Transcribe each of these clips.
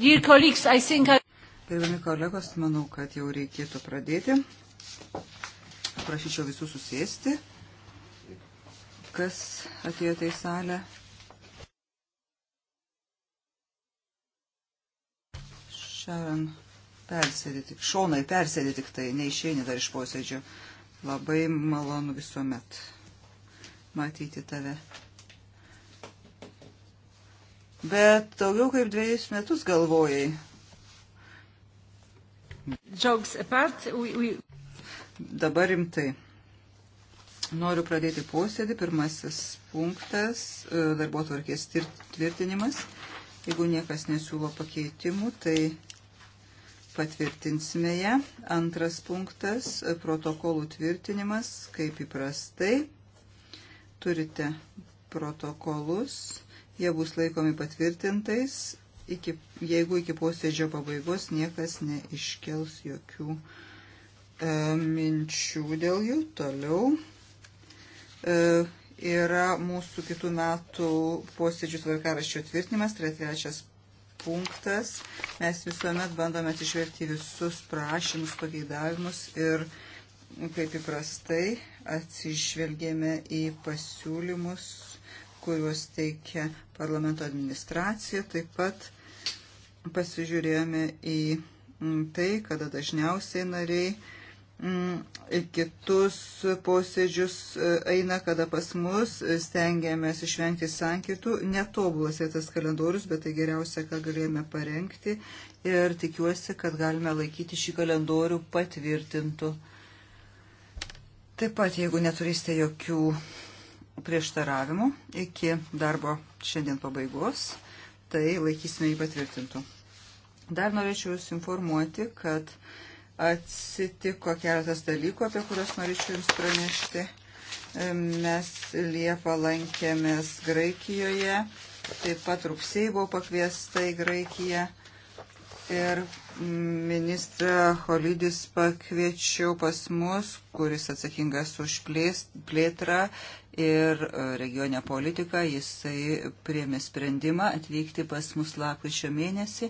Gerbiami kolegos, manau, kad jau reikėtų pradėti. Prašyčiau visų susėsti, kas atėjote į salę. Šaran, persėdė tik, šonai persėdė tik tai, neišeini dar iš posėdžio. Labai malonu visuomet matyti tave bet daugiau kaip dviejus metus galvojai. Jokes apart, we, we... Dabar rimtai. Noriu pradėti posėdį. Pirmasis punktas e, - darbo tvarkės tvirtinimas. Jeigu niekas nesiūlo pakeitimų, tai patvirtinsime ją. Antras punktas e, - protokolų tvirtinimas, kaip įprastai. Turite protokolus jie bus laikomi patvirtintais, iki, jeigu iki posėdžio pabaigos niekas neiškels jokių e, minčių dėl jų. Toliau e, yra mūsų kitų metų posėdžių tvarkaraščio tvirtinimas, tai yra trečias punktas. Mes visuomet bandome atsižvelgti visus prašymus, pageidavimus ir kaip įprastai atsižvelgėme į pasiūlymus kuriuos teikia parlamento administracija. Taip pat pasižiūrėjome į mm, tai, kada dažniausiai nariai mm, į kitus posėdžius e, eina, kada pas mus e, stengiamės išvengti sankitų. Netobulas tas kalendorius, bet tai geriausia, ką galėjome parengti ir tikiuosi, kad galime laikyti šį kalendorių patvirtintų. Taip pat, jeigu neturėsite jokių prieštaravimų iki darbo šiandien pabaigos, tai laikysime jį patvirtintų. Dar norėčiau Jūs informuoti, kad atsitiko keletas dalykų, apie kuriuos norėčiau Jums pranešti. Mes Liepą lankėmės Graikijoje, taip pat rugsėjai buvo pakviesta į Graikiją ir ministrą Holidis pakviečiau pas mus, kuris atsakingas už plėtrą ir e, regionę politiką. Jisai priemė sprendimą atvykti pas mus lapkričio mėnesį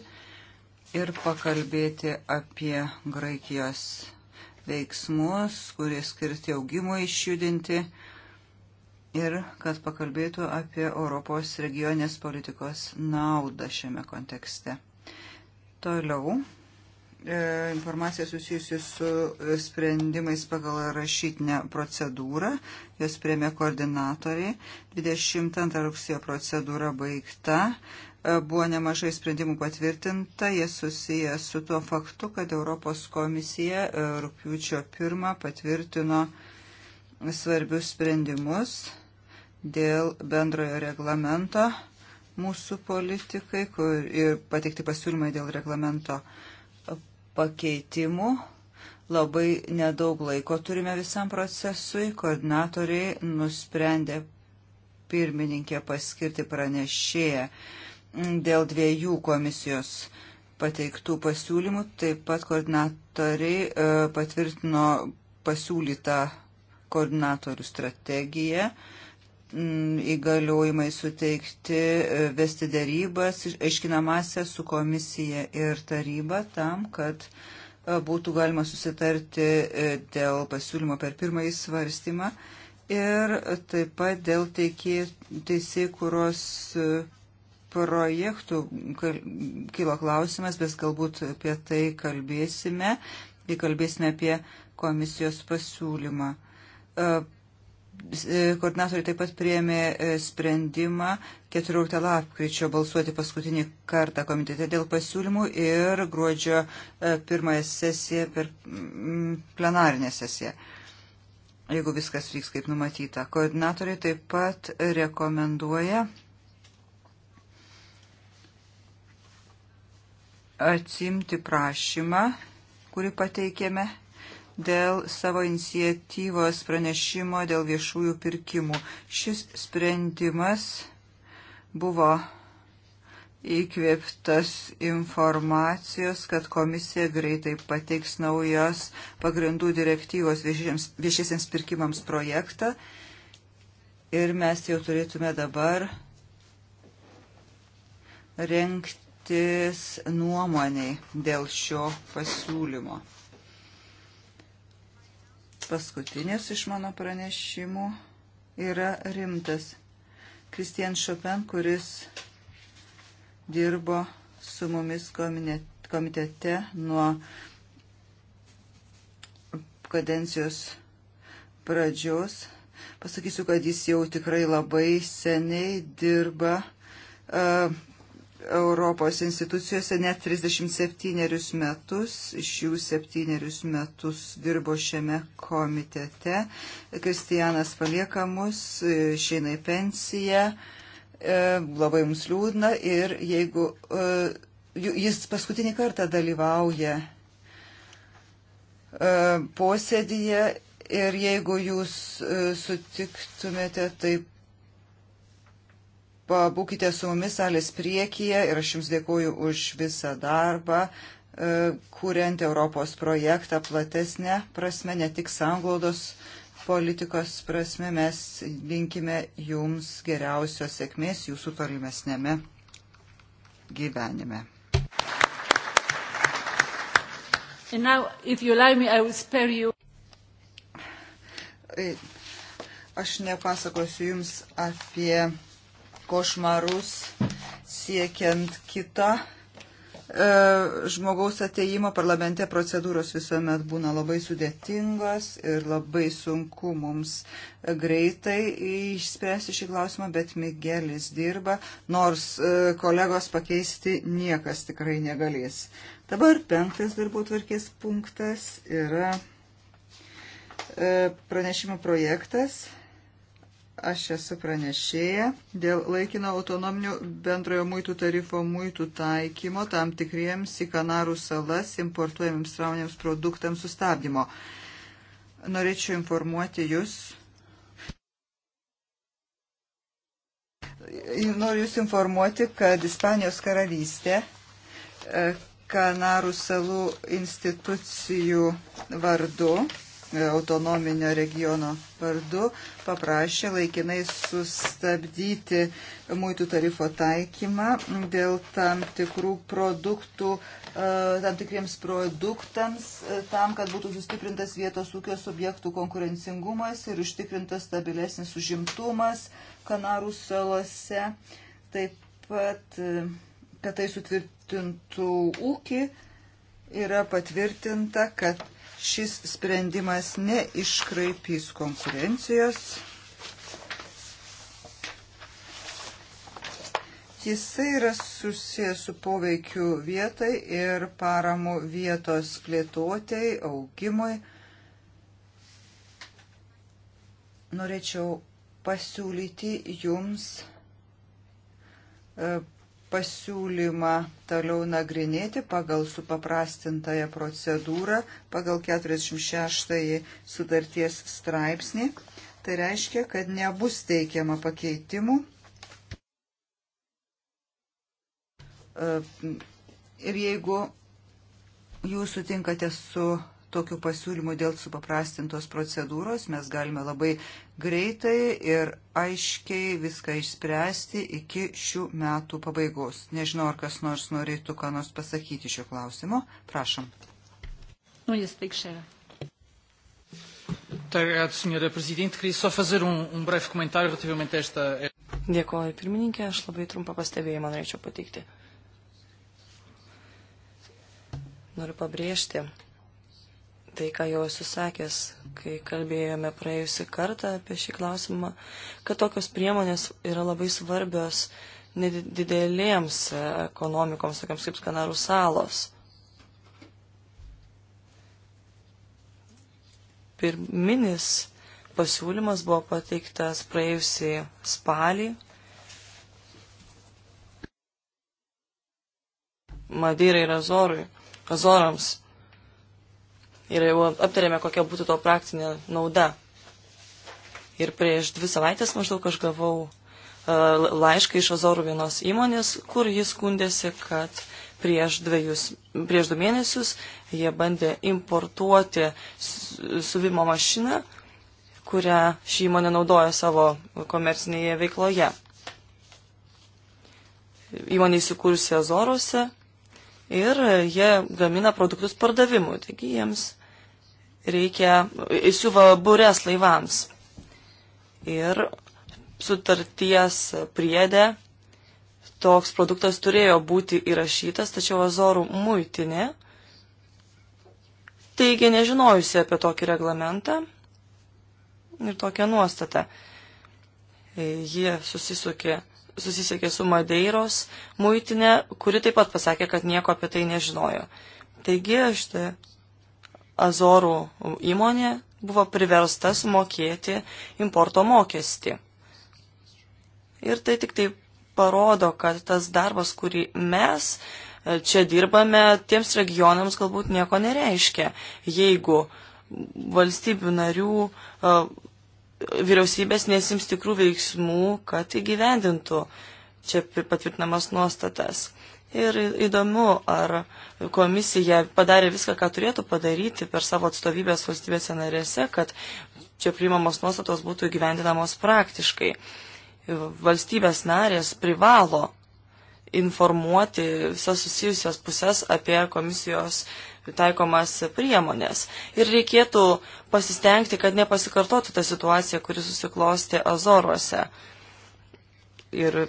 ir pakalbėti apie Graikijos veiksmus, kurie skirti augimui išjudinti ir kad pakalbėtų apie Europos regionės politikos naudą šiame kontekste. Toliau E, informacija susijusi su e, sprendimais pagal rašytinę procedūrą. Jos priemė koordinatoriai. 22 rugsėjo procedūra baigta. E, buvo nemažai sprendimų patvirtinta. Jie susiję su tuo faktu, kad Europos komisija rūpiučio 1 patvirtino svarbius sprendimus dėl bendrojo reglamento mūsų politikai kur, ir pateikti pasiūlymai dėl reglamento uh, pakeitimų. Labai nedaug laiko turime visam procesui. Koordinatoriai nusprendė pirmininkė paskirti pranešėją dėl dviejų komisijos pateiktų pasiūlymų. Taip pat koordinatoriai e, patvirtino pasiūlytą koordinatorių strategiją Mm, įgaliojimai suteikti e, vesti darybas, aiškinamąsią su komisija ir taryba tam, kad e, būtų galima susitarti e, dėl pasiūlymo per pirmąjį svarstymą ir taip pat dėl teisėkuros projektų kilo klausimas, bet galbūt apie tai kalbėsime, kai kalbėsime apie komisijos pasiūlymą E, koordinatoriai taip pat priėmė e, sprendimą 14 lapkričio balsuoti paskutinį kartą komitete dėl pasiūlymų ir gruodžio e, pirmąją sesiją per mm, plenarinę sesiją, jeigu viskas vyks kaip numatyta. Koordinatoriai taip pat rekomenduoja atsimti prašymą, kurį pateikėme dėl savo inicijatyvos pranešimo dėl viešųjų pirkimų. Šis sprendimas buvo įkvėptas informacijos, kad komisija greitai pateiks naujos pagrindų direktyvos viešiesiems pirkimams projektą. Ir mes jau turėtume dabar renktis nuomoniai dėl šio pasiūlymo paskutinės iš mano pranešimų yra rimtas. Kristian Šopen, kuris dirbo su mumis komitete nuo kadencijos pradžios. Pasakysiu, kad jis jau tikrai labai seniai dirba Europos institucijose net 37 metus, iš jų 7 metus dirbo šiame komitete. Kristijanas palieka mus, išeina į pensiją, e, labai mums liūdna ir jeigu e, jis paskutinį kartą dalyvauja e, posėdyje ir jeigu jūs sutiktumėte, tai Pabūkite su mumis salės priekyje ir aš Jums dėkuoju už visą darbą, e, kuriant Europos projektą platesnę prasme, ne tik sanglaudos politikos prasme. Mes linkime Jums geriausios sėkmės Jūsų tolimesnėme gyvenime. And now, if you allow me, I will spare you. Aš nepasakosiu Jums apie košmarus siekiant kitą e, žmogaus ateimo parlamente procedūros visuomet būna labai sudėtingos ir labai sunku mums greitai išspręsti šį klausimą, bet Migelis dirba, nors e, kolegos pakeisti niekas tikrai negalės. Dabar penktas darbo tvarkės punktas yra e, pranešimo projektas Aš esu pranešėja dėl laikino autonominių bendrojo muitų tarifo muitų taikymo tam tikriems į Kanarų salas importuojamiems rauniams produktams sustabdymo. Norėčiau informuoti Jūs. Noriu Jūs informuoti, kad Ispanijos karalystė e, Kanarų salų institucijų vardu autonominio regiono vardu paprašė laikinai sustabdyti muitų tarifo taikymą dėl tam tikrų produktų, e, tam tikriems produktams, e, tam, kad būtų sustiprintas vietos ūkio subjektų konkurencingumas ir užtikrintas stabilesnis užimtumas Kanarų salose. Taip pat, e, kad tai sutvirtintų ūkį, yra patvirtinta, kad šis sprendimas neiškraipys konkurencijos. Jisai yra susijęs su poveikiu vietai ir paramu vietos plėtotei, augimui. Norėčiau pasiūlyti jums e, pasiūlymą toliau nagrinėti pagal supaprastintąją procedūrą, pagal 46 sutarties straipsnį. Tai reiškia, kad nebus teikiama pakeitimų. E, ir jeigu jūs sutinkate su tokių pasiūlymų dėl supaprastintos procedūros. Mes galime labai greitai ir aiškiai viską išspręsti iki šių metų pabaigos. Nežinau, ar kas nors norėtų ką nors pasakyti šiuo klausimu. Prašom. Nu, jis pikšėra. Um, um Dėkoju, pirmininkė, aš labai trumpą pastebėjimą norėčiau pateikti. Noriu pabrėžti, tai, ką jau esu sakęs, kai kalbėjome praėjusi kartą apie šį klausimą, kad tokios priemonės yra labai svarbios nedidelėms e, ekonomikoms, tokiams kaip Kanarų salos. Pirminis pasiūlymas buvo pateiktas praėjusį spalį. Madeirai ir Azorui, Azorams ir jau aptarėme, kokia būtų to praktinė nauda. Ir prieš dvi savaitės maždaug aš gavau e, laišką iš Azorų vienos įmonės, kur jis skundėsi, kad prieš, dviejus, prieš du mėnesius jie bandė importuoti suvimo mašiną, kurią ši įmonė naudoja savo komercinėje veikloje. Įmonė įsikūrusi Azoruose ir jie gamina produktus pardavimui, taigi jiems reikia, įsiuva būrės laivams. Ir sutarties priedė toks produktas turėjo būti įrašytas, tačiau Azorų muitinė teigia nežinojusi apie tokį reglamentą ir tokią nuostatą. Jie susisukė, susisiekė su Madeiros muitinė, kuri taip pat pasakė, kad nieko apie tai nežinojo. Taigi štai Azorų įmonė buvo priversta sumokėti importo mokestį. Ir tai tik tai parodo, kad tas darbas, kurį mes e, čia dirbame, tiems regionams galbūt nieko nereiškia. Jeigu valstybių narių e, vyriausybės nesims tikrų veiksmų, kad įgyvendintų čia patvirtinamas nuostatas. Ir įdomu, ar komisija padarė viską, ką turėtų padaryti per savo atstovybės valstybėse narėse, kad čia priimamos nuostatos būtų įgyvendinamos praktiškai. Valstybės narės privalo informuoti visas susijusias pusės apie komisijos taikomas priemonės. Ir reikėtų pasistengti, kad nepasikartotų ta situacija, kuri susiklosti Azoruose. Ir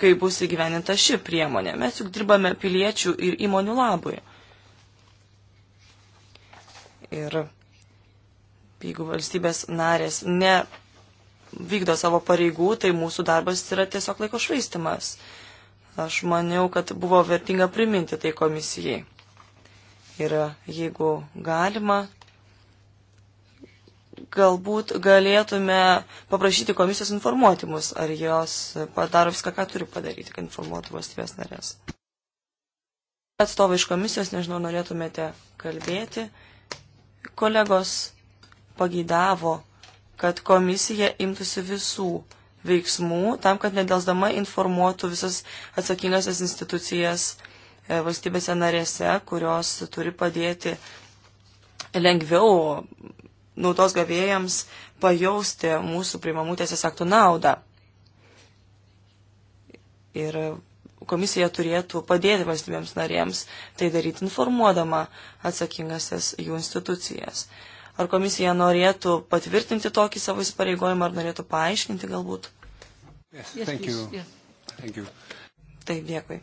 kai bus įgyveninta ši priemonė. Mes juk dirbame piliečių ir įmonių labui. Ir jeigu valstybės narės ne vykdo savo pareigų, tai mūsų darbas yra tiesiog laiko švaistimas. Aš maniau, kad buvo vertinga priminti tai komisijai. Ir jeigu galima, galbūt galėtume paprašyti komisijos informuoti mus, ar jos padaro viską, ką turi padaryti, kad informuotų valstybės narės. Atstovai iš komisijos, nežinau, norėtumėte kalbėti. Kolegos pagydavo, kad komisija imtųsi visų veiksmų tam, kad nedelsdama informuotų visas atsakingasias institucijas e, valstybėse narėse, kurios turi padėti lengviau naudos gavėjams pajausti mūsų priimamų teisės aktų naudą. Ir komisija turėtų padėti valstybėms narėms tai daryti informuodama atsakingasias jų institucijas. Ar komisija norėtų patvirtinti tokį savo įsipareigojimą, ar norėtų paaiškinti galbūt? Yes, thank you. Thank you. Taip, dėkui.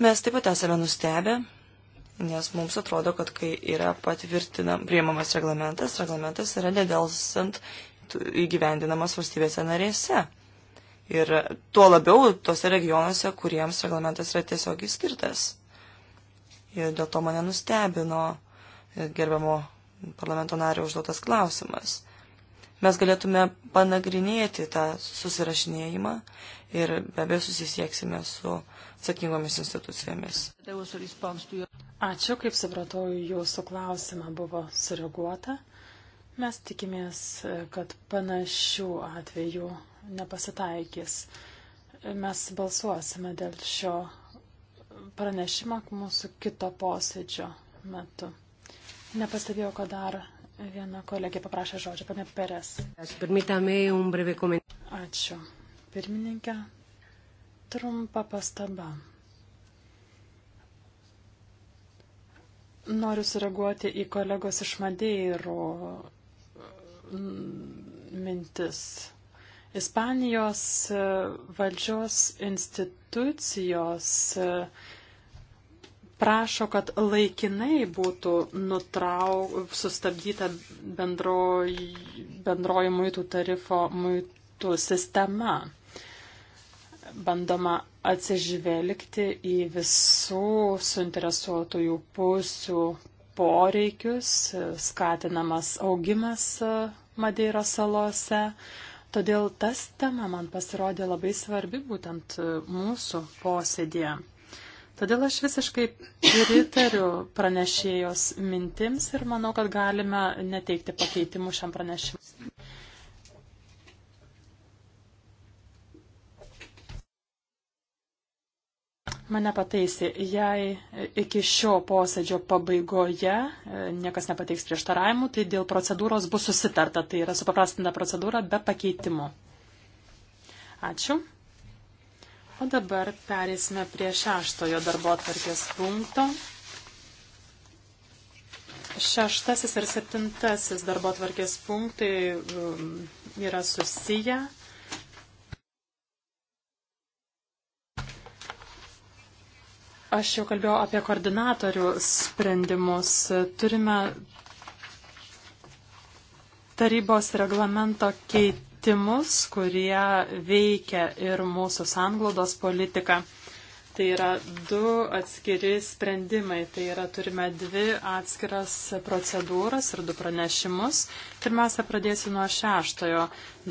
Mes taip pat esame nustebę, Nes mums atrodo, kad kai yra patvirtinam, priimamas reglamentas, reglamentas yra nedelsant įgyvendinamas valstybėse narėse. Ir tuo labiau tose regionuose, kuriems reglamentas yra tiesiog įskirtas. Ir dėl to mane nustebino e, gerbiamo parlamento nario užduotas klausimas. Mes galėtume panagrinėti tą susirašinėjimą ir be abejo susisieksime su uh, atsakingomis institucijomis. Ačiū, kaip supratau, jūsų klausimą buvo sureaguota. Mes tikimės, kad panašių atvejų nepasitaikys. Mes balsuosime dėl šio pranešimo mūsų kito posėdžio metu. Nepastebėjau, kad dar viena kolegė paprašė žodžio, pane Peres. Ačiū. Pirmininkė, Trumpa pastaba. Noriu sureaguoti į kolegos iš Madeiro mintis. Ispanijos e, valdžios institucijos e, prašo, kad laikinai būtų nutrau, sustabdyta bendroji, bendroji muitų tarifo muitų sistema bandoma atsižvelgti į visų suinteresuotųjų pusių poreikius, skatinamas augimas Madeiros salose. Todėl tas tema man pasirodė labai svarbi būtent mūsų posėdėje. Todėl aš visiškai pritariu pranešėjos mintims ir manau, kad galime neteikti pakeitimų šiam pranešimui. Mane pataisė, jei iki šio posėdžio pabaigoje e, niekas nepateiks prieštaravimų, tai dėl procedūros bus susitarta, tai yra supaprastinta procedūra be pakeitimų. Ačiū. O dabar perėsime prie šeštojo darbo atvarkės punkto. Šeštasis ir septintasis darbo atvarkės punktai um, yra susiję. Aš jau kalbėjau apie koordinatorių sprendimus. Turime tarybos reglamento keitimus, kurie veikia ir mūsų sanglaudos politiką. Tai yra du atskiri sprendimai. Tai yra turime dvi atskiras procedūras ir du pranešimus. Pirmiausia, pradėsiu nuo šeštojo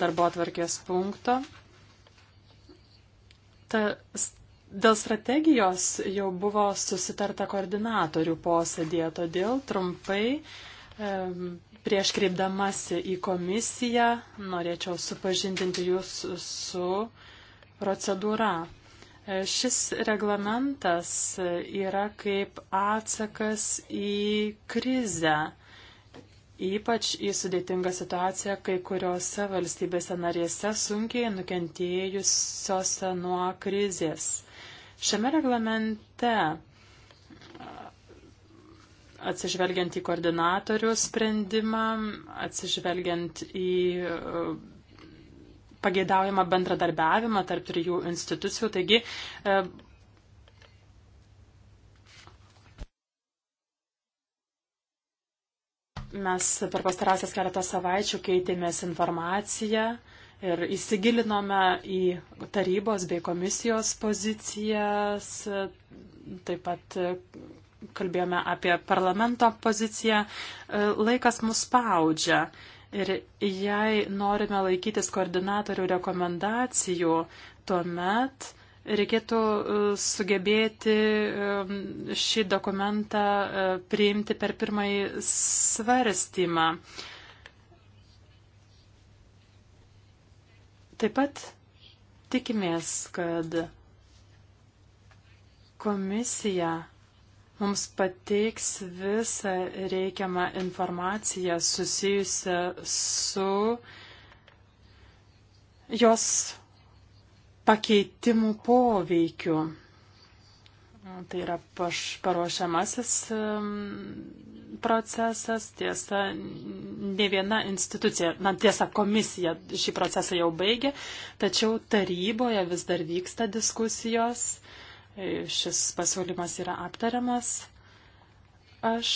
darbo atvarkės punkto. Tas Dėl strategijos jau buvo susitarta koordinatorių posėdėje, todėl trumpai prieš kreipdamasi į komisiją norėčiau supažindinti jūs su procedūra. E, šis reglamentas yra kaip atsakas į krizę, ypač į sudėtingą situaciją kai kuriuose valstybėse narėse sunkiai nukentėjusiose nuo krizės. Šiame reglamente atsižvelgiant į koordinatorių sprendimą, atsižvelgiant į pageidaujamą bendradarbiavimą tarp trijų institucijų. Taigi, mes per pastarąsias keletą savaičių keitėmės informaciją ir įsigilinome į tarybos bei komisijos pozicijas, taip pat e, kalbėjome apie parlamento poziciją. E, laikas mus spaudžia ir jei norime laikytis koordinatorių rekomendacijų, tuomet reikėtų e, sugebėti šį dokumentą priimti per pirmąjį svarstymą. Taip pat tikimės, kad komisija mums pateiks visą reikiamą informaciją susijusią su jos pakeitimų poveikiu. Tai yra paruošiamasis procesas. Tiesa, ne viena institucija, na tiesa, komisija šį procesą jau baigė, tačiau taryboje vis dar vyksta diskusijos. Šis pasiūlymas yra aptariamas. Aš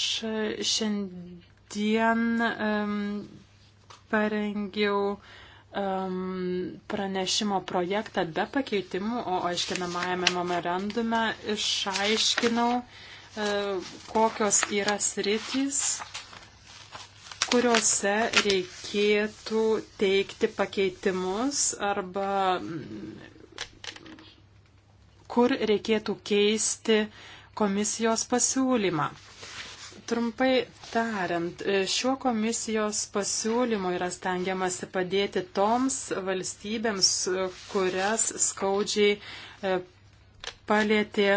šiandien um, parengiau um, pranešimo projektą be pakeitimų, o aiškinamajame memorandume išaiškinau, uh, E, kokios yra sritys, kuriuose reikėtų teikti pakeitimus arba mm, kur reikėtų keisti komisijos pasiūlymą. Trumpai tariant, e, šiuo komisijos pasiūlymu yra stengiamasi padėti toms valstybėms, kurias skaudžiai e, palėtė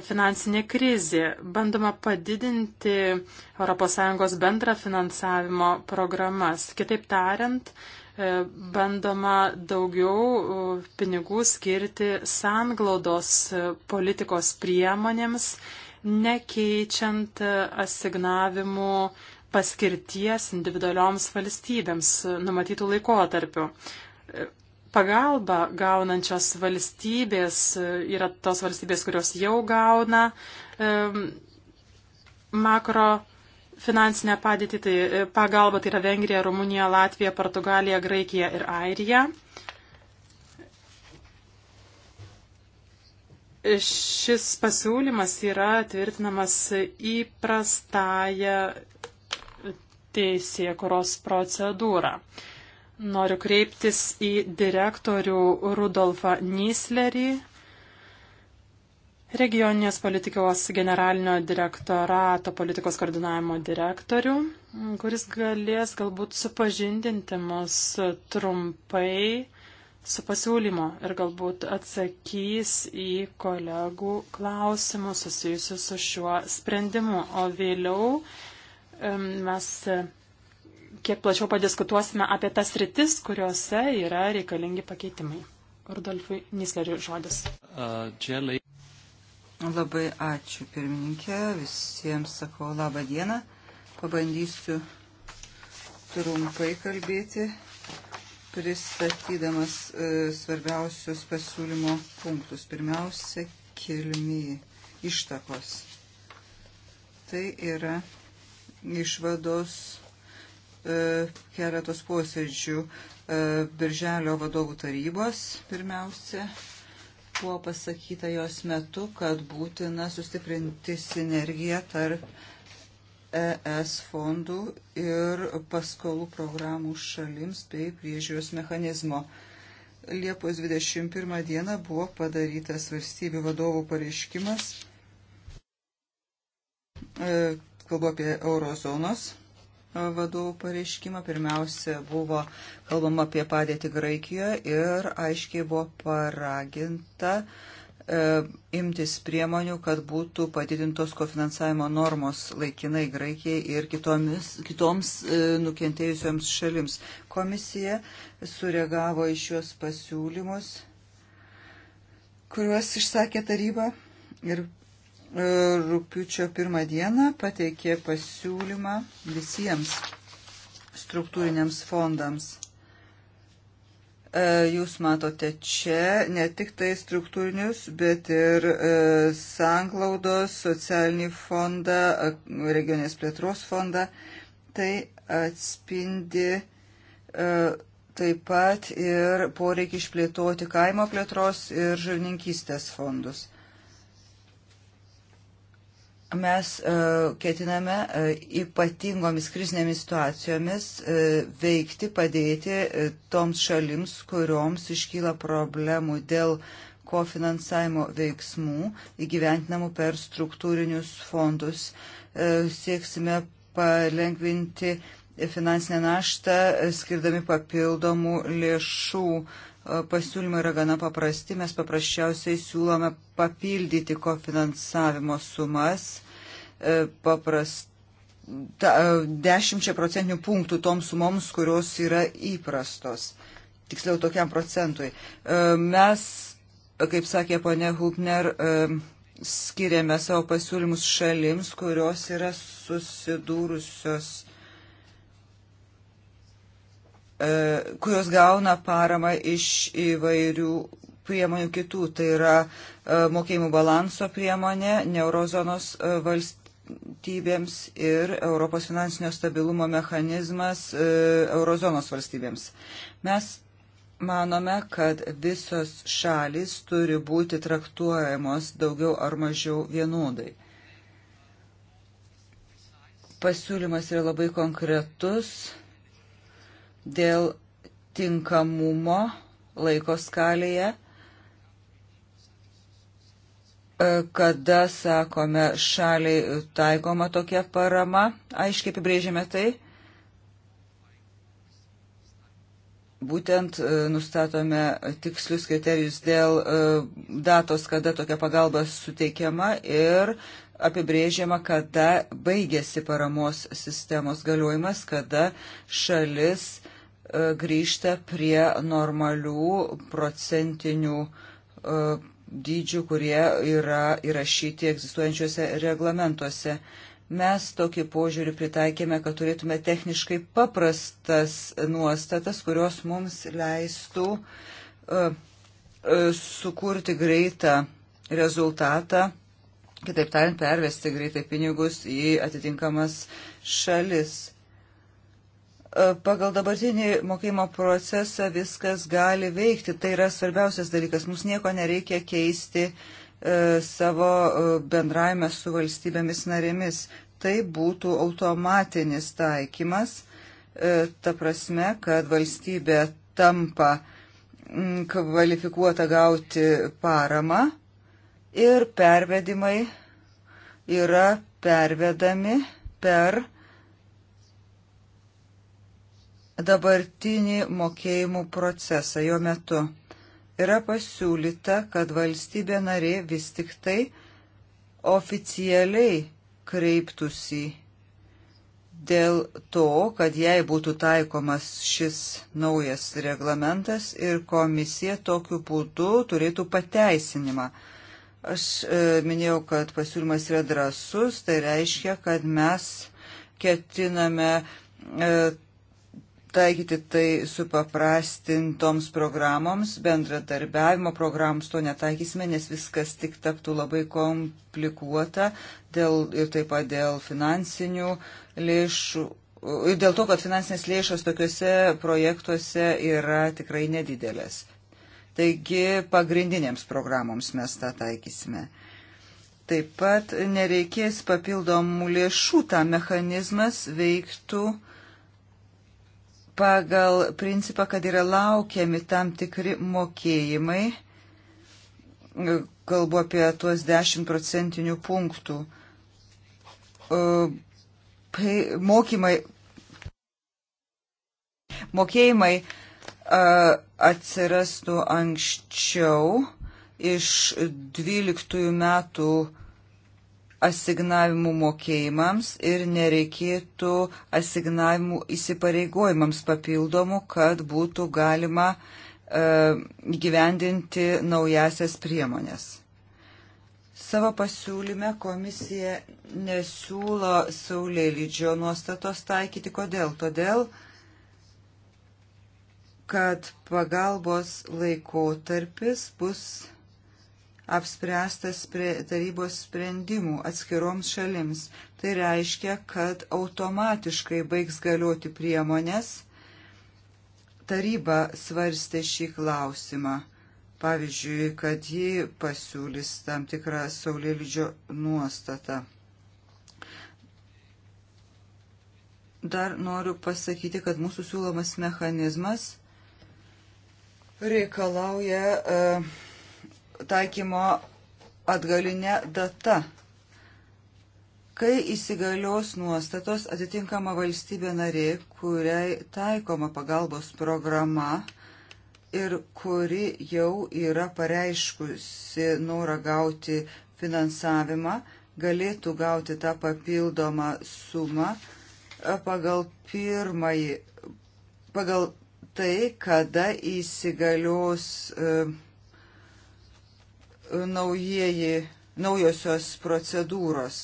finansinė krizė. Bandoma padidinti ES bendrą finansavimo programas. Kitaip tariant, e, bandoma daugiau e, pinigų skirti sanglaudos e, politikos priemonėms, nekeičiant asignavimų paskirties individualioms valstybėms numatytų laikotarpių pagalbą gaunančios valstybės e, yra tos valstybės, kurios jau gauna um, makro finansinę padėtį, tai e, pagalba tai yra Vengrija, Rumunija, Latvija, Portugalija, Graikija ir Airija. Šis pasiūlymas yra tvirtinamas įprastąją teisėkuros procedūrą. Uh, Noriu kreiptis į direktorių Rudolfą Nyslerį, regioninės politikos generalinio direktorato politikos koordinavimo direktorių, kuris galės galbūt supažindinti mus trumpai su pasiūlymo ir galbūt atsakys į kolegų klausimus susijusius su šiuo sprendimu. O vėliau mes kiek plačiau padiskutuosime apie tas rytis, kuriuose yra reikalingi pakeitimai. Rudolfui Nisleriui žodis. Dželai. Labai ačiū pirmininkė, visiems sakau labą dieną. Pabandysiu trumpai kalbėti, pristatydamas e, svarbiausius pasiūlymo punktus. Pirmiausia, kilmi ištakos. Tai yra išvados E, keletos posėdžių e, Birželio vadovų tarybos pirmiausia. Buvo pasakyta jos metu, kad būtina sustiprinti sinergiją tarp ES fondų ir paskolų programų šalims bei priežiūros mechanizmo. Liepos 21 dieną buvo padarytas valstybių vadovų pareiškimas, e, kalbu apie eurozonos vadovų pareiškimą. Pirmiausia, buvo kalbama apie padėtį Graikijoje ir aiškiai buvo paraginta e, imtis priemonių, kad būtų padidintos kofinansavimo normos laikinai Graikijai ir kitomis, kitoms e, nukentėjusioms šalims. Komisija sureagavo į šios pasiūlymus, kuriuos išsakė taryba ir rūpiučio pirmą dieną pateikė pasiūlymą visiems struktūriniams fondams. E, jūs matote čia ne tik tai struktūrinius, bet ir e, sanglaudos, socialinį fondą, e, regionės plėtros fondą. Tai atspindi taip pat ir poreikį išplėtoti kaimo plėtros ir žalininkystės fondus mes e, ketiname e, ypatingomis krizinėmis situacijomis e, veikti, padėti toms šalims, kurioms iškyla problemų dėl kofinansavimo veiksmų įgyventinamų per struktūrinius fondus. Sieksime palengvinti finansinę naštą, skirdami papildomų lėšų pasiūlymai yra gana paprasti, mes paprasčiausiai siūlome papildyti kofinansavimo sumas E, paprast, ta, 10 e, procentinių punktų toms sumoms, kurios yra įprastos. Tiksliau tokiam procentui. E, mes, kaip sakė ponė Hubner, skiriame savo pasiūlymus šalims, kurios yra susidūrusios kurios gauna paramą iš įvairių priemonių kitų. Tai yra mokėjimų balanso priemonė, neurozonos valst, valstybėms ir Europos finansinio stabilumo mechanizmas e, eurozonos valstybėms. Mes manome, kad visos šalis turi būti traktuojamos daugiau ar mažiau vienodai. Pasiūlymas yra labai konkretus dėl tinkamumo laiko skalėje E, kada, sakome, šaliai taikoma tokia parama, aiškiai apibrėžėme tai, būtent e, nustatome tikslius kriterijus dėl e, datos, kada tokia pagalba suteikiama ir apibrėžiama, kada baigėsi paramos sistemos galiojimas, kada šalis grįžta prie normalių procentinių dydžių, kurie yra įrašyti egzistuojančiuose reglamentuose. Mes tokį požiūrį pritaikėme, kad turėtume techniškai paprastas nuostatas, kurios mums leistų uh, sukurti greitą rezultatą, kitaip tariant, pervesti greitai pinigus į atitinkamas šalis pagal dabartinį mokėjimo procesą viskas gali veikti. Tai yra svarbiausias dalykas. Mums nieko nereikia keisti e, savo e, bendraime su valstybėmis narėmis. Tai būtų automatinis taikymas, e, ta prasme, kad valstybė tampa kvalifikuota gauti paramą ir pervedimai yra pervedami per dabartinį mokėjimų procesą jo metu. Yra pasiūlyta, kad valstybė narė vis tik tai oficialiai kreiptųsi dėl to, kad jai būtų taikomas šis naujas reglamentas ir komisija tokiu būdu turėtų pateisinimą. Aš e, minėjau, kad pasiūlymas yra drasus, tai reiškia, kad mes ketiname e, taikyti tai supaprastintoms programoms, bendradarbiavimo programoms to netaikysime, nes viskas tik taptų labai komplikuota dėl, ir taip pat dėl finansinių lėšų. Ir dėl to, kad finansinės lėšos tokiuose projektuose yra tikrai nedidelės. Taigi pagrindinėms programoms mes tą taikysime. Taip pat nereikės papildomų lėšų, tą mechanizmas veiktų uh, pagal principą, kad yra laukiami tam tikri mokėjimai, kalbu apie tuos 10 procentinių punktų, mokymai, mokėjimai atsirastų anksčiau iš 12 metų asignavimų mokėjimams ir nereikėtų asignavimų įsipareigojimams papildomų, kad būtų galima e, įgyvendinti e, naujasias priemonės. Savo pasiūlyme komisija nesiūlo saulėlydžio nuostatos taikyti. Kodėl? Todėl, kad pagalbos laikotarpis bus apspręstas prie tarybos sprendimų atskiroms šalims. Tai reiškia, kad automatiškai baigs galioti priemonės. Taryba svarstė šį klausimą. Pavyzdžiui, kad ji pasiūlys tam tikrą saulėlydžio nuostatą. Dar noriu pasakyti, kad mūsų siūlomas mechanizmas reikalauja uh, taikymo atgalinė data. Kai įsigalios nuostatos atitinkama valstybė narė, kuriai taikoma pagalbos programa ir kuri jau yra pareiškusi norą gauti finansavimą, galėtų gauti tą papildomą sumą e, pagal pirmąjį, pagal tai, kada įsigalios uh, naujieji, naujosios procedūros.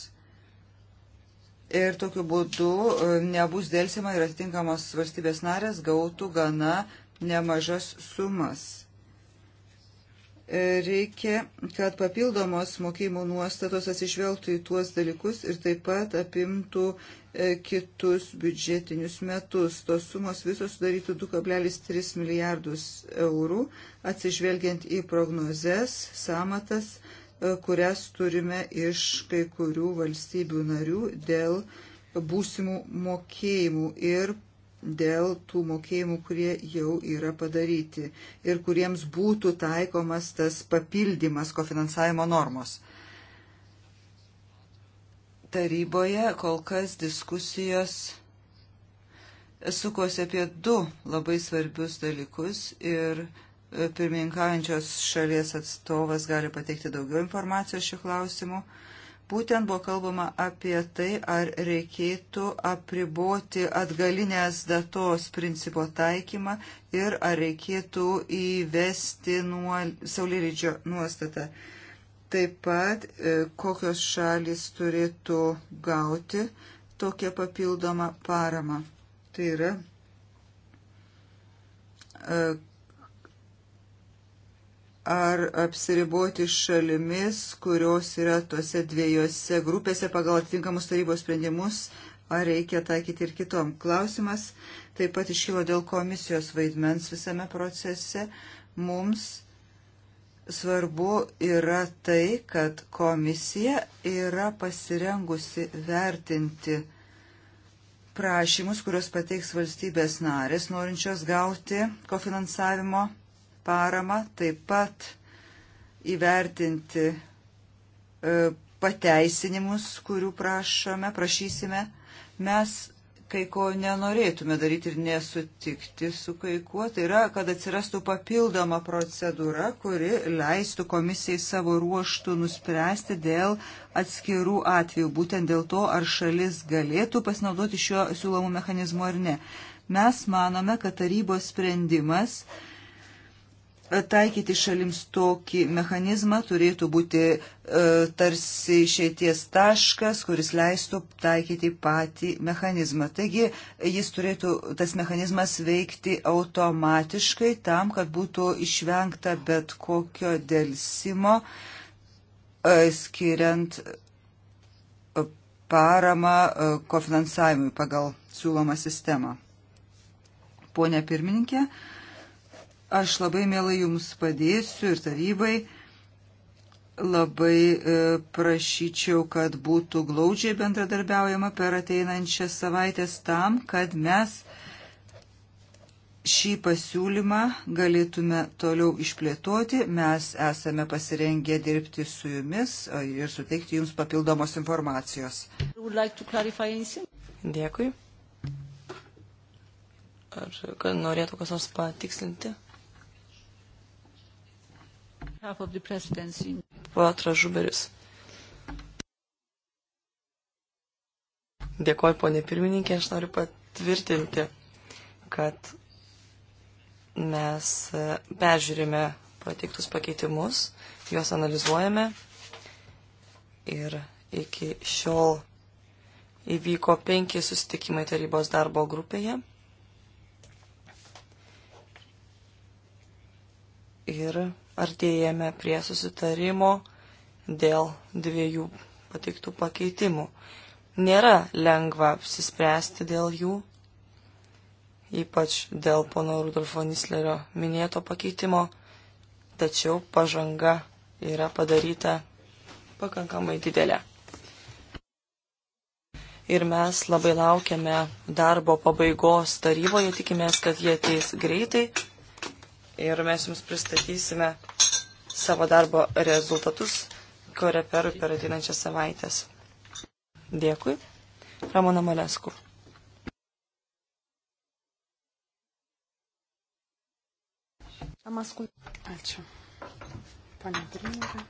Ir tokiu būdu e, nebus dėlsima ir atitinkamos valstybės narės gautų gana nemažas sumas. E, reikia, kad papildomos mokėjimų nuostatos atsižvelgtų į tuos dalykus ir taip pat apimtų E, kitus biudžetinius metus. Tos sumos visos sudarytų 2,3 milijardus eurų, atsižvelgiant į prognozes, samatas, e, kurias turime iš kai kurių valstybių narių dėl būsimų mokėjimų ir dėl tų mokėjimų, kurie jau yra padaryti ir kuriems būtų taikomas tas papildymas kofinansavimo normos taryboje kol kas diskusijos sukosi apie du labai svarbius dalykus ir e, pirmininkaujančios šalies atstovas gali pateikti daugiau informacijos šiuo klausimu. Būtent buvo kalbama apie tai, ar reikėtų apriboti atgalinės datos principo taikymą ir ar reikėtų įvesti nuo saulėlydžio nuostatą. Uh, Taip pat, e, kokios šalis turėtų gauti tokią papildomą paramą. Tai yra, e, ar apsiriboti šalimis, kurios yra tose dviejose grupėse pagal atitinkamus tarybos sprendimus, ar reikia taikyti ir kitom. Klausimas taip pat iškilo dėl komisijos vaidmens visame procese. Mums svarbu yra tai, kad komisija yra pasirengusi vertinti prašymus, kuriuos pateiks valstybės narės, norinčios gauti kofinansavimo paramą, taip pat įvertinti e, pateisinimus, kurių prašome, prašysime. Mes kai ko nenorėtume daryti ir nesutikti su kai kuo, tai yra, kad atsirastų papildoma procedūra, kuri leistų komisijai savo ruoštų nuspręsti dėl atskirų atvejų, būtent dėl to, ar šalis galėtų pasinaudoti šiuo siūlomu mechanizmu ar ne. Mes manome, kad tarybos sprendimas uh, taikyti šalims tokį mechanizmą turėtų būti e, tarsi išeities taškas, kuris leistų taikyti patį mechanizmą. Taigi jis turėtų, tas mechanizmas veikti automatiškai tam, kad būtų išvengta bet kokio dėlsimo e, skiriant e, paramą e, kofinansavimui pagal siūlomą sistemą. Pone pirmininkė, e, Aš labai mielai jums padėsiu ir tarybai. Labai e, prašyčiau, kad būtų glaudžiai bendradarbiaujama per ateinančias savaitės tam, kad mes šį pasiūlymą galėtume toliau išplėtoti. Mes esame pasirengę dirbti su jumis ir suteikti jums papildomos informacijos. Dėkui. Ar norėtų kas nors patikslinti? Poetras Žuberis. Dėkoju, ponė pirmininkė, aš noriu patvirtinti, kad mes e, peržiūrime pateiktus pakeitimus, juos analizuojame ir iki šiol įvyko penki susitikimai tarybos darbo grupėje. Ir artėjame prie susitarimo dėl dviejų pateiktų pakeitimų. Nėra lengva apsispręsti dėl jų, ypač dėl pono Rudolfo Nislerio minėto pakeitimo, tačiau pažanga yra padaryta pakankamai didelė. Ir mes labai laukiame darbo pabaigos taryboje, tikimės, kad jie ateis greitai ir mes jums pristatysime savo darbo rezultatus koreperui per ateinančias savaitės. Dėkui. Ramona Malesku. Ačiū. Pane pirmininkė.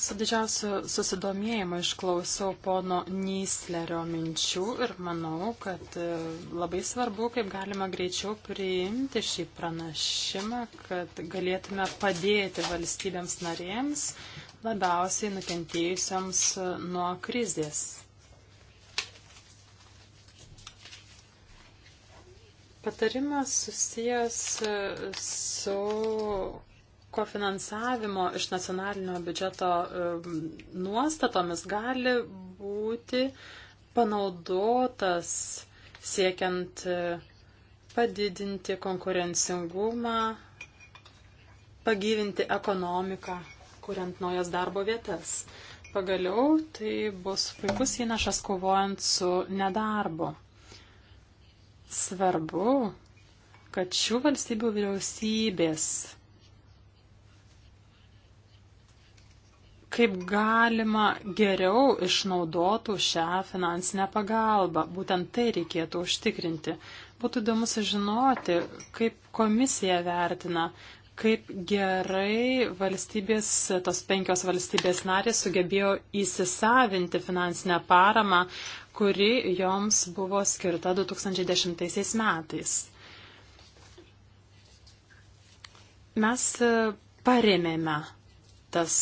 Su didžiausiu susidomėjimu išklausiau pono Nyslerio minčių ir manau, kad e, labai svarbu, kaip galima greičiau priimti šį pranašimą, kad galėtume padėti valstybėms narėms labiausiai nukentėjusiams e, nuo krizės. Patarimas susijęs e, su kofinansavimo iš nacionalinio biudžeto nuostatomis gali būti panaudotas siekiant e, padidinti konkurencingumą, pagyvinti ekonomiką, kuriant naujas darbo vietas. Pagaliau tai bus puikus įnašas kovojant su nedarbu. Svarbu, kad šių valstybių vyriausybės kaip galima geriau išnaudotų šią finansinę pagalbą. Būtent tai reikėtų užtikrinti. Būtų įdomu sužinoti, kaip komisija vertina, kaip gerai valstybės, tos penkios valstybės narės sugebėjo įsisavinti finansinę paramą, kuri joms buvo skirta 2010 metais. Mes paremėme tas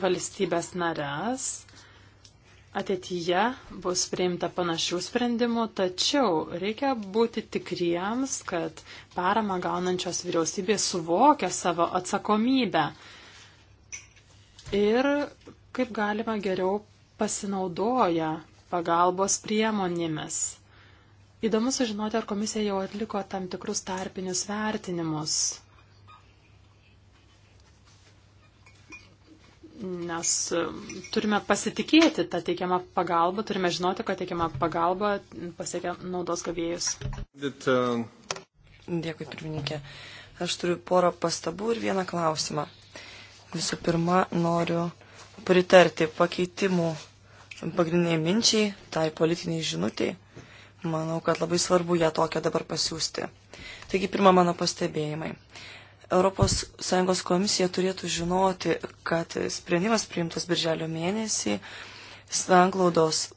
valstybės narės. Ateityje bus priimta panašių sprendimų, tačiau reikia būti tikriems, kad parama gaunančios vyriausybės suvokia savo atsakomybę ir kaip galima geriau pasinaudoja pagalbos priemonėmis. Įdomu sužinoti, ar komisija jau atliko tam tikrus tarpinius vertinimus nes e, turime pasitikėti tą teikiamą pagalbą, turime žinoti, kad teikiamą pagalbą pasiekia naudos gavėjus. Um, Dėkui, pirmininkė. Aš turiu porą pastabų ir vieną klausimą. Visų pirma, noriu pritarti pakeitimų pagrindiniai minčiai, tai politiniai žinutiai. Manau, kad labai svarbu ją tokią dabar pasiūsti. Taigi, pirma mano pastebėjimai. ES komisija turėtų žinoti, kad sprendimas priimtas birželio mėnesį sanglaudos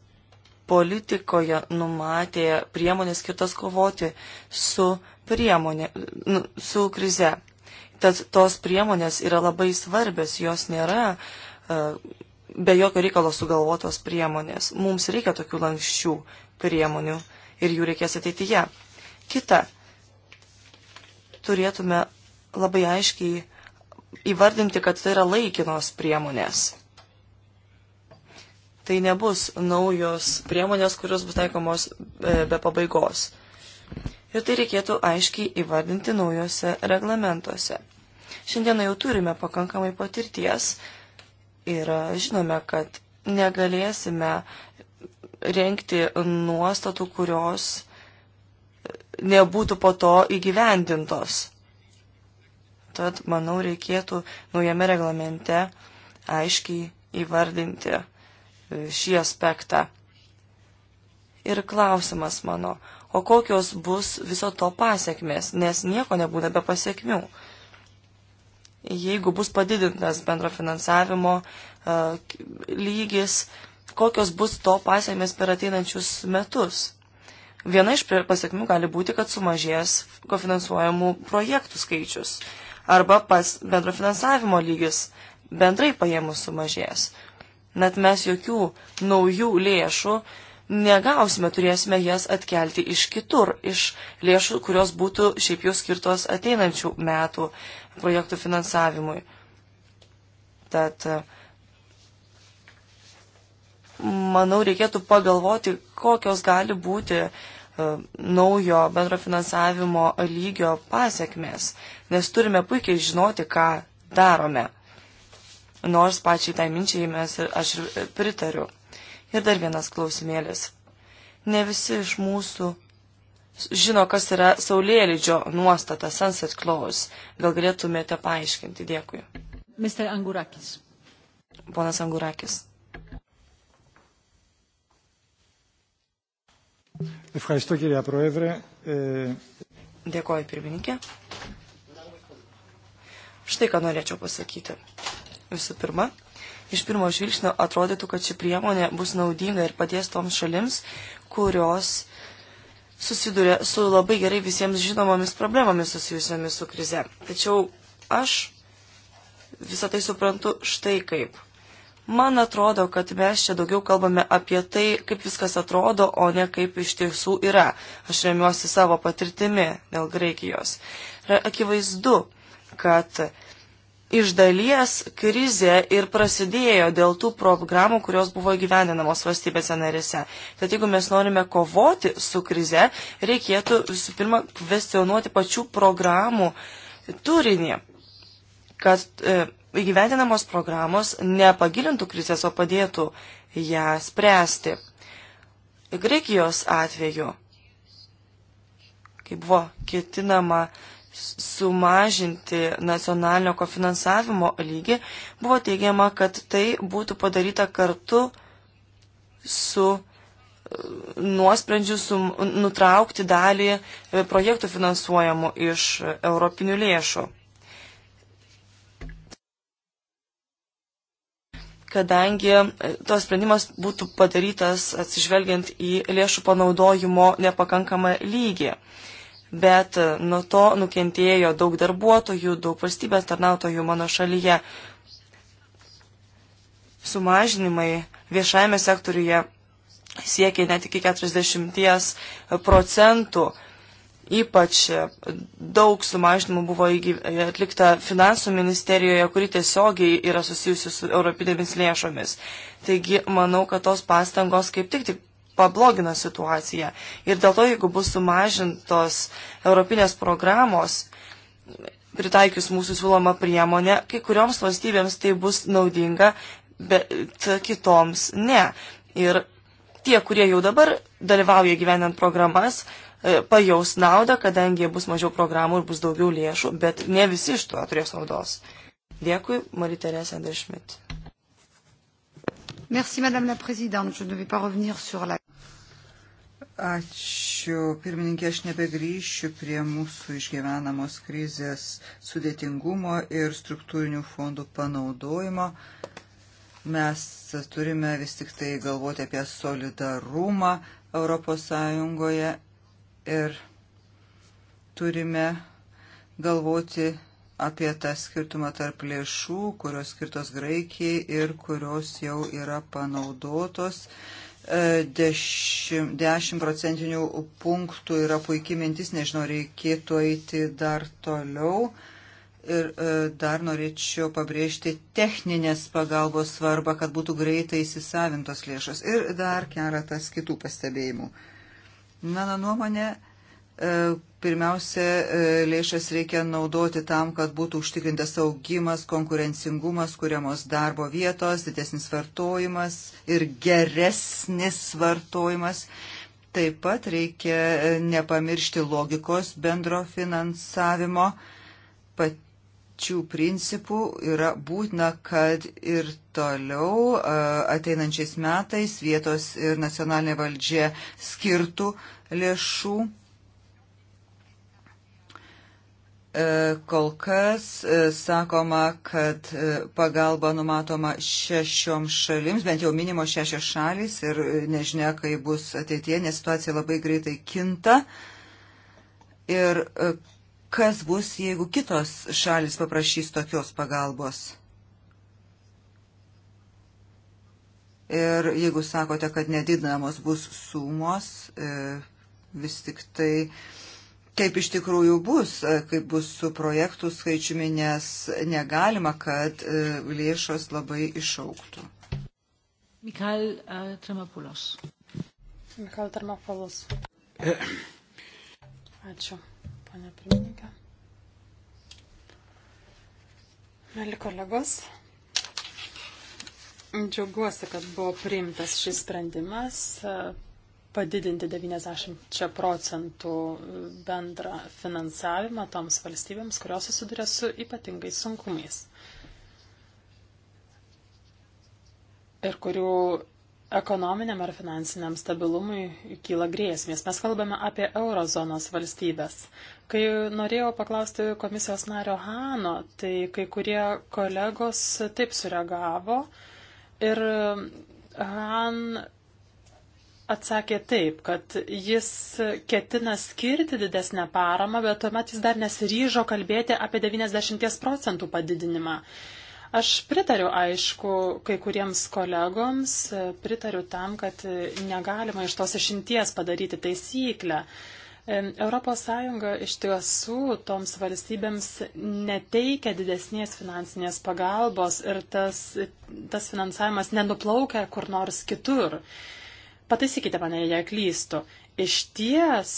politikoje numatė priemonės skirtas kovoti su, priemonė, nu, su krize. Tad tos priemonės yra labai svarbios, jos nėra e, be jokio reikalo sugalvotos priemonės. Mums reikia tokių lankščių priemonių ir jų reikės ateityje. Kita. Turėtume labai aiškiai įvardinti, kad tai yra laikinos priemonės. Tai nebus naujos priemonės, kurios bus taikomos e, be pabaigos. Ir tai reikėtų aiškiai įvardinti naujose reglamentuose. Šiandieną jau turime pakankamai patirties ir e, žinome, kad negalėsime renkti nuostatų, kurios e, nebūtų po to įgyvendintos. Tad, manau, reikėtų naujame reglamente aiškiai įvardinti e, šį aspektą. Ir klausimas mano, o kokios bus viso to pasiekmes, nes nieko nebūna be pasiekmių. Jeigu bus padidintas bendro finansavimo uh, lygis, kokios bus to pasiekmes per ateinančius metus. Viena iš pasiekmių gali būti, kad sumažės kofinansuojamų projektų skaičius. Uh, arba pas bendro finansavimo lygis bendrai paėmus sumažės. Net mes jokių naujų lėšų negausime, turėsime jas atkelti iš kitur, iš lėšų, kurios būtų šiaip jau skirtos ateinančių metų projektų finansavimui. Tad manau, reikėtų pagalvoti, kokios gali būti uh, E, naujo bendro finansavimo lygio pasiekmes, nes turime puikiai žinoti, ką darome. Nors pačiai tai minčiai mes ir aš ir pritariu. Ir dar vienas klausimėlis. Ne visi iš mūsų žino, kas yra saulėlydžio nuostata Sunset Clause. Gal galėtumėte paaiškinti? Dėkui. Mr. Angurakis. Ponas Angurakis. Ευχαριστώ κυρία Πρόεδρε. Dėkoju pirmininkė. Štai ką norėčiau pasakyti. Visų pirma, iš pirmo žvilgsnio atrodytų, kad ši priemonė bus naudinga ir padės toms šalims, kurios susiduria su labai gerai visiems žinomomis problemomis susijusiamis su krize. Tačiau aš visą tai suprantu štai kaip. Man atrodo, kad mes čia daugiau kalbame apie tai, kaip viskas atrodo, o ne kaip iš tiesų yra. Aš remiuosi savo patirtimi dėl Graikijos. Yra akivaizdu, kad iš dalies krizė ir prasidėjo dėl tų programų, kurios buvo gyveninamos valstybėse narėse. Tad jeigu mes norime kovoti su krize, reikėtų visų pirma kvestionuoti pačių programų turinį, kad e, įgyvendinamos programos nepagilintų krizės, o padėtų ją spręsti. Graikijos atveju, kai buvo ketinama sumažinti nacionalinio kofinansavimo lygį, buvo teigiama, kad tai būtų padaryta kartu su e, nuosprendžiu sum, nutraukti dalį e, projektų finansuojamų iš europinių lėšų. kadangi e, tos sprendimas būtų padarytas atsižvelgiant į lėšų panaudojimo nepakankamą lygį. Bet e, nuo to nukentėjo daug darbuotojų, daug valstybės tarnautojų mano šalyje. Sumažinimai viešajame sektoriuje siekia net iki 40 procentų Ypač daug sumažinimų buvo atlikta finansų ministerijoje, kuri tiesiogiai yra susijusi su europinėmis lėšomis. Taigi, manau, kad tos pastangos kaip tik, tik pablogina situaciją. Ir dėl to, jeigu bus sumažintos europinės programos, pritaikius mūsų siūlomą priemonę, kai kurioms valstybėms tai bus naudinga, bet kitoms ne. Ir tie, kurie jau dabar dalyvauja gyvenant programas, E, pajaus naudą, kadangi bus mažiau programų ir bus daugiau lėšų, bet ne visi iš to turės naudos. Dėkui, Marita Teresa Dešmit. Merci, Madame la Présidente. Je ne vais pas revenir sur la. Ačiū, pirmininkė, aš nebegrįšiu prie mūsų išgyvenamos krizės sudėtingumo ir struktūrinių fondų panaudojimo. Mes turime vis tik tai galvoti apie solidarumą, Europos Sąjungoje ir turime galvoti apie tą skirtumą tarp lėšų, kurios skirtos Graikijai ir kurios jau yra panaudotos. 10 e, procentinių punktų yra puikiai mintis, nežinau, reikėtų eiti dar toliau. Ir e, dar norėčiau pabrėžti techninės pagalbos svarbą, kad būtų greitai įsisavintos lėšos. Ir dar keletas kitų pastebėjimų. Mano nuomonė, e, pirmiausia, e, lėšas reikia naudoti tam, kad būtų užtikrintas augimas, konkurencingumas, kuriamos darbo vietos, didesnis vartojimas ir geresnis vartojimas. Taip pat reikia e, nepamiršti logikos bendro finansavimo. Pačių principų yra būtina, kad ir toliau ateinančiais metais vietos ir nacionalinė valdžia skirtų uh, lėšų. E, kol kas e, sakoma, kad e, pagalba numatoma šešioms šalims, bent jau minimo šešios šalys ir nežinia, kai bus ateitie, nes situacija labai greitai kinta. Ir kas bus, jeigu kitos šalis paprašys tokios pagalbos? Ir jeigu sakote, kad nedidinamos bus sumos, e, vis tik tai kaip iš tikrųjų bus, e, kaip bus su projektų skaičiumi, nes negalima, kad e, lėšos labai išauktų. Mikael uh, e, Tremapulos. Mikael Tremapulos. Ačiū, panė pirmininkė. Mėly kolegos, džiaugiuosi, kad buvo priimtas šis sprendimas padidinti 90 procentų bendrą finansavimą toms valstybėms, kurios susiduria su ypatingais sunkumais ir kurių ekonominiam ar finansiniam stabilumui kyla grėsmės. Mes kalbame apie eurozonos valstybės. Kai norėjau paklausti komisijos nario Hano, tai kai kurie kolegos taip sureagavo ir Han atsakė taip, kad jis ketina skirti didesnę paramą, bet tuomet jis dar nesiryžo kalbėti apie 90 procentų padidinimą. Aš pritariu, aišku, kai kuriems kolegoms, pritariu tam, kad negalima iš tos išimties padaryti taisyklę. ES iš tiesų toms valstybėms neteikia didesnės finansinės pagalbos ir tas, tas finansavimas nenuplaukia kur nors kitur. Uh, Pataisykite mane, jei klystu. Iš ties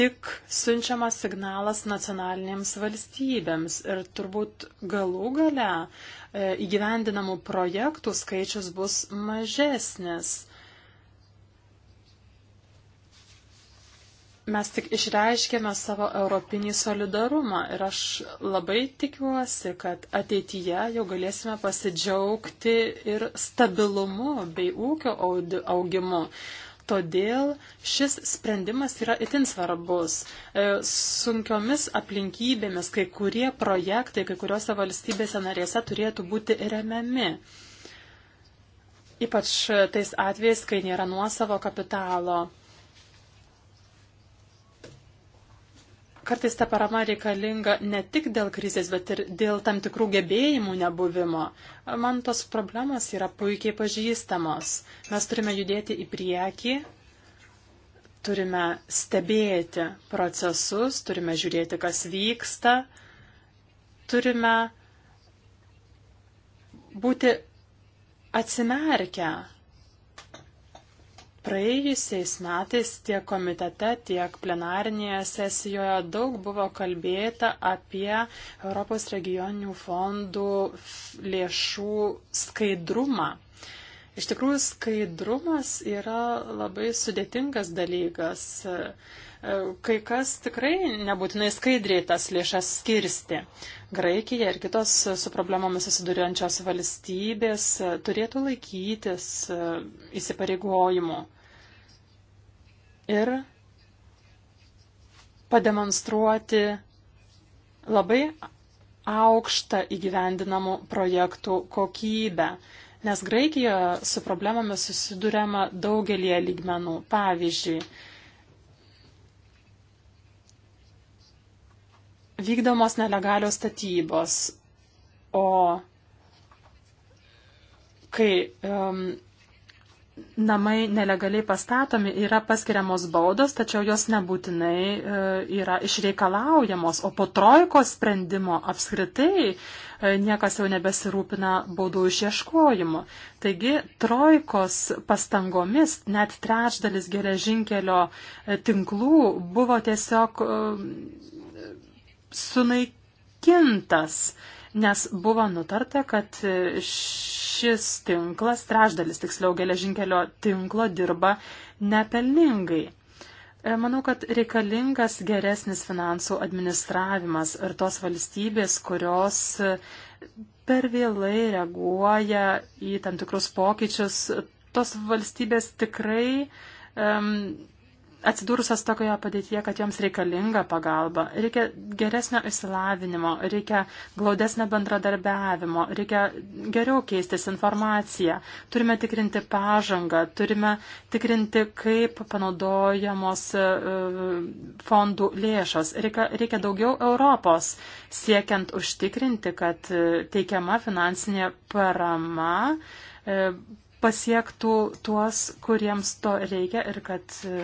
tik siunčiamas signalas nacionalinėms valstybėms ir turbūt galų gale e, įgyvendinamų projektų skaičius bus mažesnis. mes tik išreiškėme savo europinį solidarumą ir aš labai tikiuosi, kad ateityje jau galėsime pasidžiaugti ir stabilumu bei ūkio augimu. Todėl šis sprendimas yra itin svarbus. E, sunkiomis aplinkybėmis kai kurie projektai, kai kuriuose valstybėse narėse turėtų būti remiami. Ypač tais atvejais, kai nėra nuosavo kapitalo. kartais ta parama reikalinga ne tik dėl krizės, bet ir dėl tam tikrų gebėjimų nebuvimo. Man tos problemos yra puikiai pažįstamos. Mes turime judėti į priekį, turime stebėti procesus, turime žiūrėti, kas vyksta, turime būti atsimerkę Praėjusiais metais tiek komitete, tiek plenarinėje sesijoje daug buvo kalbėta apie Europos regioninių fondų lėšų skaidrumą. Iš tikrųjų, skaidrumas yra labai sudėtingas dalykas. Kai kas tikrai nebūtinai skaidriai tas lėšas skirsti. Graikija ir kitos su problemomis susiduriančios valstybės turėtų laikytis įsipareigojimų ir pademonstruoti labai aukštą įgyvendinamų projektų kokybę, nes Graikijoje su problemomis susidurėma daugelie lygmenų. Pavyzdžiui, vykdomos nelegalios statybos, o kai um, namai nelegaliai pastatomi, yra paskiriamos baudos, tačiau jos nebūtinai e, yra išreikalaujamos, o po trojkos sprendimo apskritai e, niekas jau nebesirūpina baudų išieškojimu. Taigi trojkos pastangomis net trečdalis geležinkelio e, tinklų buvo tiesiog sunaikintas nes buvo nutarta, kad šis tinklas, trešdalis tiksliau geležinkelio tinklo, dirba nepelningai. E, manau, kad reikalingas geresnis finansų administravimas ir tos valstybės, kurios per vėlai reaguoja į tam tikrus pokyčius, tos valstybės tikrai um, atsidūrusios tokioje padėtyje, kad joms reikalinga pagalba, reikia geresnio išsilavinimo, reikia glaudesnio bendradarbiavimo, reikia geriau keistis informaciją, turime tikrinti pažangą, turime tikrinti, kaip panaudojamos e, fondų lėšos, reikia, reikia daugiau Europos, siekiant užtikrinti, kad e, teikiama finansinė parama e, pasiektų tuos, kuriems to reikia ir kad e,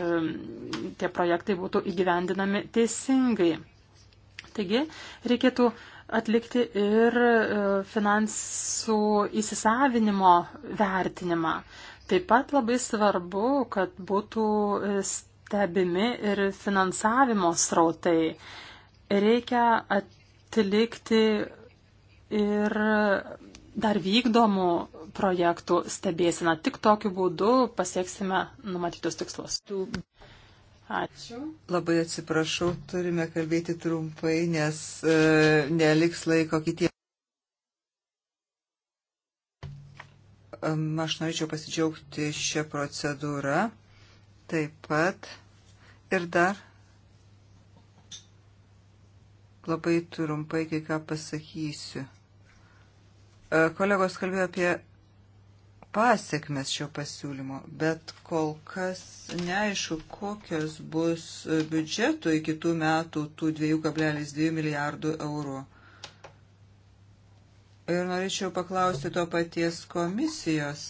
tie projektai būtų įgyvendinami teisingai. Taigi reikėtų atlikti ir e, finansų įsisavinimo vertinimą. Taip pat labai svarbu, kad būtų e, stebimi ir finansavimo srautai. Reikia atlikti ir dar vykdomų projektų stebėsina. Tik tokiu būdu pasieksime numatytus tikslus. Ačiū. Labai atsiprašau, turime kalbėti trumpai, nes e, neliks laiko kitiems. Aš norėčiau pasidžiaugti šią procedūrą taip pat ir dar labai trumpai kai ką pasakysiu. E, kolegos kalbėjo apie pasiekmes šio pasiūlymo, bet kol kas neaišku, kokios bus biudžeto iki tų metų tų 2,2 milijardų eurų. Ir norėčiau paklausti to paties komisijos,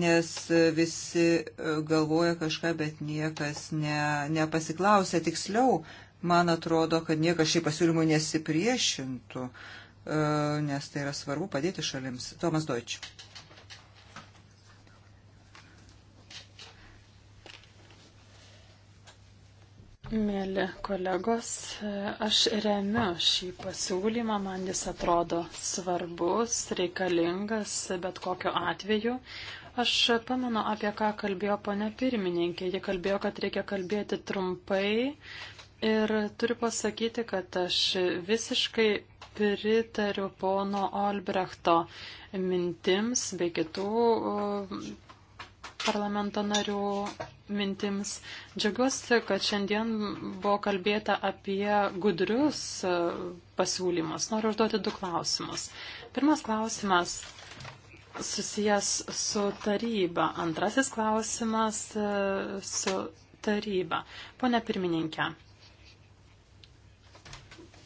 nes visi galvoja kažką, bet niekas ne, nepasiklausia tiksliau. Man atrodo, kad niekas šiai pasiūlymui nesipriešintų. Uh, E, nes tai yra svarbu padėti šalims. Tomas Deutsch. Mėly kolegos, e, aš remiu šį pasiūlymą, man jis atrodo svarbus, reikalingas bet kokiu atveju. Aš pamenu, apie ką kalbėjo ponia pirmininkė. Ji kalbėjo, kad reikia kalbėti trumpai ir turiu pasakyti, kad aš visiškai pritariu pono Olbrechto mintims bei kitų uh, parlamento narių mintims. Džiaugiuosi, kad šiandien buvo kalbėta apie gudrius uh, pasiūlymus. Noriu užduoti du klausimus. Pirmas klausimas susijęs su taryba. Antrasis klausimas uh, su taryba. Pone pirmininkė,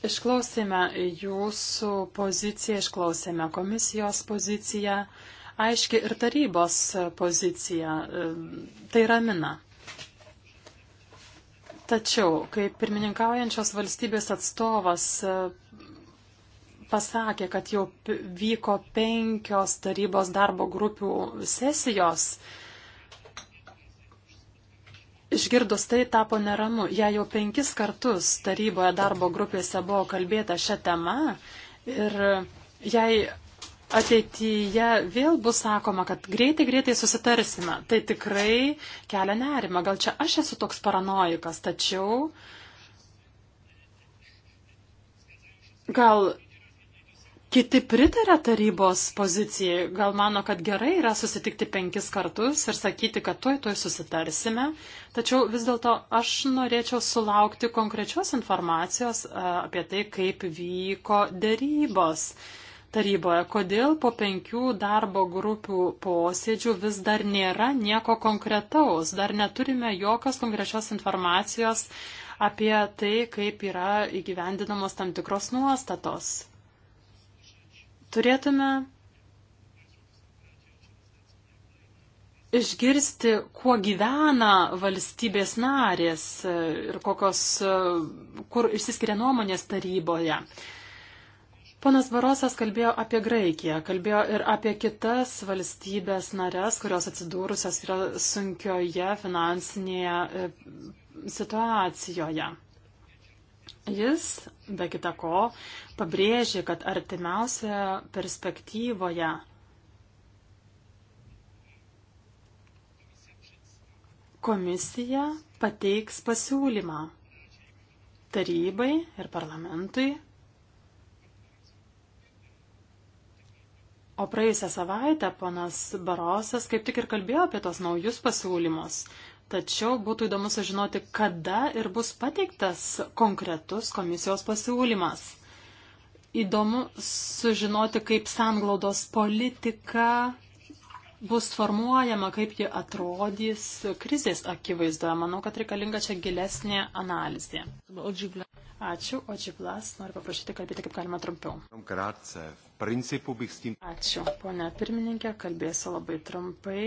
Išklausėme jūsų poziciją, išklausėme komisijos poziciją, aiški ir tarybos poziciją. Tai ramina. Tačiau, kaip pirmininkaujančios valstybės atstovas e, pasakė, kad jau vyko penkios tarybos darbo grupių sesijos, Išgirdus tai tapo neramu. Jei jau penkis kartus taryboje darbo grupėse buvo kalbėta šią temą ir jei ateityje vėl bus sakoma, kad greitai, greitai susitarsime, tai tikrai kelia nerima. Gal čia aš esu toks paranojikas, tačiau gal Kiti pritarė tarybos pozicijai, gal mano, kad gerai yra susitikti penkis kartus ir sakyti, kad tuoj tuoj susitarsime, tačiau vis dėlto aš norėčiau sulaukti konkrečios informacijos apie tai, kaip vyko dėrybos taryboje, kodėl po penkių darbo grupių posėdžių vis dar nėra nieko konkretaus, dar neturime jokios konkrečios informacijos apie tai, kaip yra įgyvendinamos tam tikros nuostatos turėtume išgirsti, kuo gyvena valstybės narės e, ir kokios, e, kur išsiskiria nuomonės taryboje. Ponas Barosas kalbėjo apie Graikiją, kalbėjo ir apie kitas valstybės narės, kurios atsidūrusios yra sunkioje finansinėje e, situacijoje. Jis, be kita ko, pabrėžė, kad artimiausioje perspektyvoje komisija pateiks pasiūlymą tarybai ir parlamentui. O praėjusią savaitę ponas Barosas kaip tik ir kalbėjo apie tos naujus pasiūlymus. Tačiau būtų įdomu sužinoti, kada ir bus pateiktas konkretus komisijos pasiūlymas. Įdomu sužinoti, kaip sanglaudos politika bus formuojama, kaip ji atrodys krizės akivaizdoje. Manau, kad reikalinga čia gilesnė analizė. Ačiū, Očiplas. Noriu paprašyti kalbėti kaip galima trumpiau. Ačiū, ponia pirmininkė, kalbėsiu labai trumpai.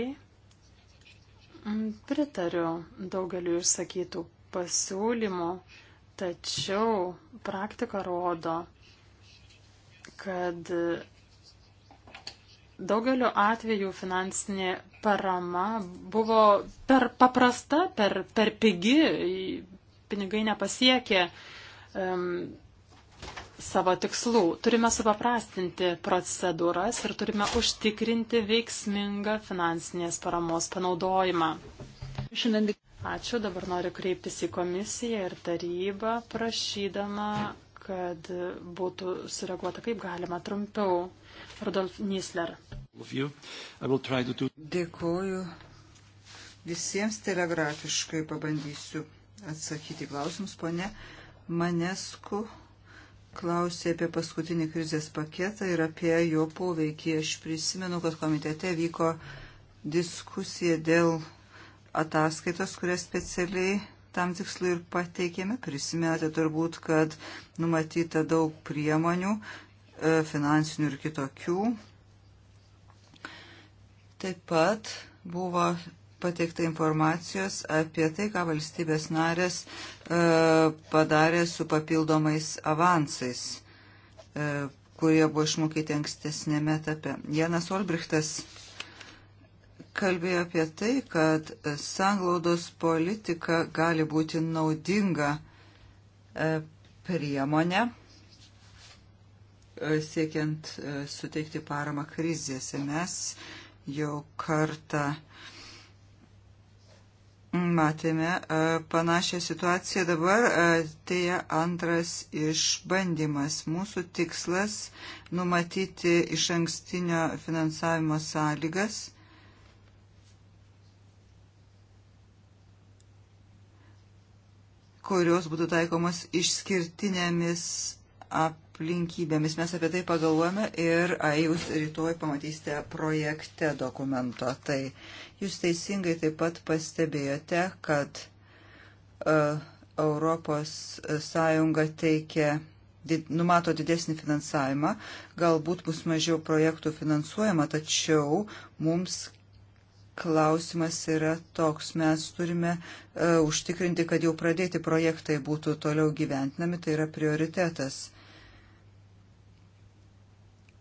Pritariu daugeliu išsakytų pasiūlymų, tačiau praktika rodo, kad daugeliu atveju finansinė parama buvo per paprasta, per, per pigi, pinigai nepasiekė um, savo tikslų. Turime supaprastinti procedūras ir turime užtikrinti veiksmingą finansinės paramos panaudojimą. Ačiū, dabar noriu kreiptis į komisiją ir tarybą, prašydama, kad būtų sureaguota kaip galima trumpiau. Rudolf Nisler. Dėkuoju visiems telegrafiškai pabandysiu atsakyti klausimus, ponė Manesku klausė apie paskutinį krizės paketą ir apie jo poveikį. Aš prisimenu, kad komitete vyko diskusija dėl ataskaitos, kurią specialiai tam tikslui ir pateikėme. Prisimenate turbūt, kad numatyta daug priemonių, e, finansinių ir kitokių. Taip pat buvo pateikta informacijos apie tai, ką valstybės narės e, padarė su papildomais avansais, e, kurie buvo išmokyti ankstesnėme etape. Janas Olbrichtas kalbėjo apie tai, kad sanglaudos politika gali būti naudinga e, priemonė siekiant suteikti paramą krizėse. Mes jau kartą matėme e, panašią situaciją dabar, e, tai antras išbandymas. Mūsų tikslas numatyti iš ankstinio finansavimo sąlygas. kurios būtų taikomas išskirtinėmis ap, aplinkybėmis. Mes apie tai pagalvojame ir a, jūs rytoj pamatysite projekte dokumento. Tai jūs teisingai taip pat pastebėjote, kad a, Europos Sąjunga teikia did, numato didesnį finansavimą, galbūt bus mažiau projektų finansuojama, tačiau mums klausimas yra toks. Mes turime uh, užtikrinti, kad jau pradėti projektai būtų toliau gyventinami, tai yra prioritetas.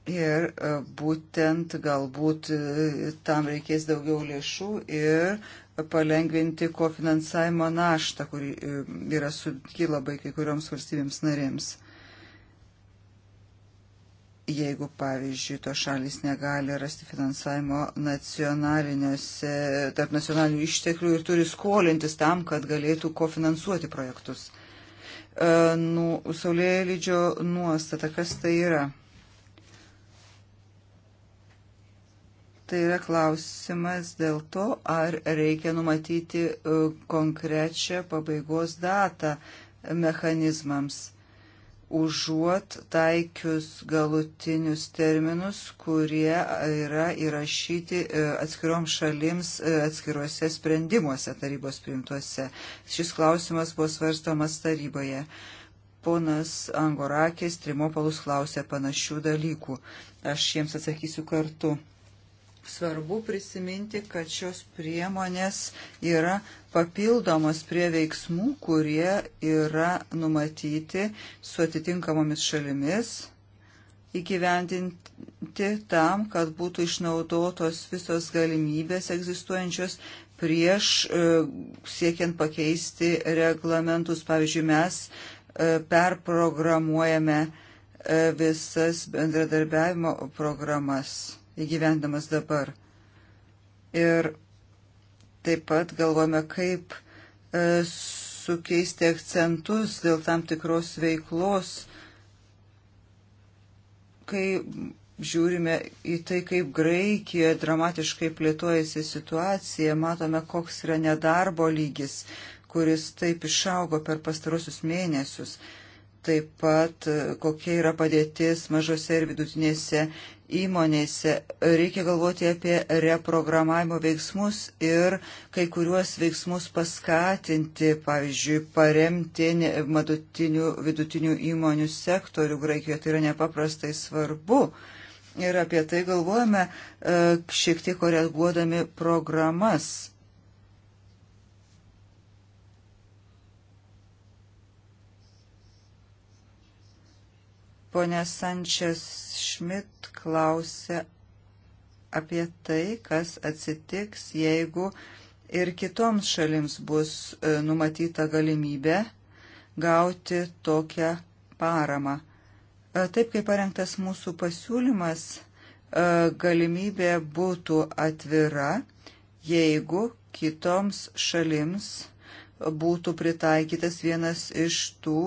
Ir e, būtent galbūt e, tam reikės daugiau lėšų ir palengvinti kofinansavimo naštą, kuri e, yra sunki labai kai kurioms valstybėms narėms. Jeigu, pavyzdžiui, to šalis negali rasti finansavimo nacionaliniuose, tarp nacionalinių išteklių ir turi skolintis tam, kad galėtų kofinansuoti projektus. Nu, Saulėlydžio nuostata, kas tai yra? Tai yra klausimas dėl to, ar reikia numatyti e, konkrečią pabaigos datą mechanizmams, užuot taikius galutinius terminus, kurie yra įrašyti e, atskirom šalims e, atskiruose sprendimuose tarybos primtuose. Šis klausimas buvo svarstomas taryboje ponas Angorakis Trimopolus klausė panašių dalykų. Aš jiems atsakysiu kartu svarbu prisiminti, kad šios priemonės yra papildomos prie veiksmų, kurie yra numatyti su atitinkamomis šalimis įgyvendinti tam, kad būtų išnaudotos visos galimybės egzistuojančios prieš e, siekiant pakeisti reglamentus. Pavyzdžiui, mes e, perprogramuojame e, visas bendradarbiavimo programas įgyvendamas dabar. Ir taip pat galvojame, kaip e, sukeisti akcentus dėl tam tikros veiklos, kai žiūrime į tai, kaip Graikijoje dramatiškai plėtojasi situacija, matome, koks yra nedarbo lygis, kuris taip išaugo per pastarusius mėnesius. Taip pat e, kokia yra padėtis mažose ir vidutinėse įmonėse. Reikia galvoti apie reprogramavimo veiksmus ir kai kuriuos veiksmus paskatinti, pavyzdžiui, paremti madutinių, vidutinių įmonių sektorių Graikijoje. Tai yra nepaprastai svarbu. Ir apie tai galvojame e, šiek tiek koreguodami programas Pone Sančias Šmit klausė apie tai, kas atsitiks, jeigu ir kitoms šalims bus e, numatyta galimybė gauti tokią paramą. E, taip kaip parengtas mūsų pasiūlymas, e, galimybė būtų atvira, jeigu kitoms šalims būtų pritaikytas vienas iš tų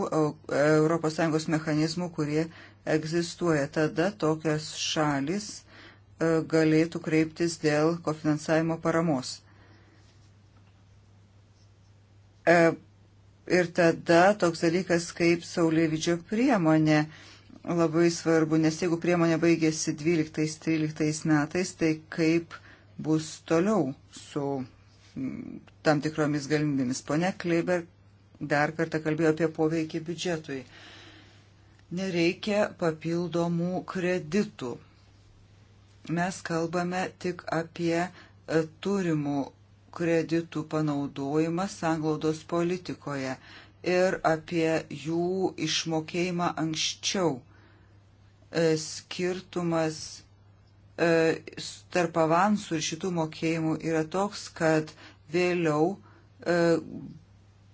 ES mechanizmų, kurie egzistuoja. Tada tokios šalis e, galėtų kreiptis dėl kofinansavimo paramos. E, ir tada toks dalykas kaip saulėvidžio priemonė labai svarbu, nes jeigu priemonė baigėsi 12-13 metais, tai kaip bus toliau su tam tikromis galimybėmis. Pone Kleiber dar kartą kalbėjo apie poveikį biudžetui. Nereikia papildomų kreditų. Mes kalbame tik apie e, turimų kreditų panaudojimą sanglaudos politikoje ir apie jų išmokėjimą anksčiau. E, skirtumas E, tarp avansų ir šitų mokėjimų yra toks, kad vėliau e,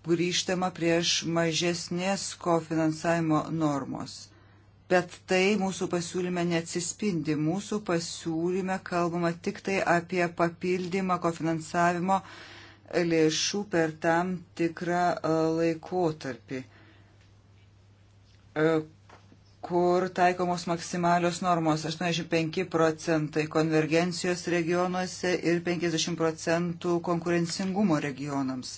grįžtama prieš mažesnės kofinansavimo normos. Bet tai mūsų pasiūlyme neatsispindi. Mūsų pasiūlyme kalbama tik tai apie papildymą kofinansavimo lėšų per tam tikrą e, laikotarpį kur taikomos maksimalios normos 85 procentai konvergencijos regionuose ir 50 procentų konkurencingumo regionams.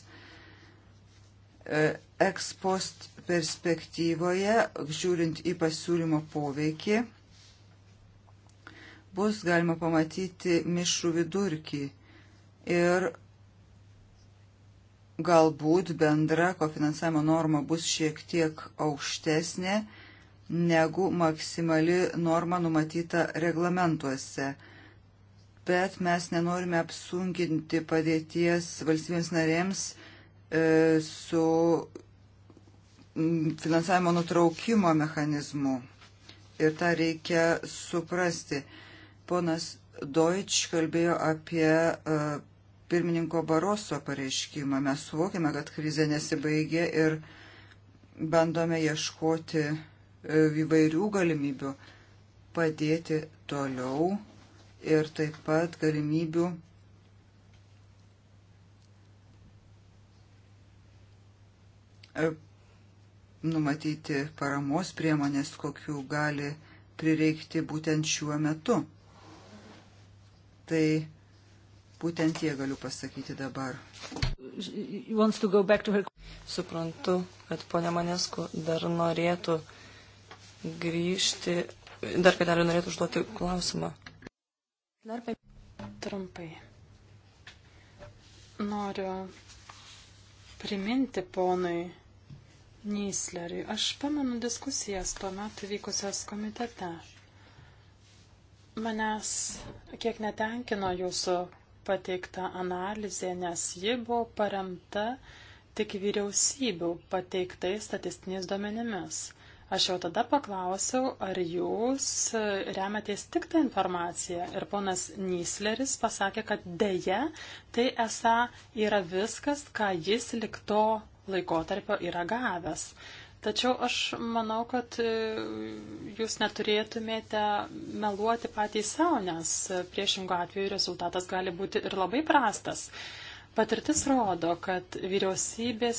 Ekspost perspektyvoje, žiūrint į pasiūlymo poveikį, bus galima pamatyti mišrų vidurkį ir galbūt bendra kofinansavimo norma bus šiek tiek aukštesnė, negu maksimali norma numatyta reglamentuose. Bet mes nenorime apsunkinti padėties valstybėms narėms e, su mm, finansavimo nutraukimo mechanizmu. Ir tą reikia suprasti. Ponas Deutsch kalbėjo apie e, pirmininko Baroso pareiškimą. Mes suvokime, kad krizė nesibaigė ir bandome ieškoti E, įvairių galimybių padėti toliau ir taip pat galimybių e, numatyti paramos priemonės, kokių gali prireikti būtent šiuo metu. Tai būtent tie galiu pasakyti dabar. To to her... Suprantu, kad ponia Manesku dar norėtų grįžti. Dar kartelį norėtų užduoti klausimą. Dar pe... trumpai. Noriu priminti ponui Nysleriui. Aš pamenu diskusijas tuo metu vykusias komitete. Manęs kiek netenkino jūsų pateikta analizė, nes ji buvo paremta tik vyriausybių pateiktais statistiniais duomenimis. Aš jau tada paklausiau, ar jūs remiatės tik tą informaciją. Ir ponas Nysleris pasakė, kad dėja, tai esą yra viskas, ką jis likto laikotarpio yra gavęs. Tačiau aš manau, kad e, jūs neturėtumėte meluoti patys savo, nes priešingų atveju rezultatas gali būti ir labai prastas. Patirtis rodo, kad vyriausybės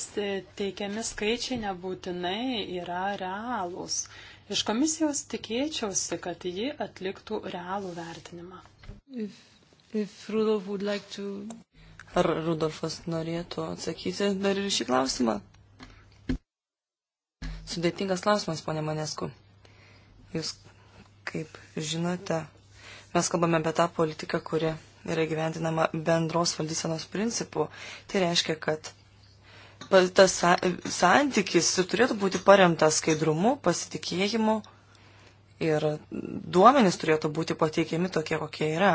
teikiami skaičiai nebūtinai yra realūs. Iš komisijos tikėčiausi, kad ji atliktų realų vertinimą. If, if Rudolf like to... Ar Rudolfas norėtų atsakyti dar ir šį klausimą? Sudėtingas klausimas, ponė Manesku. Jūs, kaip žinote, mes kalbame apie tą politiką, kuri yra gyventinama bendros valdysenos principų, tai reiškia, kad tas santykis turėtų būti paremtas skaidrumu, pasitikėjimu ir duomenys turėtų būti pateikiami tokie, kokie yra.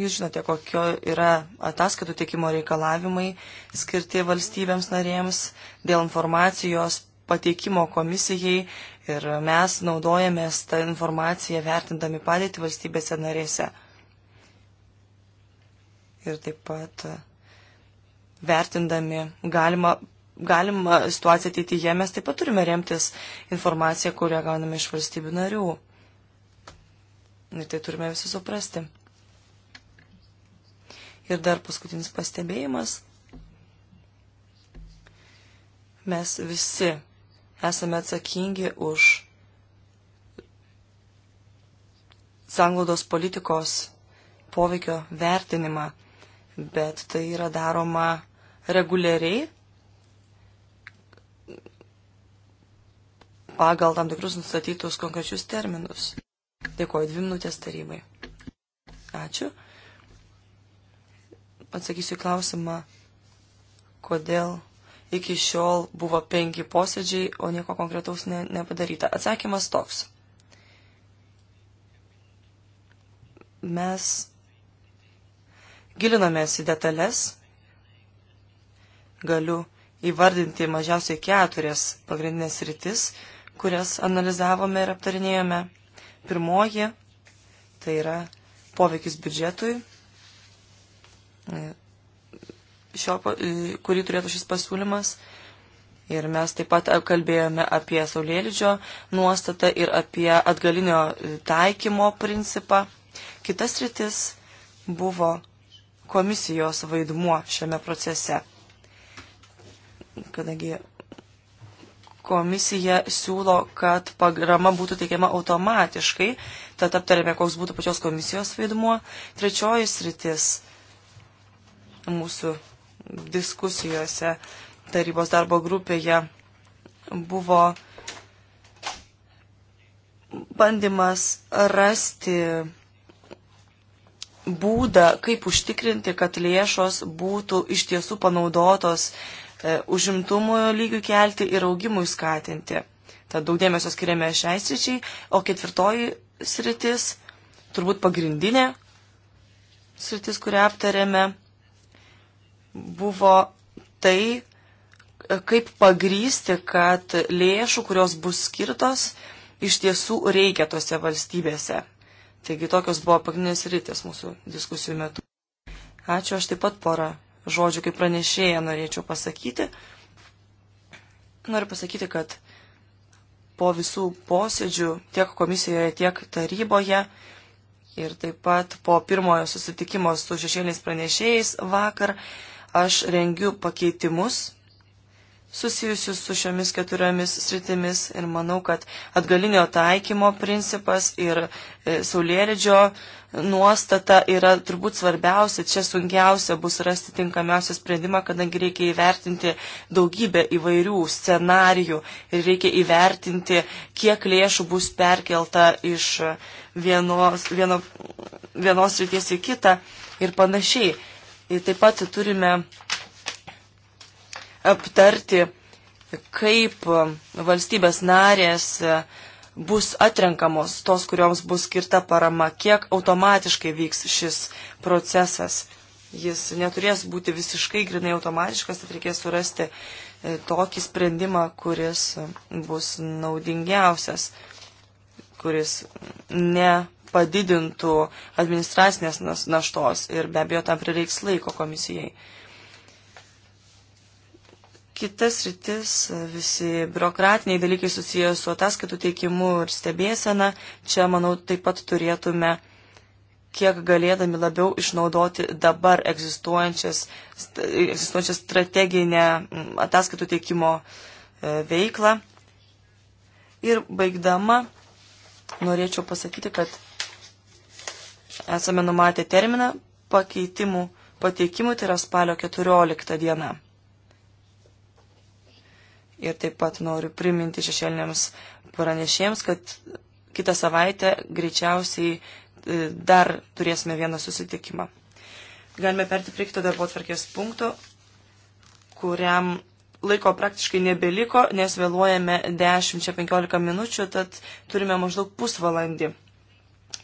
Jūs žinote, kokio yra ataskaitų teikimo reikalavimai skirti valstybėms narėms dėl informacijos pateikimo komisijai ir mes naudojamės tą informaciją vertindami padėti valstybėse narėse ir taip pat vertindami galima, galima situaciją ateityje mes taip pat turime remtis informaciją, kurią gauname iš valstybių narių. Ir tai turime visi suprasti. Ir dar paskutinis pastebėjimas. Mes visi esame atsakingi už sanglaudos politikos poveikio vertinimą bet tai yra daroma reguliariai pagal tam tikrus nustatytus konkrečius terminus. Dėkuoju dvi minutės tarybai. Ačiū. Atsakysiu klausimą, kodėl iki šiol buvo penki posėdžiai, o nieko konkretaus ne, nepadaryta. Atsakymas toks. Mes gilinomės į detalės. Galiu įvardinti mažiausiai keturias pagrindinės rytis, kurias analizavome ir aptarinėjome. Pirmoji - tai yra poveikis biudžetui, šio, kurį turėtų šis pasiūlymas. Ir mes taip pat kalbėjome apie saulėlydžio nuostatą ir apie atgalinio taikymo principą. Kitas rytis buvo komisijos vaidmuo šiame procese. Kadangi komisija siūlo, kad pagrama būtų teikiama automatiškai, tad aptarėme, koks būtų pačios komisijos vaidmuo. Trečioji sritis mūsų diskusijose tarybos darbo grupėje buvo bandymas rasti būdą, kaip užtikrinti, kad lėšos būtų iš tiesų panaudotos e, užimtumo lygių kelti ir augimui skatinti. Tad daug dėmesio skiriame šiai sričiai, o ketvirtoji sritis, turbūt pagrindinė sritis, kurią aptarėme, buvo tai, e, kaip pagrysti, kad lėšų, kurios bus skirtos, iš tiesų reikia tose valstybėse. Taigi tokios buvo pagrindinės rytis mūsų diskusijų metu. Ačiū, aš taip pat porą žodžių kaip pranešėja norėčiau pasakyti. Noriu pasakyti, kad po visų posėdžių tiek komisijoje, tiek taryboje ir taip pat po pirmojo susitikimo su šešėliais pranešėjais vakar aš rengiu pakeitimus susijusius su šiomis keturiomis sritimis ir manau, kad atgalinio taikymo principas ir e, saulėridžio nuostata yra turbūt svarbiausia, čia sunkiausia bus rasti tinkamiausią sprendimą, kadangi reikia įvertinti daugybę įvairių scenarijų ir reikia įvertinti, kiek lėšų bus perkelta iš vienos, vieno, vienos ryties į kitą ir panašiai. Ir taip pat turime aptarti, kaip valstybės narės bus atrenkamos tos, kurioms bus skirta parama, kiek automatiškai vyks šis procesas. Jis neturės būti visiškai grinai automatiškas, tad reikės surasti e, tokį sprendimą, kuris bus naudingiausias, kuris ne padidintų administracinės naštos ir be abejo tam prireiks laiko komisijai kitas rytis, visi biurokratiniai dalykai susijęs su ataskaitų teikimu ir stebėsena, čia, manau, taip pat turėtume kiek galėdami labiau išnaudoti dabar egzistuojančias, egzistuojančią strateginę ataskaitų teikimo e, veiklą. Ir baigdama, norėčiau pasakyti, kad esame numatę terminą pakeitimų pateikimui, tai yra spalio 14 diena. Ir taip pat noriu priminti šešėliniams pranešėjams, kad kitą savaitę greičiausiai e, dar turėsime vieną susitikimą. Galime perti prie kito darbo tvarkės punkto, kuriam laiko praktiškai nebeliko, nes vėluojame 10-15 minučių, tad turime maždaug pusvalandį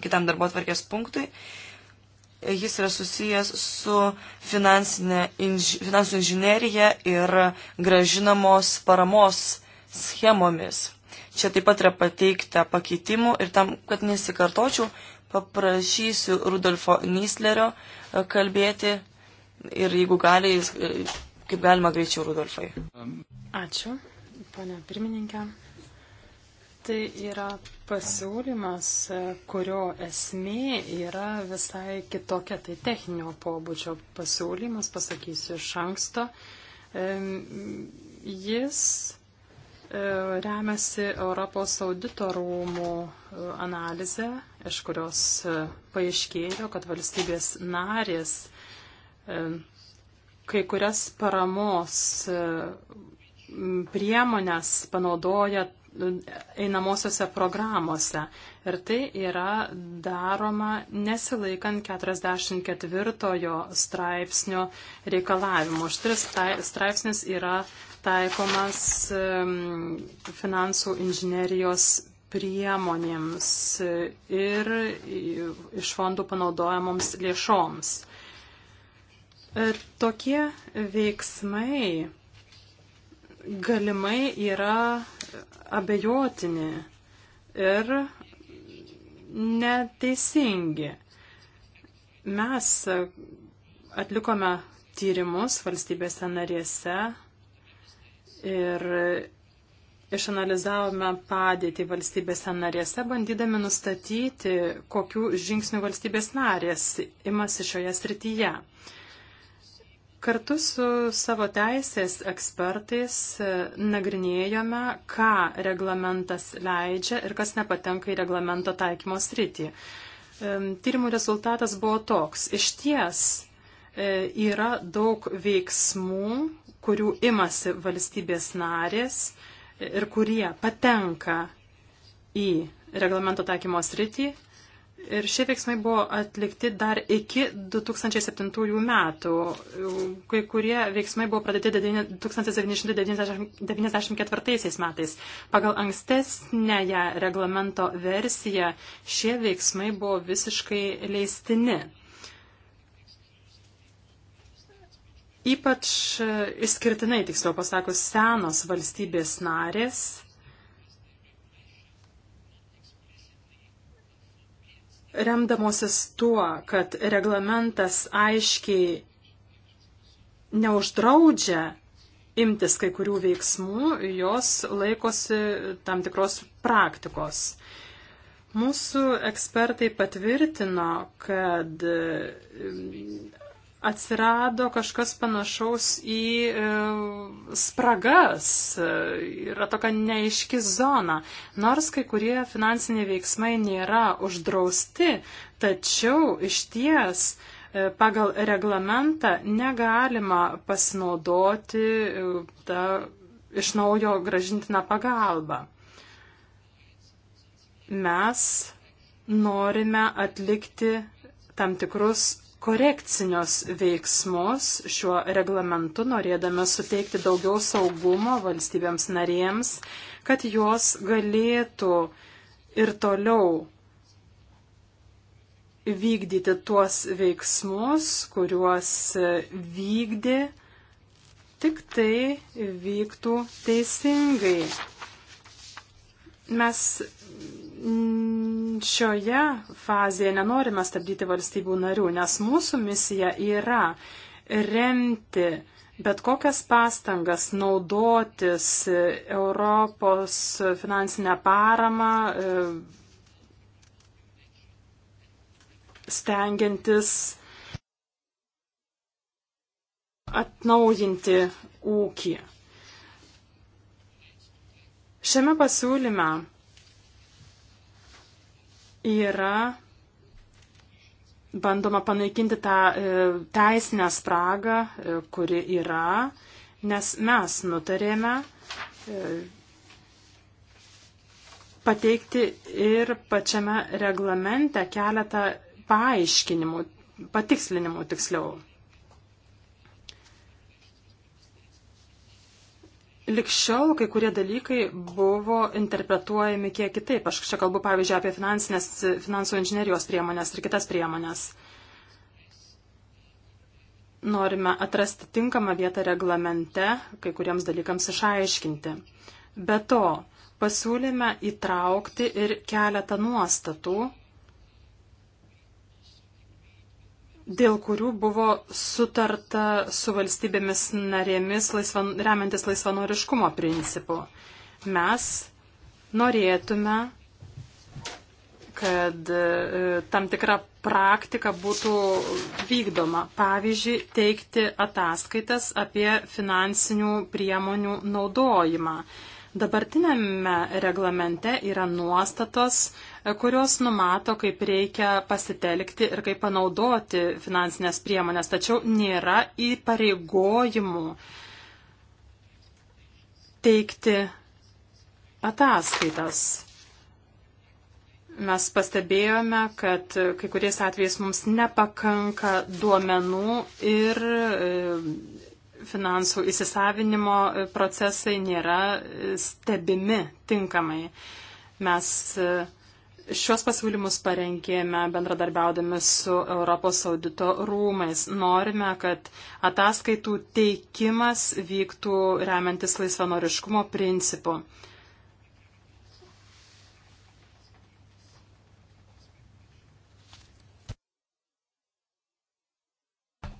kitam darbo tvarkės punktui. Jis yra susijęs su inž, finansų inžinerija ir gražinamos paramos schemomis. Čia taip pat yra pateikta pakeitimų ir tam, kad nesikartočiau, paprašysiu Rudolfo Nislerio e, kalbėti ir jeigu gali, e, kaip galima greičiau Rudolfai. Ačiū, ponia pirmininkė. Tai yra pasiūlymas, kurio esmė yra visai kitokia, tai techninio pobūdžio pasiūlymas, pasakysiu iš anksto. Jis e, remiasi Europos audito rūmų e, analizė, iš kurios e, paaiškėjo, kad valstybės narės kai kurias paramos priemonės panaudoja einamosiose programuose. Ir tai yra daroma nesilaikant 44 straipsnio reikalavimų. Šis tai, straipsnis yra taikomas finansų inžinerijos priemonėms ir iš fondų panaudojamoms lėšoms. Tokie veiksmai galimai yra abejotini ir neteisingi. Mes atlikome tyrimus valstybėse narėse ir išanalizavome padėtį valstybėse narėse, bandydami nustatyti, kokių žingsnių valstybės narės imasi šioje srityje. Kartu su savo teisės ekspertais e, nagrinėjome, ką reglamentas leidžia ir kas nepatenka į reglamento taikymo sritį. E, tyrimų rezultatas buvo toks. Iš ties e, yra daug veiksmų, kurių imasi valstybės narės ir kurie patenka į reglamento taikymo sritį Ir šie veiksmai buvo atlikti dar iki 2007 metų. Kai kurie veiksmai buvo pradėti 1994 metais. Pagal ankstesnėje reglamento versiją šie veiksmai buvo visiškai leistini. Ypač išskirtinai, tiksliau pasakus, senos valstybės narės remdamosis tuo, kad reglamentas aiškiai neuždraudžia imtis kai kurių veiksmų, jos laikosi tam tikros praktikos. Mūsų ekspertai patvirtino, kad atsirado kažkas panašaus į e, spragas, e, yra tokia neaiški zona. Nors kai kurie finansiniai veiksmai nėra uždrausti, tačiau iš ties e, pagal reglamentą negalima pasinaudoti e, ta, iš naujo gražintiną pagalbą. Mes norime atlikti tam tikrus korekcinius veiksmus šiuo reglamentu, norėdami suteikti daugiau saugumo valstybėms narėms, kad jos galėtų ir toliau vykdyti tuos veiksmus, kuriuos vykdė, tik tai vyktų teisingai. Mes Mm, šioje fazėje nenorime stabdyti valstybių narių, nes mūsų misija yra remti bet kokias pastangas naudotis e, Europos finansinę paramą, e, stengiantis atnaujinti ūkį. Šiame pasiūlyme yra bandoma panaikinti tą e, teisinę spragą, e, kuri yra, nes mes nutarėme e, pateikti ir pačiame reglamente keletą paaiškinimų, patikslinimų tiksliau. likščiau kai kurie dalykai buvo interpretuojami kiek kitaip. Aš čia kalbu, pavyzdžiui, apie finansų inžinerijos priemonės ir kitas priemonės. Norime atrasti tinkamą vietą reglamente kai kuriems dalykams išaiškinti. Be to, pasiūlėme įtraukti ir keletą nuostatų, dėl kurių buvo sutarta su valstybėmis narėmis laisvan, remiantis laisvanoriškumo principu. Mes norėtume, kad e, tam tikra praktika būtų vykdoma. Pavyzdžiui, teikti ataskaitas apie finansinių priemonių naudojimą. Dabartinėme reglamente yra nuostatos, e, kurios numato, kaip reikia pasitelkti ir kaip panaudoti finansinės priemonės, tačiau nėra įpareigojimų teikti ataskaitas mes pastebėjome, kad kai kuriais atvejais mums nepakanka duomenų ir e, finansų įsisavinimo e, procesai nėra e, stebimi tinkamai. Mes e, šios pasiūlymus parengėme bendradarbiaudami su Europos audito rūmais. Norime, kad ataskaitų teikimas vyktų remiantis laisvanoriškumo principu.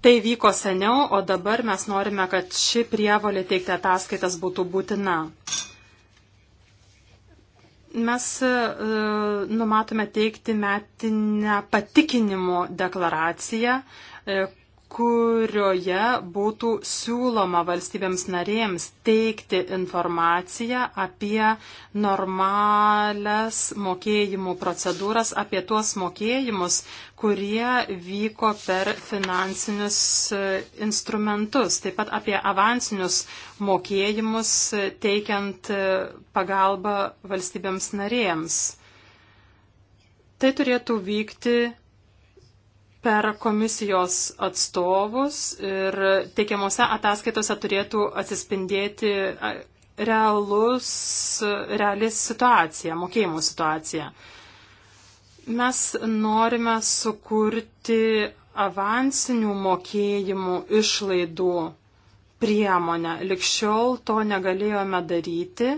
Tai vyko seniau, o dabar mes norime, kad ši prievalė teikti ataskaitas būtų būtina. Mes e, numatome teikti metinę patikinimo deklaraciją, e, kurioje būtų siūloma valstybėms narėms teikti informaciją apie normales mokėjimų procedūras, apie tuos mokėjimus, kurie vyko per finansinius e, instrumentus, taip pat apie avansinius mokėjimus e, teikiant e, pagalbą valstybėms narėms. Tai turėtų vykti per komisijos atstovus ir teikiamuose ataskaitose turėtų atsispindėti realus, reali situacija, mokėjimų situacija. Mes norime sukurti avansinių mokėjimų išlaidų priemonę. Likščiol to negalėjome daryti.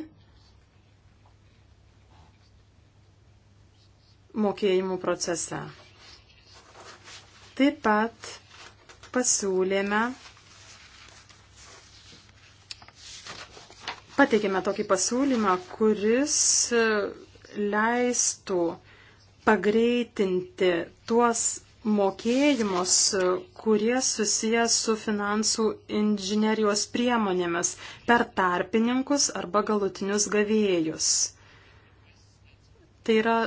mokėjimų procese. Taip pat pasiūlėme, pateikėme tokį pasiūlymą, kuris leistų pagreitinti tuos mokėjimus, kurie susijęs su finansų inžinerijos priemonėmis per tarpininkus arba galutinius gavėjus. Tai yra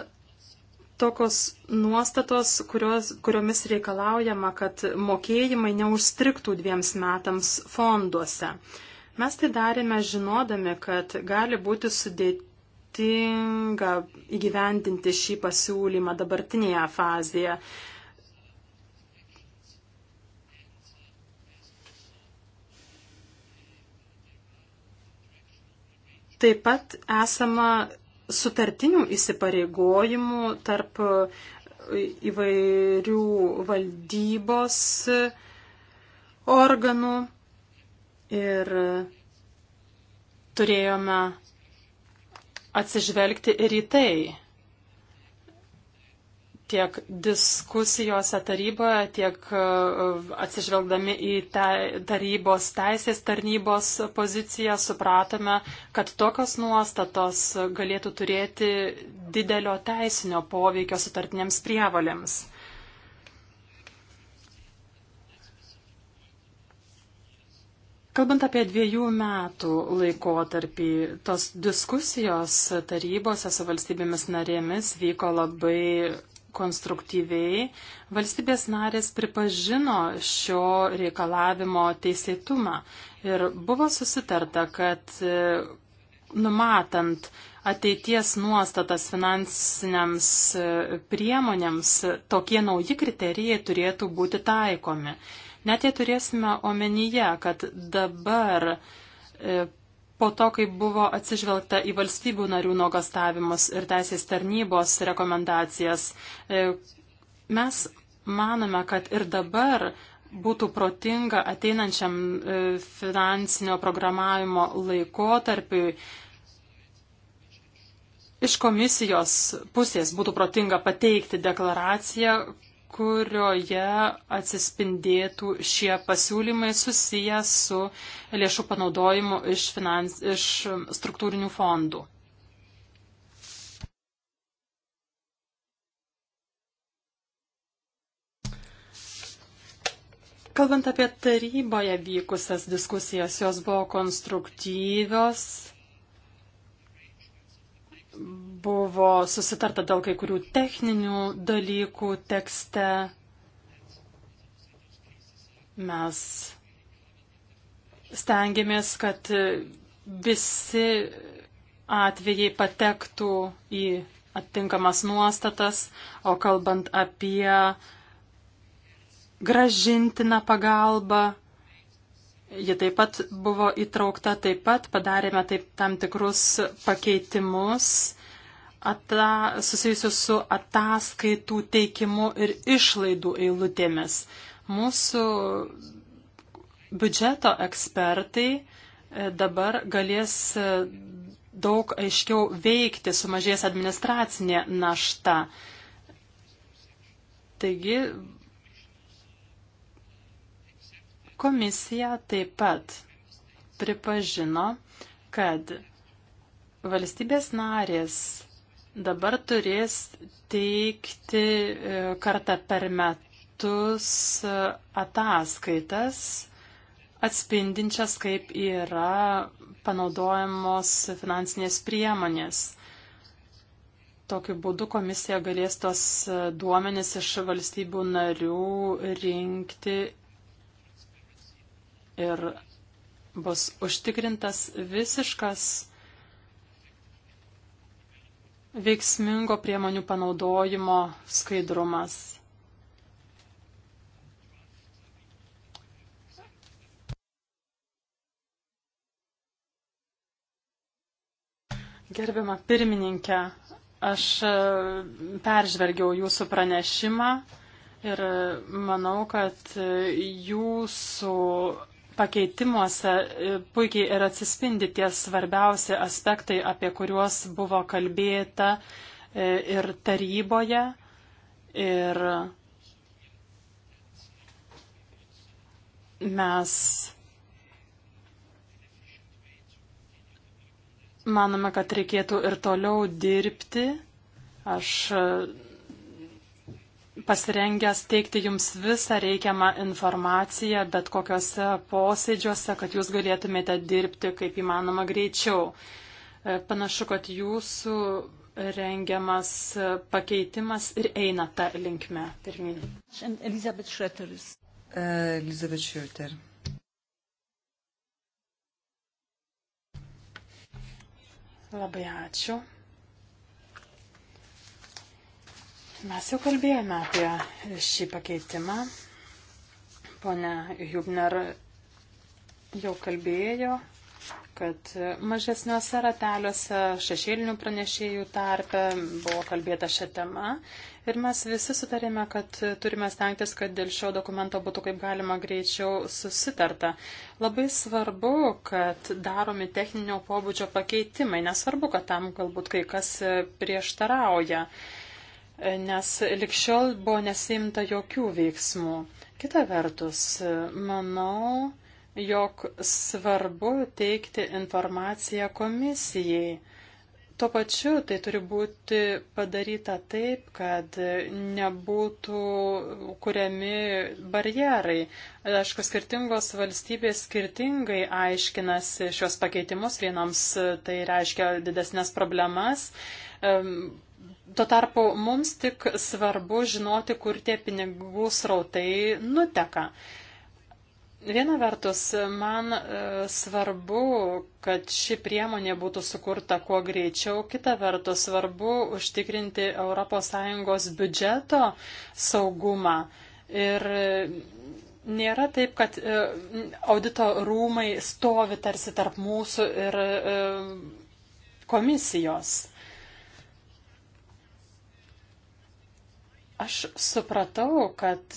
tokios nuostatos, kurios, kuriomis reikalaujama, kad mokėjimai neužstriktų dviems metams fonduose. Mes tai darėme žinodami, kad gali būti sudėtinga įgyvendinti šį pasiūlymą dabartinėje fazėje. Taip pat esama sutartinių įsipareigojimų tarp e, įvairių valdybos e, organų ir turėjome atsižvelgti ir į tai tiek diskusijose taryboje, tiek e, atsižvelgdami į te, tarybos teisės tarnybos poziciją, supratome, kad tokios nuostatos galėtų turėti didelio teisinio poveikio sutartinėms prievalėms. Kalbant apie dviejų metų laikotarpį, tos diskusijos tarybose su valstybėmis narėmis vyko labai konstruktyviai, valstybės narės pripažino šio reikalavimo teisėtumą ir buvo susitarta, kad e, numatant ateities nuostatas finansiniams e, priemonėms, tokie nauji kriterijai turėtų būti taikomi. Net jei turėsime omenyje, kad dabar e, po to, kai buvo atsižvelgta į valstybių narių nuogastavimus ir teisės tarnybos rekomendacijas, e, mes manome, kad ir dabar būtų protinga ateinančiam e, finansinio programavimo laikotarpiui iš komisijos pusės būtų protinga pateikti deklaraciją, kurioje atsispindėtų šie pasiūlymai susiję su lėšų panaudojimu iš, finans, iš struktūrinių fondų. Kalbant apie taryboje vykusias diskusijas, jos buvo konstruktyvios, Buvo susitarta dėl kai kurių techninių dalykų tekste. Mes stengiamės, kad visi atvejai patektų į atitinkamas nuostatas, o kalbant apie gražintiną pagalbą, ji taip pat buvo įtraukta, taip pat padarėme taip tam tikrus pakeitimus ata, susijusius su ataskaitų teikimu ir išlaidų eilutėmis. Mūsų biudžeto ekspertai e, dabar galės e, daug aiškiau veikti, sumažės administracinė našta. Taigi komisija taip pat pripažino, kad valstybės narės dabar turės teikti e, kartą per metus e, ataskaitas atspindinčias, kaip yra panaudojamos finansinės priemonės. Tokiu būdu komisija galės tos e, duomenis iš valstybių narių rinkti ir bus užtikrintas visiškas veiksmingo priemonių panaudojimo skaidrumas. Gerbiama pirmininkė, aš e, peržvelgiau jūsų pranešimą ir e, manau, kad e, jūsų pakeitimuose e, puikiai ir atsispindi tie svarbiausi aspektai, apie kuriuos buvo kalbėta e, ir taryboje. Ir mes manome, kad reikėtų ir toliau dirbti. Aš pasirengęs teikti jums visą reikiamą informaciją, bet kokiuose posėdžiuose, kad jūs galėtumėte dirbti kaip įmanoma greičiau. E, panašu, kad jūsų rengiamas pakeitimas ir eina tą linkmę pirmin. Elizabeth Schroederis. E, Elizabeth Schroeder. Labai ačiū. Mes jau kalbėjome apie šį pakeitimą. Pone Jubner jau kalbėjo, kad mažesniuose rateliuose šešėlinių pranešėjų tarpe buvo kalbėta šią temą ir mes visi sutarėme, kad turime stengtis, kad dėl šio dokumento būtų kaip galima greičiau susitarta. Labai svarbu, kad daromi techninio pobūdžio pakeitimai, nesvarbu, kad tam galbūt kai kas prieštarauja nes likščiol buvo nesimta jokių veiksmų. Kita vertus, manau, jog svarbu teikti informaciją komisijai. Tuo pačiu tai turi būti padaryta taip, kad nebūtų kuriami barjerai. Aišku, skirtingos valstybės skirtingai aiškinasi šios pakeitimus, vienams tai reiškia didesnės problemas Tuo tarpu mums tik svarbu žinoti, kur tie pinigų srautai nuteka. Viena vertus, man e, svarbu, kad ši priemonė būtų sukurta kuo greičiau, kita vertus svarbu užtikrinti ES biudžeto saugumą. Ir e, nėra taip, kad e, audito rūmai stovi tarsi tarp mūsų ir komisijos. Aš supratau, kad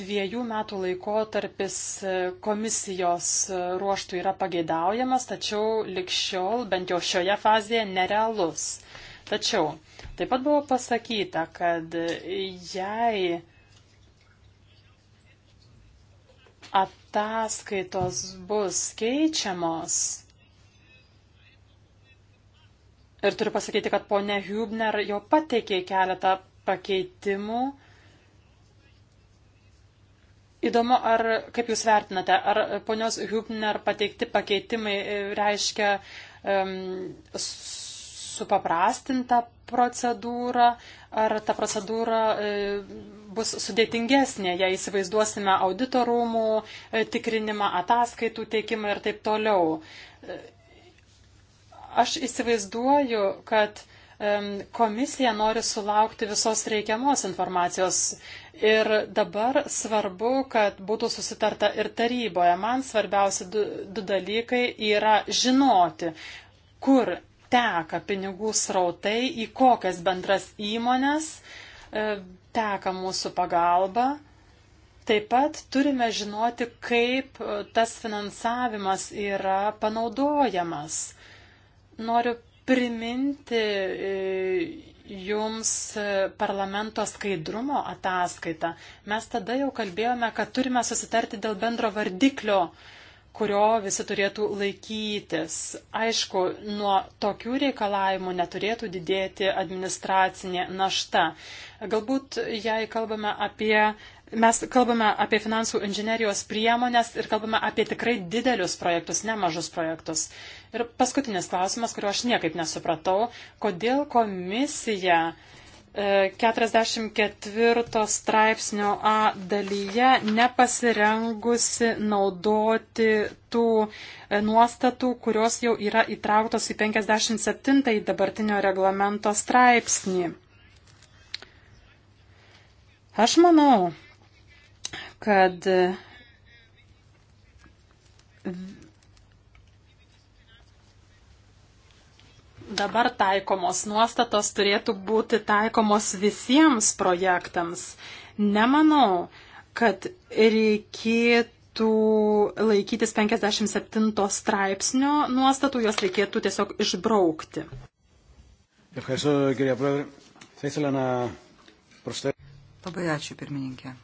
dviejų metų laikotarpis komisijos ruoštų yra pageidaujamas, tačiau likščiol, bent jau šioje fazėje, nerealus. Tačiau taip pat buvo pasakyta, kad jei ataskaitos bus keičiamos, ir turiu pasakyti, kad ponė Hubner jau pateikė keletą pakeitimų. Įdomu, ar, kaip Jūs vertinate, ar ponios Hübner pateikti pakeitimai e, reiškia um, supaprastintą procedūrą, ar ta procedūra um, bus sudėtingesnė, jei įsivaizduosime auditorumų e, tikrinimą, ataskaitų teikimą ir taip toliau. Aš įsivaizduoju, kad uh, komisija nori sulaukti visos reikiamos informacijos. Ir dabar svarbu, kad būtų susitarta ir taryboje. Man svarbiausi du, du dalykai yra žinoti, kur teka pinigų srautai, į kokias bendras įmonės e, teka mūsų pagalba. Taip pat turime žinoti, kaip e, tas finansavimas yra panaudojamas. Noriu priminti e, jums parlamento skaidrumo ataskaitą. Mes tada jau kalbėjome, kad turime susitarti dėl bendro vardiklio kurio visi turėtų laikytis. Aišku, nuo tokių reikalavimų neturėtų didėti administracinė našta. Galbūt, jei kalbame apie Mes kalbame apie finansų inžinerijos priemonės ir kalbame apie tikrai didelius projektus, nemažus projektus. Ir paskutinis klausimas, kurio aš niekaip nesupratau, kodėl komisija 44 e, straipsnio A dalyje nepasirengusi naudoti tų e, nuostatų, kurios jau yra įtrauktos į 57 dabartinio reglamento straipsnį. Aš manau, kad dabar taikomos nuostatos turėtų būti taikomos visiems projektams. Nemanau, kad reikėtų laikytis 57 straipsnio nuostatų, jos reikėtų tiesiog išbraukti. Labai ačiū, pirmininkė.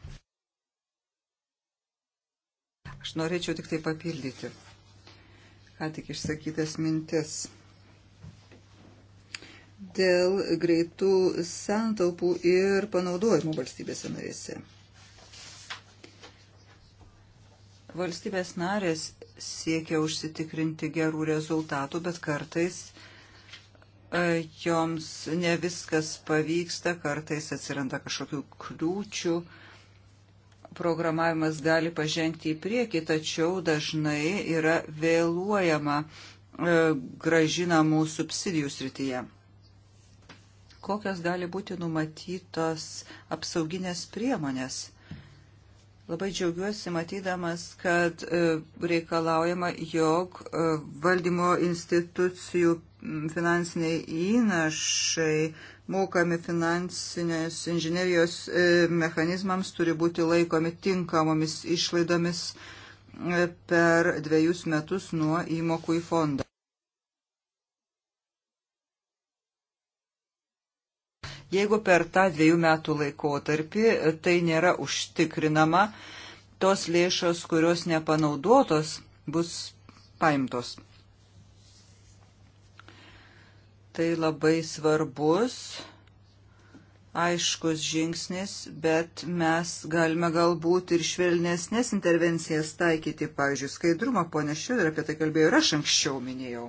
Aš norėčiau tik tai papildyti, ką tik išsakytas mintis. Dėl greitų santaupų ir panaudojimų valstybėse narėse. Valstybės narės siekia užsitikrinti gerų rezultatų, bet kartais e, joms ne viskas pavyksta, kartais atsiranda kažkokių kliūčių, programavimas gali pažengti į priekį, tačiau dažnai yra vėluojama e, gražinamų subsidijų srityje. Kokios gali būti numatytos apsauginės priemonės? Labai džiaugiuosi matydamas, kad e, reikalaujama, jog e, valdymo institucijų finansiniai įnašai mokami finansinės inžinerijos e, mechanizmams turi būti laikomi tinkamomis išlaidomis e, per dviejus metus nuo įmokų į fondą. Jeigu per tą dviejų metų laikotarpį e, tai nėra užtikrinama, tos lėšos, kurios nepanaudotos, bus paimtos. Tai labai svarbus, aiškus žingsnis, bet mes galime galbūt ir švelnesnės intervencijas taikyti, pavyzdžiui, skaidrumą, ponė Šiudra apie tai kalbėjau ir aš anksčiau minėjau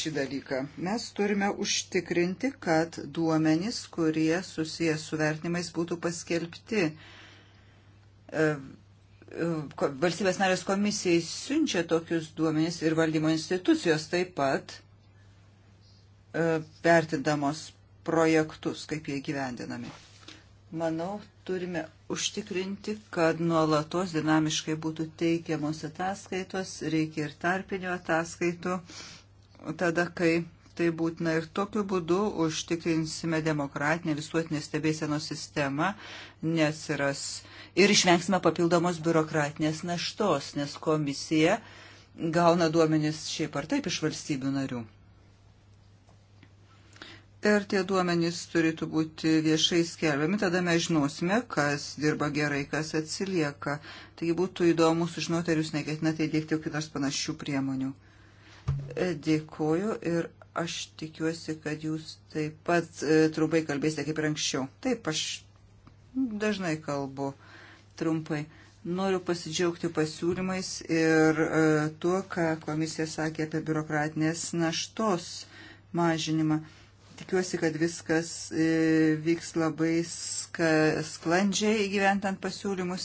šį dalyką. Mes turime užtikrinti, kad duomenys, kurie susijęs su vertinimais, būtų paskelbti. E, e, valstybės narės komisijai siunčia tokius duomenys ir valdymo institucijos taip pat E, vertindamos projektus, kaip jie gyvendinami. Manau, turime užtikrinti, kad nuolatos dinamiškai būtų teikiamos ataskaitos, reikia ir tarpinio ataskaitų, tada, kai tai būtina ir tokiu būdu užtikrinsime demokratinę visuotinę stebėsenos sistemą, nesiras ir išvengsime papildomos biurokratinės naštos, nes komisija gauna duomenis šiaip ar taip iš valstybių narių ir tie duomenys turėtų būti viešai skelbiami, tada mes žinosime, kas dirba gerai, kas atsilieka. Taigi būtų įdomu sužinoti, ar jūs neketinate įdėkti kokių nors panašių priemonių. E, dėkoju ir aš tikiuosi, kad jūs taip pat e, trumpai kalbėsite kaip ir anksčiau. Taip, aš dažnai kalbu trumpai. Noriu pasidžiaugti pasiūlymais ir e, tuo, ką komisija sakė apie biurokratinės naštos mažinimą. E, Tikiuosi, kad viskas e, vyks labai sklandžiai įgyventant pasiūlymus.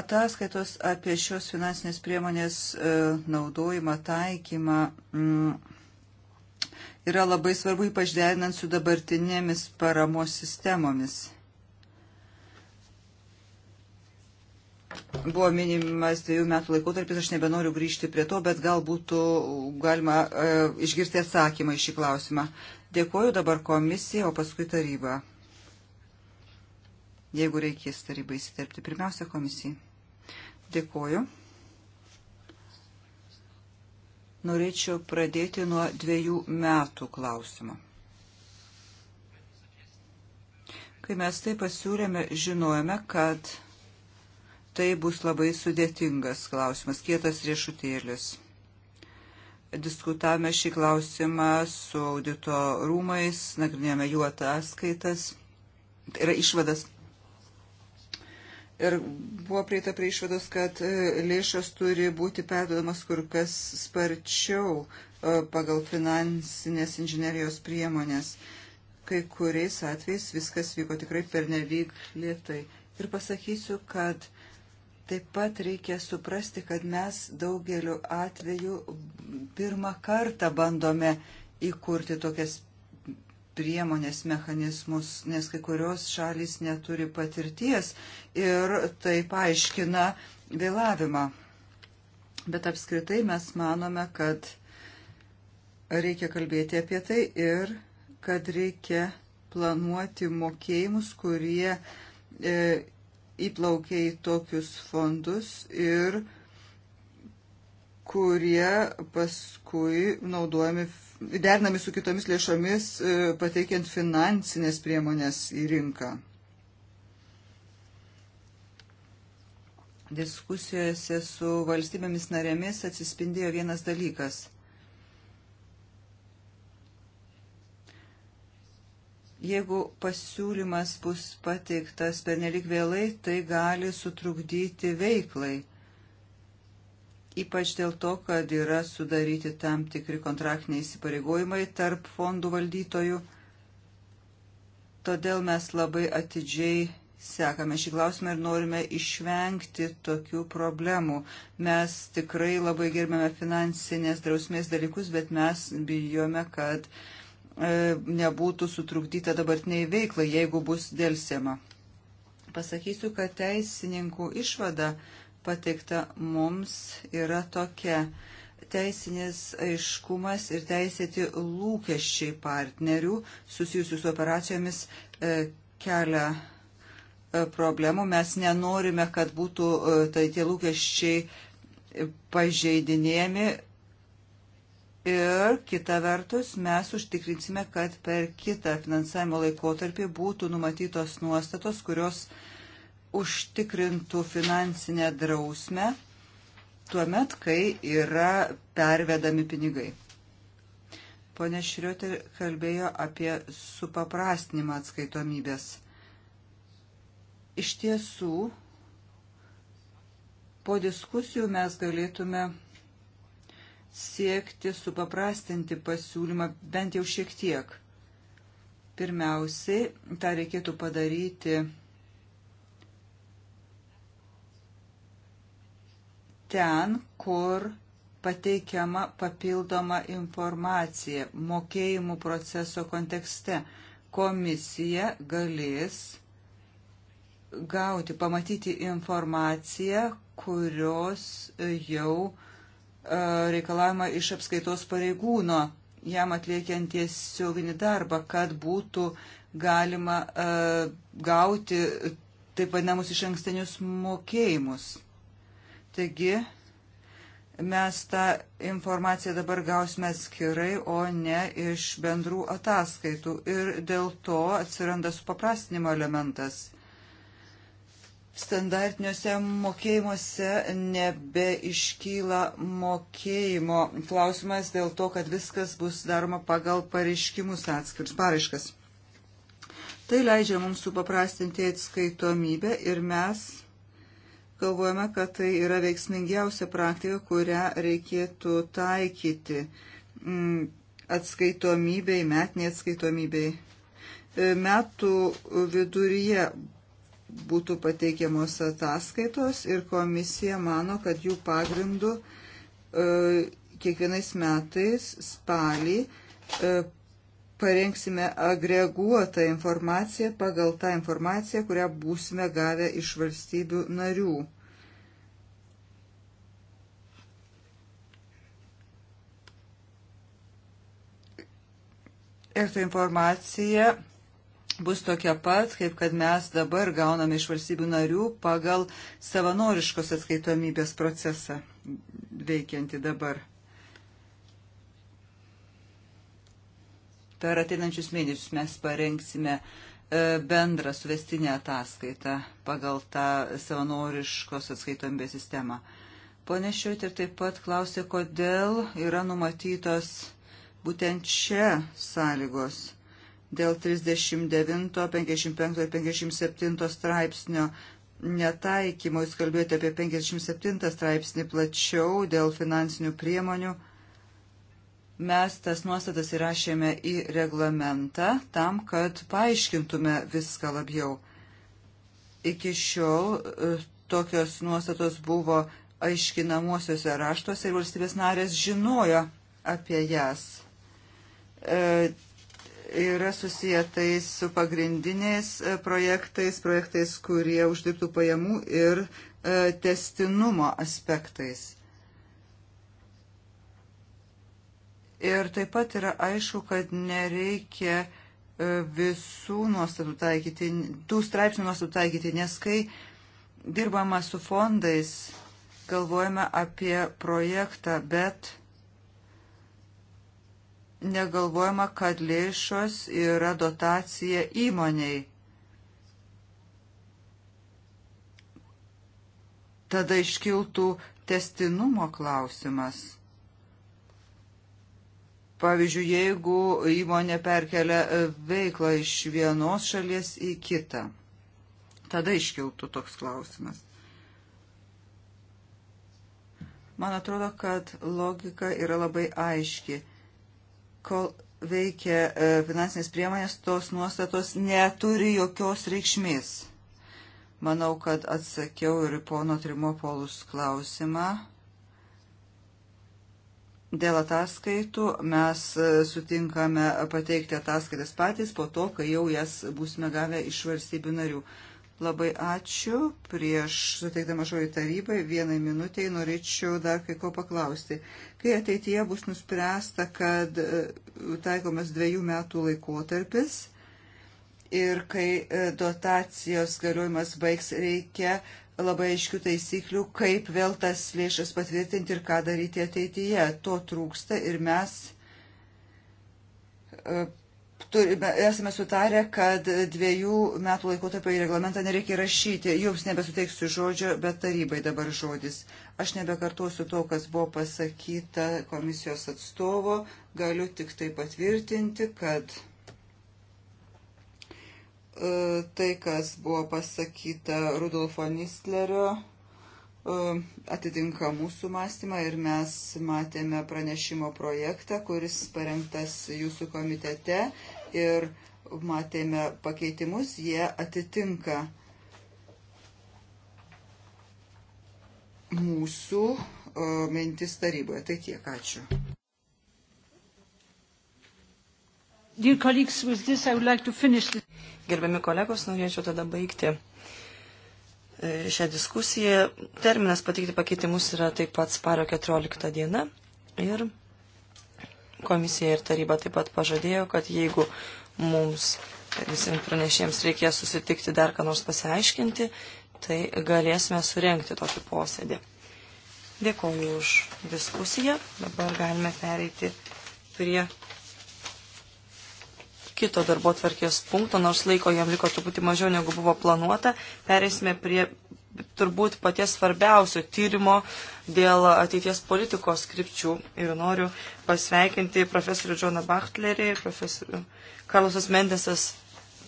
Ataskaitos apie šios finansinės priemonės e, naudojimą, taikymą mm, yra labai svarbu, ypač derinant su dabartinėmis paramos sistemomis. Buvo minimas dviejų metų laikotarpis, aš nebenoriu grįžti prie to, bet gal būtų galima e, išgirsti atsakymą į šį klausimą. Dėkuoju dabar komisijai, o paskui taryba. Jeigu reikės tarybai įsiterpti, pirmiausia komisijai. Dėkuoju. Norėčiau pradėti nuo dviejų metų klausimo. Kai mes tai pasiūlėme, žinojame, kad tai bus labai sudėtingas klausimas, kietas riešutėlis. Diskutavome šį klausimą su audito rūmais, nagrinėjome jų ataskaitas, tai yra išvadas. Ir buvo prieita prie išvados, kad e, lėšos turi būti perdodamas kur kas sparčiau e, pagal finansinės inžinerijos priemonės. Kai kuriais atvejais viskas vyko tikrai pernelyg lietai. Ir pasakysiu, kad uh, Taip pat reikia suprasti, kad mes daugeliu atveju pirmą kartą bandome įkurti tokias priemonės mechanizmus, nes kai kurios šalys neturi patirties ir tai paaiškina vėlavimą. Bet apskritai mes manome, kad reikia kalbėti apie tai ir kad reikia planuoti mokėjimus, kurie e, įplaukia į tokius fondus ir kurie paskui naudojami, dernami su kitomis lėšomis, e, pateikiant finansinės priemonės į rinką. Diskusijose su valstybėmis narėmis atsispindėjo vienas dalykas. Jeigu pasiūlymas bus pateiktas pernelik vėlai, tai gali sutrukdyti veiklai. Ypač dėl to, kad yra sudaryti tam tikri kontraktiniai įsipareigojimai tarp fondų valdytojų. Todėl mes labai atidžiai sekame šį klausimą ir norime išvengti tokių problemų. Mes tikrai labai gerbėme finansinės drausmės dalykus, bet mes bijome, kad E, nebūtų sutrukdyta dabartiniai veiklai, jeigu bus dėlsiama. Pasakysiu, kad teisininkų išvada pateikta mums yra tokia teisinis aiškumas ir teisėti lūkesčiai partnerių susijusių su operacijomis e, kelia e, problemų. Mes nenorime, kad būtų tai tie lūkesčiai pažeidinėjami Ir kita vertus, mes užtikrinsime, kad per kitą finansavimo laikotarpį būtų numatytos nuostatos, kurios užtikrintų finansinę drausmę tuo met, kai yra pervedami pinigai. Pone Šriotė kalbėjo apie supaprastinimą atskaitomybės. Iš tiesų, po diskusijų mes galėtume siekti supaprastinti pasiūlymą bent jau šiek tiek. Pirmiausiai, tą reikėtų padaryti ten, kur pateikiama papildoma informacija mokėjimų proceso kontekste. Komisija galės gauti, pamatyti informaciją, kurios jau uh, E, reikalavimą iš apskaitos pareigūno, jam atliekiant tiesioginį darbą, kad būtų galima e, gauti taip vadinamus iš ankstinius mokėjimus. Taigi, mes tą informaciją dabar gausime atskirai, o ne iš bendrų ataskaitų. Ir dėl to atsiranda supaprastinimo elementas standartiniuose mokėjimuose nebeiškyla mokėjimo klausimas dėl to, kad viskas bus daroma pagal pareiškimus atskirus paraiškas. Tai leidžia mums supaprastinti atskaitomybę ir mes galvojame, kad tai yra veiksmingiausia praktika, kurią reikėtų taikyti mm, atskaitomybei, metiniai atskaitomybei e, metų viduryje būtų pateikiamos ataskaitos ir komisija mano, kad jų pagrindų e, kiekvienais metais spalį e, parengsime agreguotą informaciją pagal tą informaciją, kurią būsime gavę iš valstybių narių. Ir ta informacija bus tokia pat, kaip kad mes dabar gauname iš valstybių narių pagal savanoriškos atskaitomybės procesą veikianti dabar. Per ateinančius mėnesius mes parengsime e, bendrą suvestinę ataskaitą pagal tą savanoriškos atskaitomybės sistemą. Pone Šiuter taip pat klausė, kodėl yra numatytos būtent čia sąlygos dėl 39, 55 ir 57 straipsnio netaikymo. Jūs kalbėjote apie 57 straipsnį plačiau dėl finansinių priemonių. Mes tas nuostatas įrašėme į reglamentą tam, kad paaiškintume viską labiau. Iki šiol e, tokios nuostatos buvo aiškinamosiuose raštuose ir valstybės narės žinojo apie jas. E, yra susiję tai su pagrindiniais e, projektais, projektais, kurie uždirbtų pajamų ir e, testinumo aspektais. Ir taip pat yra aišku, kad nereikia e, visų nuostatų taikyti, tų straipsnių nuostatų taikyti, nes kai dirbama su fondais, galvojame apie projektą, bet negalvojama, kad lėšos yra dotacija įmoniai. Tada iškiltų testinumo klausimas. Pavyzdžiui, jeigu įmonė perkelia veiklą iš vienos šalies į kitą, tada iškiltų toks klausimas. Man atrodo, kad logika yra labai aiški kol veikia e, finansinės priemonės, tos nuostatos neturi jokios reikšmės. Manau, kad atsakiau ir pono Trimopolus klausimą. Dėl ataskaitų mes e, sutinkame pateikti ataskaitas patys po to, kai jau jas būsime gavę iš valstybių narių. Labai ačiū. Prieš suteikdama žodį tarybai vienai minutiai norėčiau dar kai ko paklausti. Kai ateityje bus nuspręsta, kad e, taikomas dviejų metų laikotarpis ir kai e, dotacijos galiojimas baigs, reikia labai aiškių taisyklių, kaip vėl tas lėšas patvirtinti ir ką daryti ateityje. To trūksta ir mes e, turime, esame sutarę, kad dviejų metų laikotarpio į reglamentą nereikia rašyti. Jums nebesuteiksiu žodžio, bet tarybai dabar žodis. Aš nebekartosiu to, kas buvo pasakyta komisijos atstovo. Galiu tik tai patvirtinti, kad e, tai, kas buvo pasakyta Rudolfo Nistlerio, e, atitinka mūsų mąstymą ir mes matėme pranešimo projektą, kuris parengtas jūsų komitete ir matėme pakeitimus, jie atitinka mūsų e, mintis taryboje. Tai tiek, ačiū. Gerbiami kolegos, norėčiau tada baigti e, šią diskusiją. Terminas pateikti pakeitimus yra taip pat spario 14 diena. Ir Komisija ir taryba taip pat pažadėjo, kad jeigu mums visiems pranešėjams reikės susitikti dar ką nors pasiaiškinti, tai galėsime surenkti tokį posėdį. Dėkoju už diskusiją. Dabar galime pereiti prie kito darbo tvarkės punkto, nors laiko jam liko truputį mažiau negu buvo planuota. Pereisime prie turbūt paties svarbiausio tyrimo dėl ateities politikos skripčių. Ir noriu pasveikinti profesorių Džoną Bachtlerį, profesorių Karlosas Mendesas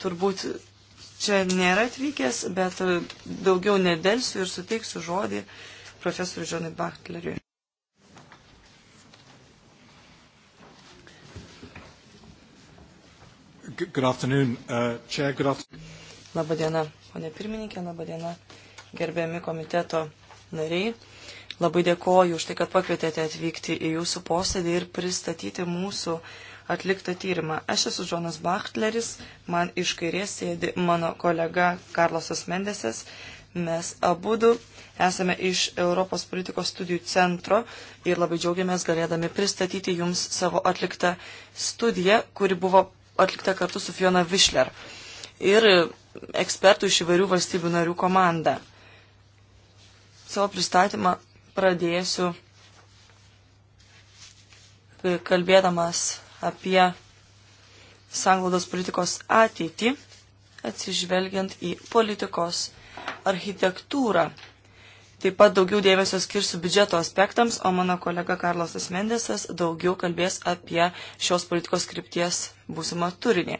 turbūt čia nėra atvykęs, bet daugiau nedelsiu ir suteiksiu žodį profesoriui Džonui Bachtleriui. Good afternoon, uh, Chair, good afternoon. Labadiena, ponė pirmininkė, labadiena, gerbiami komiteto nariai. Labai dėkoju už tai, kad pakvietėte atvykti į jūsų posėdį ir pristatyti mūsų atliktą tyrimą. Aš esu Džonas Bachtleris, man iš kairės sėdi mano kolega Karlosas Mendesas. Mes abu du esame iš Europos politikos studijų centro ir labai džiaugiamės galėdami pristatyti jums savo atliktą studiją, kuri buvo atlikta kartu su Fiona Višler ir ekspertų iš įvairių valstybių narių komanda. Savo pristatymą pradėsiu e, kalbėdamas apie sanglaudos politikos ateitį, atsižvelgiant į politikos architektūrą. Taip pat daugiau dėmesio skirsiu biudžeto aspektams, o mano kolega Karlosas Mendesas daugiau kalbės apie šios politikos skripties būsimą turinį.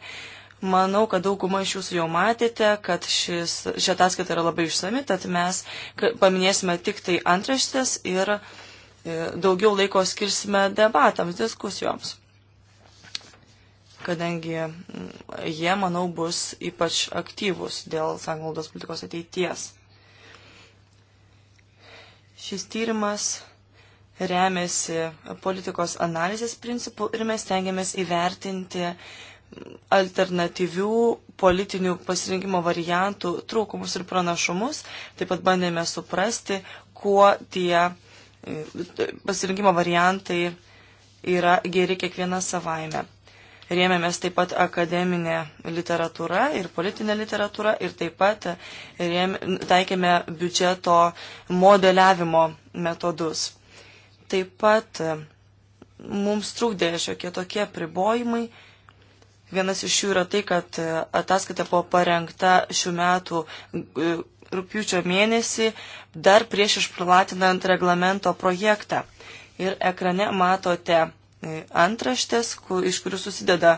Manau, kad dauguma iš jūsų jau matėte, kad šis, ši ataskaita yra labai išsami, tad mes paminėsime tik tai antraštės ir e, daugiau laiko skirsime debatams, diskusijoms. Kadangi mm, jie, manau, bus ypač aktyvus dėl sanglaudos politikos ateities. Šis tyrimas remiasi politikos analizės principų ir mes tengiamės įvertinti alternatyvių politinių pasirinkimo variantų trūkumus ir pranašumus. Taip pat bandėme suprasti, kuo tie e, pasirinkimo variantai yra geri kiekvieną savaime. Rėmėmės taip pat akademinė literatūra ir politinė literatūra ir taip pat rėm, taikėme biudžeto modeliavimo metodus. Taip pat e, mums trūkdė šiokie tokie pribojimai, Vienas iš jų yra tai, kad e, ataskaita buvo parengta šių metų e, rūpiučio mėnesį, dar prieš išplatinant reglamento projektą. Ir ekrane matote e, antraštės, kur, iš kurių susideda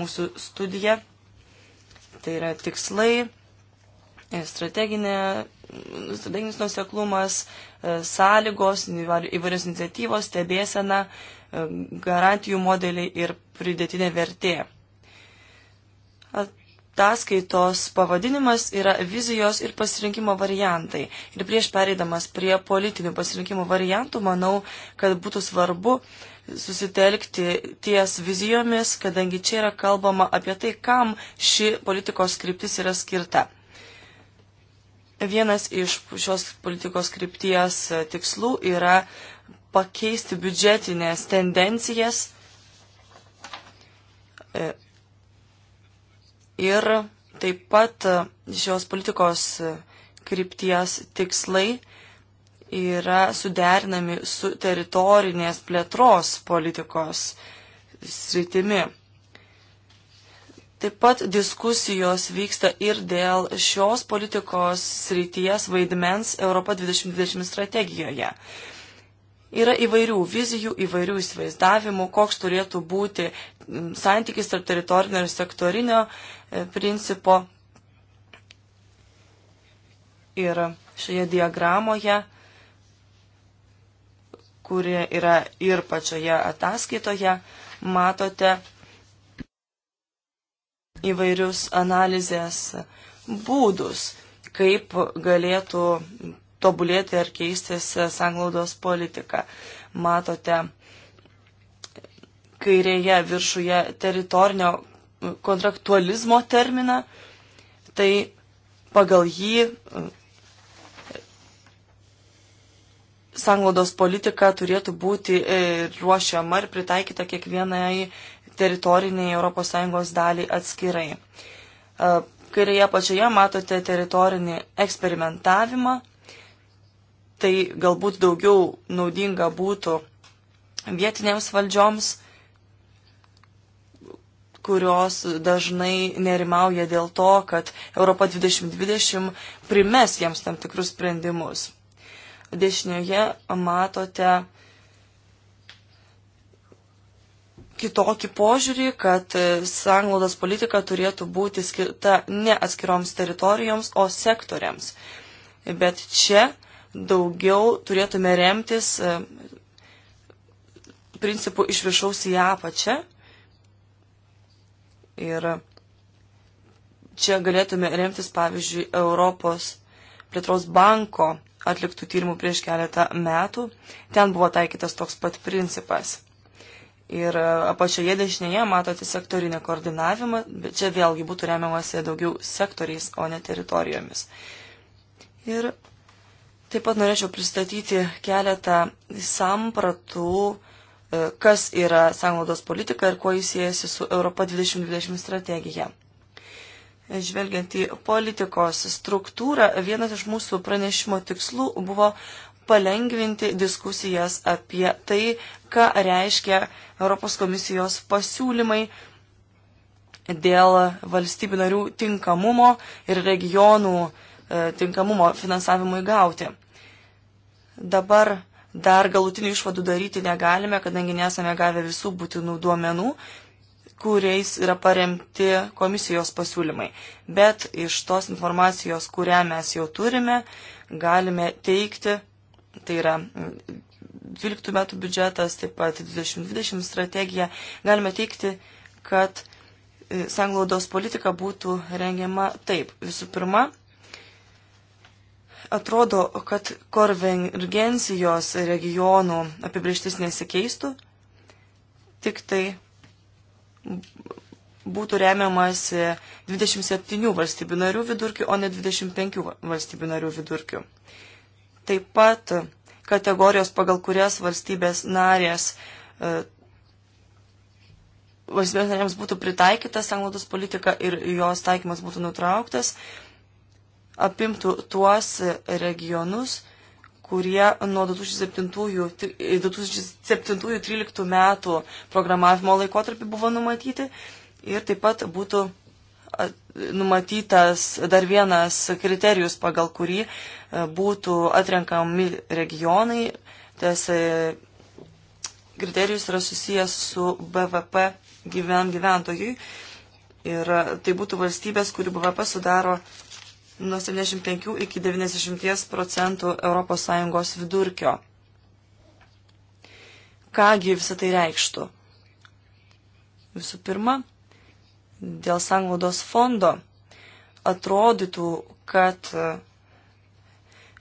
mūsų studija. Tai yra tikslai, strateginė, strateginis nuseklumas, sąlygos, įvairios iniciatyvos, stebėsena, garantijų modeliai ir pridėtinė vertė. Ataskaitos pavadinimas yra vizijos ir pasirinkimo variantai. Ir prieš pereidamas prie politinių pasirinkimo variantų, manau, kad būtų svarbu susitelkti ties vizijomis, kadangi čia yra kalbama apie tai, kam ši politikos kryptis yra skirta. Vienas iš šios politikos krypties tikslų yra pakeisti biudžetinės tendencijas ir taip pat šios politikos krypties tikslai yra suderinami su teritorinės plėtros politikos sritimi. Taip pat diskusijos vyksta ir dėl šios politikos srities vaidmens Europa 2020 strategijoje. Yra įvairių vizijų, įvairių įsivaizdavimų, koks turėtų būti santykis tarp teritorinio ir sektorinio principo. Ir šioje diagramoje, kuri yra ir pačioje ataskaitoje, matote įvairius analizės būdus, kaip galėtų tobulėti ar keistis sanglaudos politika. Matote kairėje viršuje teritorinio kontraktualizmo terminą, tai pagal jį e, sanglaudos politika turėtų būti e, ruošiama ir pritaikyta kiekvienai teritoriniai ES daliai atskirai. E, kairėje pačioje matote teritorinį eksperimentavimą, tai galbūt daugiau naudinga būtų vietinėms valdžioms kurios dažnai nerimauja dėl to, kad Europa 2020 primes jiems tam tikrus sprendimus. Dešinėje matote kitokį požiūrį, kad sanglaudos politika turėtų būti skirta ne atskiroms teritorijoms, o sektoriams. Bet čia daugiau turėtume remtis e, principų iš viršaus į apačią Ir čia galėtume remtis, pavyzdžiui, Europos plėtros banko atliktų tyrimų prieš keletą metų. Ten buvo taikytas toks pat principas. Ir apačioje dešinėje matote sektorinę koordinavimą, bet čia vėlgi būtų remiamasi daugiau sektoriais, o ne teritorijomis. Ir taip pat norėčiau pristatyti keletą sampratų, kas yra sąnaudos politika ir kuo jis siejasi su Europa 2020 strategija. Žvelgiant į politikos struktūrą, vienas iš mūsų pranešimo tikslų buvo palengvinti diskusijas apie tai, ką reiškia Europos komisijos pasiūlymai dėl valstybių narių tinkamumo ir regionų e, tinkamumo finansavimui gauti. Dabar Dar galutinių išvadų daryti negalime, kadangi nesame gavę visų būtinų duomenų, kuriais yra paremti komisijos pasiūlymai. Bet iš tos informacijos, kurią mes jau turime, galime teikti, tai yra 12 mm, metų biudžetas, taip pat 2020 strategija, galime teikti, kad e, sanglaudos politika būtų rengiama taip. Visų pirma, atrodo, kad konvergencijos regionų apibrieštis nesikeistų, tik tai būtų remiamasi 27 valstybių narių vidurkiu, o ne 25 valstybių narių vidurkiu. Taip pat kategorijos, pagal kurias valstybės narės e, valstybės narėms būtų pritaikytas sanglaudos politika ir jos taikymas būtų nutrauktas, apimtų tuos regionus, kurie nuo 2007-2013 metų programavimo laikotarpį buvo numatyti ir taip pat būtų numatytas dar vienas kriterijus, pagal kurį būtų atrenkami regionai. Tas e, kriterijus yra susijęs su BVP gyven gyventojui ir tai būtų valstybės, kurių BVP sudaro nuo 75 iki 90 procentų ES vidurkio. Kągi visą tai reikštų? Visų pirma, dėl sanglaudos fondo atrodytų, kad e,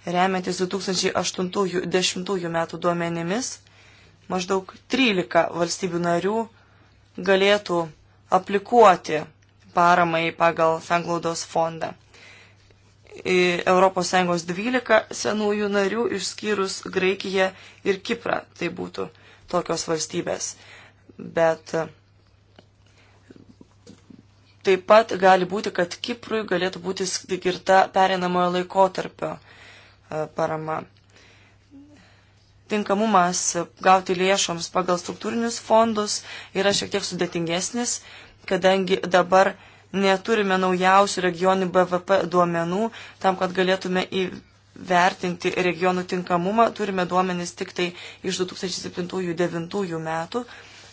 remiantis 2008-2010 metų duomenimis, maždaug 13 valstybių narių galėtų aplikuoti paramai pagal sanglaudos fondą. ES 12 senųjų narių išskyrus Graikiją ir Kiprą. Tai būtų tokios valstybės. Bet e, taip pat gali būti, kad Kiprui galėtų būti skirta perinamojo laikotarpio e, parama. Tinkamumas gauti lėšoms pagal struktūrinius fondus yra šiek tiek sudėtingesnis, kadangi dabar neturime naujausių regionų BVP duomenų, tam, kad galėtume įvertinti regionų tinkamumą, turime duomenis tik tai iš 2007-2009 metų,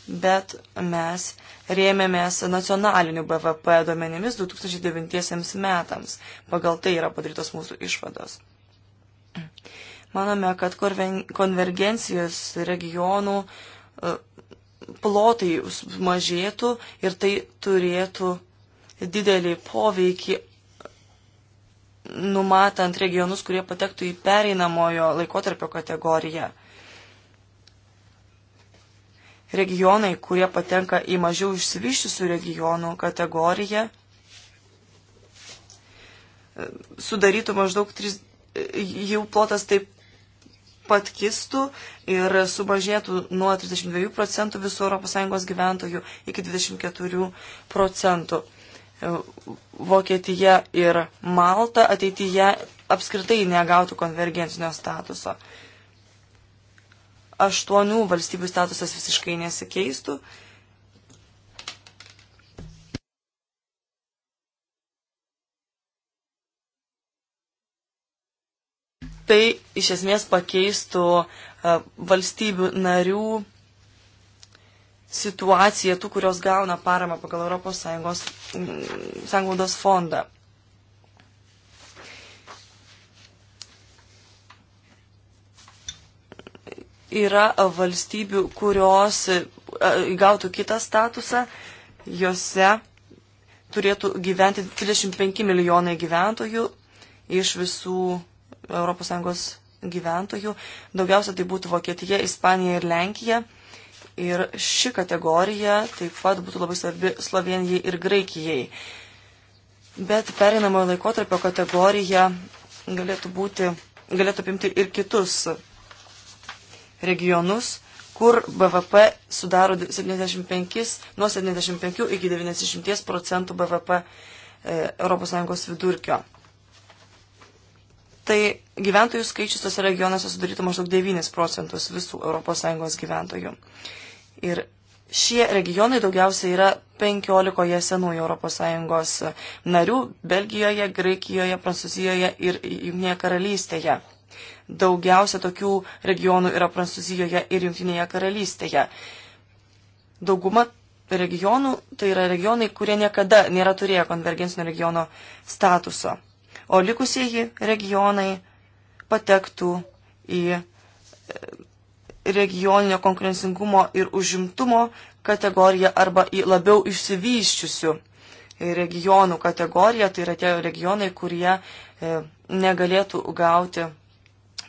bet mes rėmėmės nacionaliniu BVP duomenimis 2009 metams. Pagal tai yra padarytos mūsų išvados. Manome, kad konvergencijos regionų e, plotai mažėtų ir tai turėtų didelį poveikį numatant regionus, kurie patektų į pereinamojo laikotarpio kategoriją. Regionai, kurie patenka į mažiau išsivyščiusių regionų kategoriją, sudarytų maždaug 3, jų plotas taip pat kistų ir sumažėtų nuo 32 procentų visų ES gyventojų iki 24 procentų. E, Vokietija ir Malta ateityje apskritai negautų konvergencinio statuso. Aštuonių valstybių statusas visiškai nesikeistų. Tai iš esmės pakeistų e, valstybių narių situacija tų, kurios gauna paramą pagal ES sanglaudos mm, fondą. Yra valstybių, kurios e, gautų kitą statusą, jose turėtų gyventi 25 milijonai gyventojų iš visų ES gyventojų. Daugiausia tai būtų Vokietija, Ispanija ir Lenkija Ir ši kategorija taip pat būtų labai svarbi Slovenijai ir Graikijai. Bet pereinamojo laikotarpio kategorija galėtų būti, galėtų apimti ir kitus regionus, kur BVP sudaro 75, nuo 75 iki 90 procentų BVP ES vidurkio. Tai gyventojų skaičius tose regionuose sudarytų maždaug 9 procentus visų ES gyventojų. Ir šie regionai daugiausiai yra 15 senųjų ES narių - Belgijoje, Graikijoje, Prancūzijoje ir Junktinėje karalystėje. Daugiausia tokių regionų yra Prancūzijoje ir Junktinėje karalystėje. Dauguma regionų tai yra regionai, kurie niekada nėra turėję konvergencinio regiono statuso. O likusieji regionai patektų į regioninio konkurencingumo ir užimtumo kategoriją arba į labiau išsivyščiusių regionų kategoriją, tai yra tie regionai, kurie e, negalėtų gauti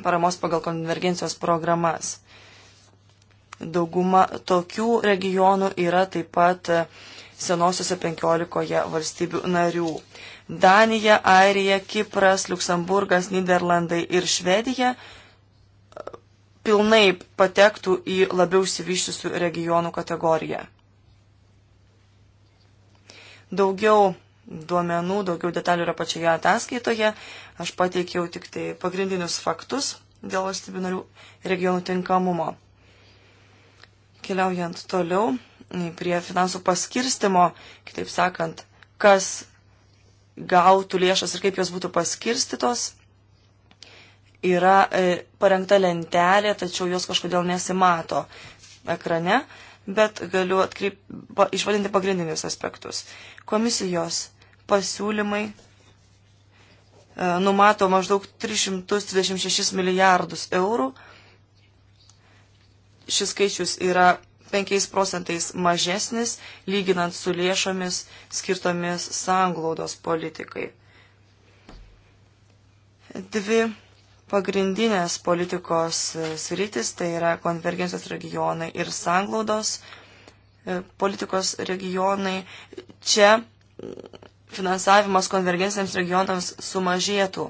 paramos pagal konvergencijos programas. Dauguma tokių regionų yra taip pat e, senosiuose penkiolikoje valstybių narių. Danija, Airija, Kipras, Luksemburgas, Niderlandai ir Švedija pilnai patektų į labiau įsivyščiusių regionų kategoriją. Daugiau duomenų, daugiau detalių yra pačioje ataskaitoje. Aš pateikiau tik tai pagrindinius faktus dėl valstybių narių regionų tinkamumo. Keliaujant toliau prie finansų paskirstimo, kitaip sakant, kas gautų lėšas ir kaip jos būtų paskirstytos, yra e, parengta lentelė, tačiau jos kažkodėl nesimato ekrane, bet galiu atkreip, pa, išvadinti pagrindinius aspektus. Komisijos pasiūlymai e, numato maždaug 326 milijardus eurų. Šis skaičius yra 5 procentais mažesnis, lyginant su lėšomis skirtomis sanglaudos politikai. Dvi pagrindinės politikos e, sritis, tai yra konvergencijos regionai ir sanglaudos e, politikos regionai. Čia finansavimas konvergencijams regionams sumažėtų.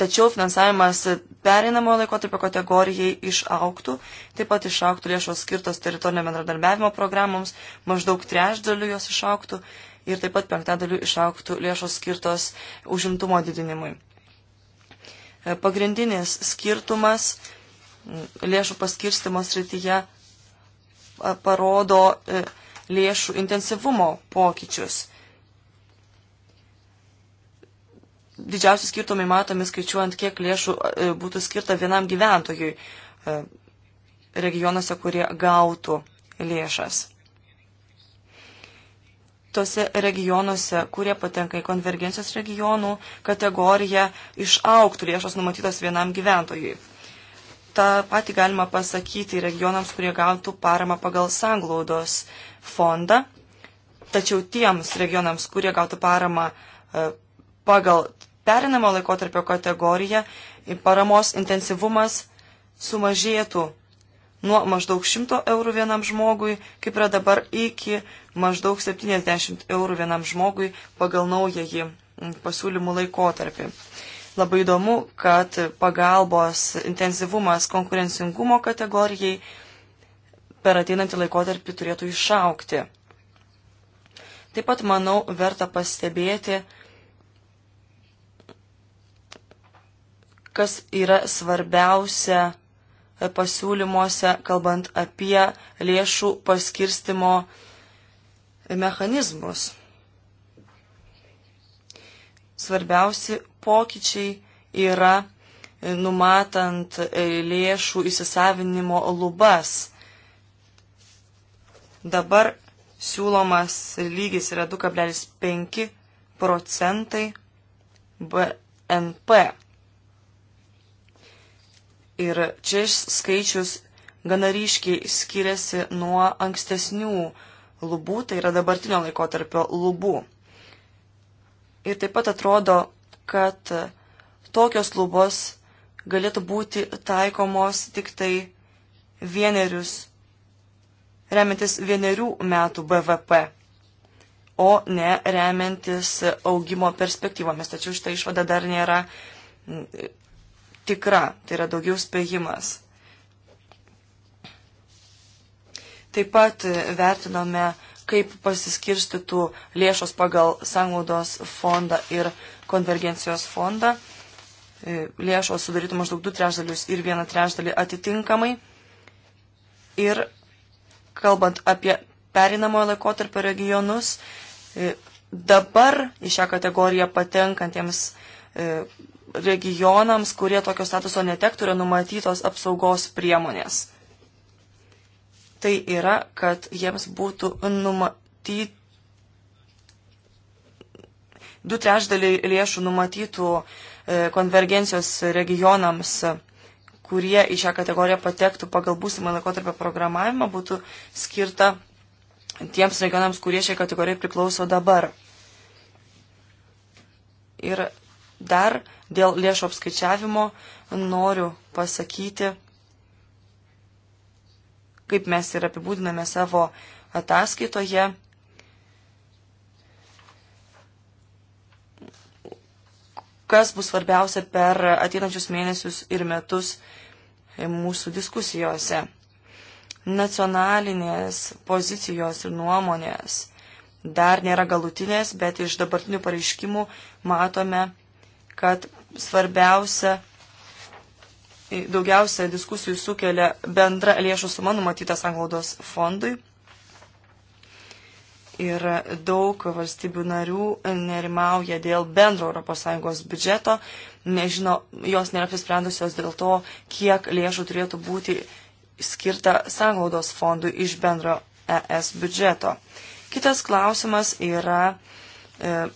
Tačiau finansavimas pereinamo laikotarpio kategorijai išauktų, taip pat išauktų lėšos skirtos teritorinio bendradarbiavimo programoms, maždaug trečdaliu jos išauktų ir taip pat penktadaliu išauktų lėšos skirtos užimtumo didinimui. E, pagrindinis skirtumas lėšų paskirstimo srityje parodo e, lėšų intensyvumo pokyčius. Didžiausi skirtumai matomi skaičiuojant, kiek lėšų e, būtų skirta vienam gyventojui regionuose, kurie gautų lėšas tose regionuose, kurie patenka į konvergencijos regionų kategoriją, išauktų lėšos numatytos vienam gyventojui. Ta pati galima pasakyti regionams, kurie gautų paramą pagal sanglaudos fondą, tačiau tiems regionams, kurie gautų paramą e, pagal perinamo laikotarpio kategoriją, paramos intensyvumas sumažėtų nuo maždaug 100 eurų vienam žmogui, kaip yra dabar, iki maždaug 70 eurų vienam žmogui pagal naująjį mm, pasiūlymų laikotarpį. Labai įdomu, kad pagalbos intensyvumas konkurencingumo kategorijai per ateinantį laikotarpį turėtų išaukti. Taip pat, manau, verta pastebėti, kas yra svarbiausia pasiūlymuose, kalbant apie lėšų paskirstimo mechanizmus. Svarbiausi pokyčiai yra numatant lėšų įsisavinimo lubas. Dabar siūlomas lygis yra 2,5 procentai BNP Ir čia skaičius gana ryškiai skiriasi nuo ankstesnių lubų, tai yra dabartinio laikotarpio lubų. Ir taip pat atrodo, kad tokios lubos galėtų būti taikomos tik tai vienerius, remiantis vienerių metų BVP, o ne remiantis augimo perspektyvomis. Tačiau šitą išvadą dar nėra tikra, tai yra daugiau spėjimas. Taip pat vertinome, kaip pasiskirstytų lėšos pagal sanglaudos fondą ir konvergencijos fondą. E, lėšos sudarytų maždaug 2 trešdalius ir 1 trešdalį atitinkamai. Ir kalbant apie perinamojo laikotarpio regionus, e, dabar į šią kategoriją patenkantiems e, regionams, kurie tokio statuso netektų, yra numatytos apsaugos priemonės. Tai yra, kad jiems būtų numatyti du trešdaliai lėšų numatytų e, konvergencijos regionams, kurie į šią kategoriją patektų pagal būsimą laikotarpio programavimą, būtų skirta tiems regionams, kurie šiai kategorijai priklauso dabar. Ir dar Dėl lėšų apskaičiavimo noriu pasakyti, kaip mes ir apibūdiname savo ataskaitoje, kas bus svarbiausia per ateinančius mėnesius ir metus mūsų diskusijose. Nacionalinės pozicijos ir nuomonės dar nėra galutinės, bet iš dabartinių pareiškimų matome, kad svarbiausia, daugiausia diskusijų sukelia bendra lėšų suma numatyta sanglaudos fondui. Ir daug valstybių narių nerimauja dėl bendro ES biudžeto, nežino, jos nėra apsisprendusios dėl to, kiek lėšų turėtų būti skirta sanglaudos fondui iš bendro ES biudžeto. Kitas klausimas yra e,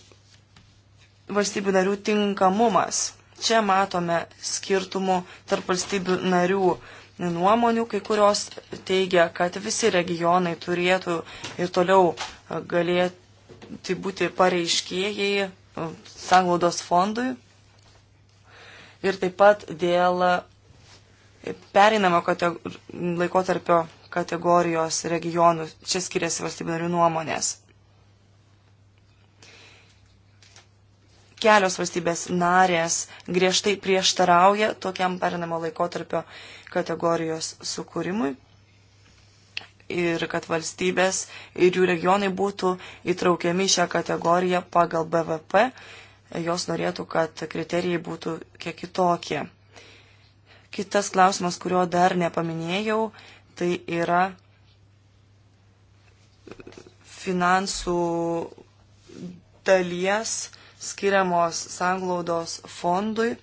valstybių narių tinkamumas. Čia matome skirtumų tarp valstybių narių nuomonių, kai kurios teigia, kad visi regionai turėtų ir toliau e, galėti būti pareiškėjai e, sanglaudos fondui. Ir taip pat dėl e, pereinamo kategor... laikotarpio kategorijos regionų čia skiriasi valstybių narių nuomonės. kelios valstybės narės griežtai prieštarauja tokiam perinamo laikotarpio kategorijos sukūrimui ir kad valstybės ir jų regionai būtų įtraukiami šią kategoriją pagal BVP, jos norėtų, kad kriterijai būtų kiek kitokie. Kitas klausimas, kurio dar nepaminėjau, tai yra finansų dalies skiriamos sanglaudos fondui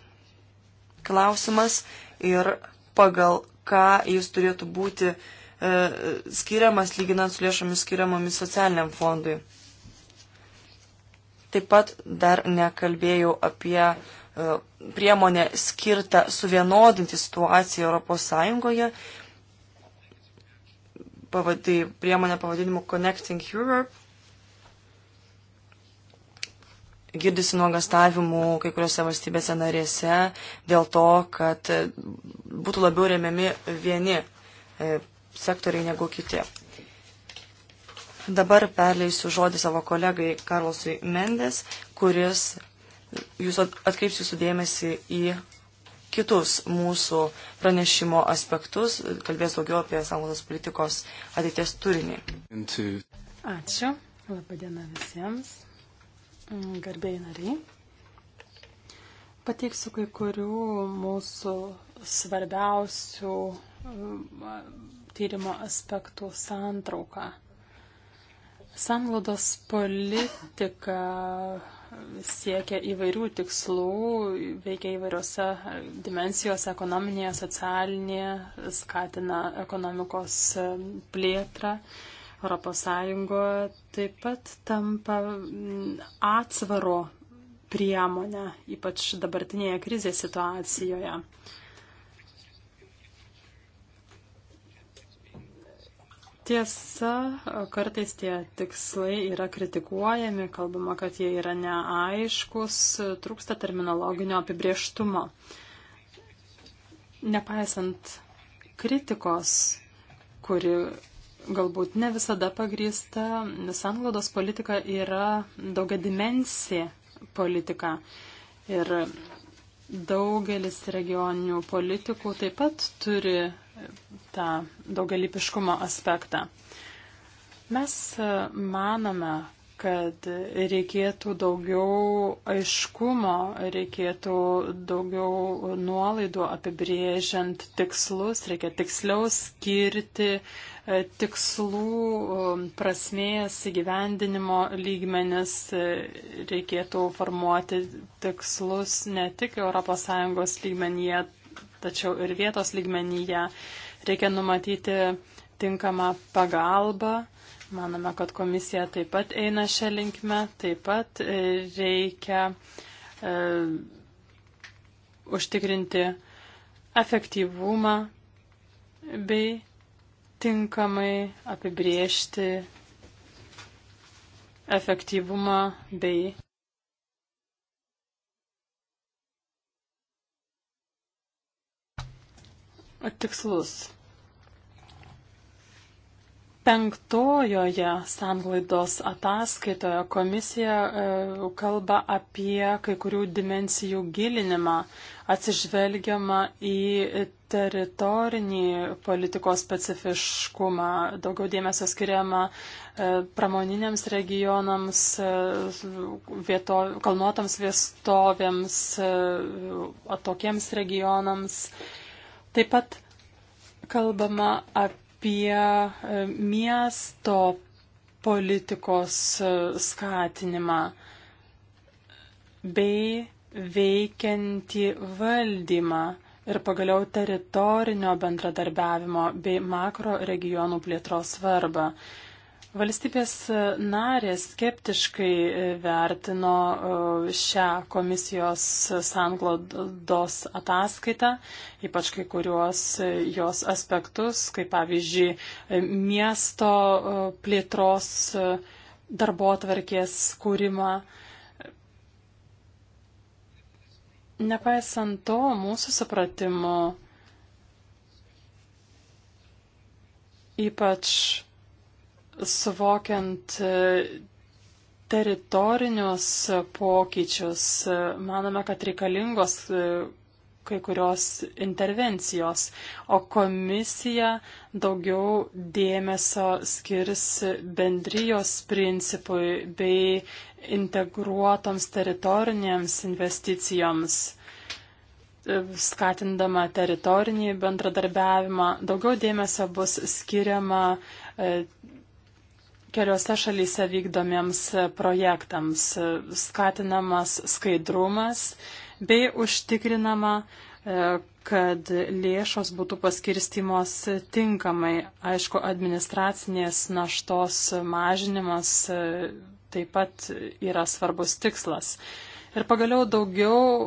klausimas ir pagal ką jis turėtų būti e, skiriamas lyginant su lėšomis skiriamomis socialiniam fondui. Taip pat dar nekalbėjau apie e, priemonę skirtą suvienodinti situaciją ES. Pavad, tai priemonė pavadinimu Connecting Europe girdisi nuogastavimų kai kuriuose valstybėse narėse dėl to, kad e, būtų labiau remiami vieni e, sektoriai negu kiti. Dabar perleisiu žodį savo kolegai Karlosui Mendes, kuris jūs atkreips jūsų dėmesį į kitus mūsų pranešimo aspektus, kalbės daugiau apie sąnaudos politikos ateities turinį. Ačiū. Labadiena visiems. Mm, Garbėjai nariai, pateiksiu kai kurių mūsų svarbiausių mm, tyrimo aspektų santrauką. Sanglaudos politika siekia įvairių tikslų, veikia įvairiose dimensijose - ekonominėje, socialinėje, skatina ekonomikos plėtrą. ES taip pat tampa mm, atsvaro priemonę, ypač dabartinėje krizės situacijoje. Tiesa, kartais tie tikslai yra kritikuojami, kalbama, kad jie yra neaiškus, trūksta terminologinio apibrieštumo. Nepaisant kritikos, kuri galbūt ne visada pagrįsta. Sanglaudos politika yra daugiadimensė politika. Ir daugelis regioninių politikų taip pat turi tą daugalipiškumo aspektą. Mes e, manome, kad reikėtų daugiau aiškumo, reikėtų daugiau nuolaidų apibrėžiant tikslus, reikia tiksliau skirti uh, E, tikslų e, prasmės įgyvendinimo lygmenis e, reikėtų formuoti tikslus ne tik ES lygmenyje, tačiau ir vietos lygmenyje. Reikia numatyti tinkamą pagalbą. Manome, kad komisija taip pat eina šią linkmę. Taip pat reikia e, užtikrinti efektyvumą bei tinkamai apibriežti efektyvumą bei tikslus. Penktojoje sanglaidos ataskaitoje komisija e, kalba apie kai kurių dimensijų gilinimą, atsižvelgiama į teritorinį politikos specifiškumą, daugiau dėmesio skiriama e, pramoniniams regionams, e, vieto, kalnuotams viestovėms, e, atokiems regionams. Taip pat kalbama apie miesto politikos skatinimą bei veikiantį valdymą ir pagaliau teritorinio bendradarbiavimo bei makro regionų plėtros svarbą. Valstybės narės skeptiškai vertino uh, šią komisijos sanglodos ataskaitą, ypač kai kuriuos uh, jos aspektus, kaip pavyzdžiui, uh, miesto plėtros darbo atvarkės kūrimą. Nepaisant to, mūsų supratimo ypač suvokiant e, teritorinius pokyčius, e, manome, kad reikalingos e, kai kurios intervencijos, o komisija daugiau dėmesio skirs bendrijos principui bei integruotoms teritorinėms investicijoms skatindama teritorinį bendradarbiavimą, daugiau dėmesio bus skiriama e, keliose šalyse vykdomiems projektams, skatinamas skaidrumas bei užtikrinama, e, kad lėšos būtų paskirstimos tinkamai. Aišku, administracinės naštos mažinimas e, taip pat yra svarbus tikslas. Ir pagaliau daugiau e,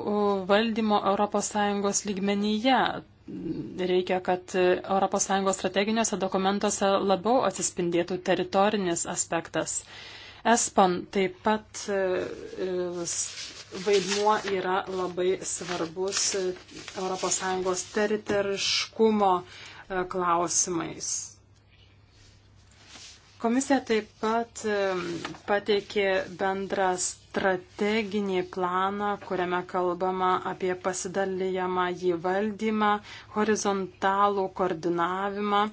valdymo ES lygmenyje. Reikia, kad ES strateginiuose dokumentuose labiau atsispindėtų teritorinis aspektas. ESPAN taip pat vaidmuo yra labai svarbus ES teritoriškumo e, klausimais. Komisija taip pat e, pateikė bendrą strateginį planą, kuriame kalbama apie pasidalyjamą jį valdymą, horizontalų koordinavimą.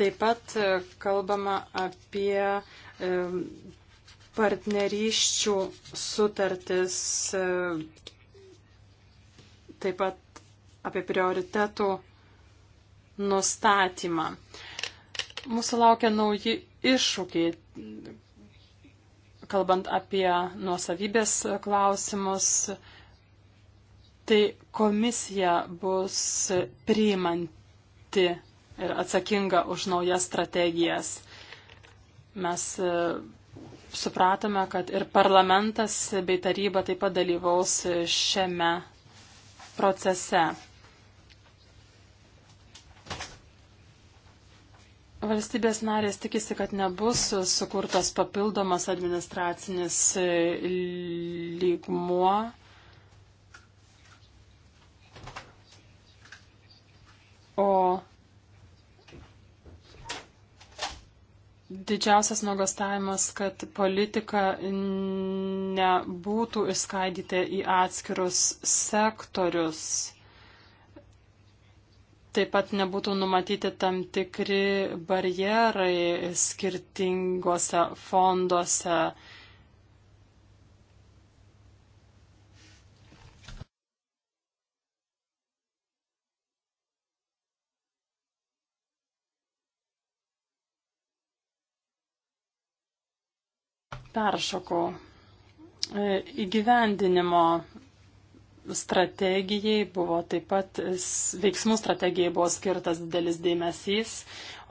Taip pat e, kalbama apie partnerysčių sutartis, e, taip pat apie prioritetų nustatymą. Mūsų laukia nauji iššūkiai, kalbant apie nuosavybės klausimus. Tai komisija bus priimanti ir atsakinga už naujas strategijas. Mes e, supratome, kad ir parlamentas bei taryba taip pat dalyvaus šiame procese. Valstybės narės tikisi, kad nebus sukurtas papildomas administracinis lygmuo. O Didžiausias nuogastavimas, kad politika nebūtų išskaidyta į atskirus sektorius. Taip pat nebūtų numatyti tam tikri barjerai skirtingose fonduose. peršokau e, įgyvendinimo strategijai buvo taip pat, veiksmų strategijai buvo skirtas didelis dėmesys,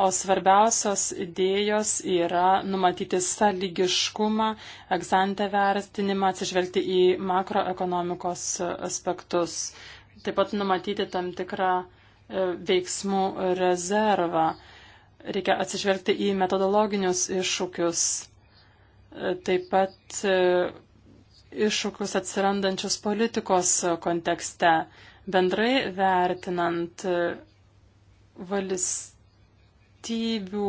o svarbiausios idėjos yra numatyti sąlygiškumą, egzantę vertinimą, atsižvelgti į makroekonomikos aspektus, taip pat numatyti tam tikrą e, veiksmų rezervą. Reikia atsižvelgti į metodologinius iššūkius taip pat e, iššūkius atsirandančius politikos kontekste. Bendrai vertinant e, valstybių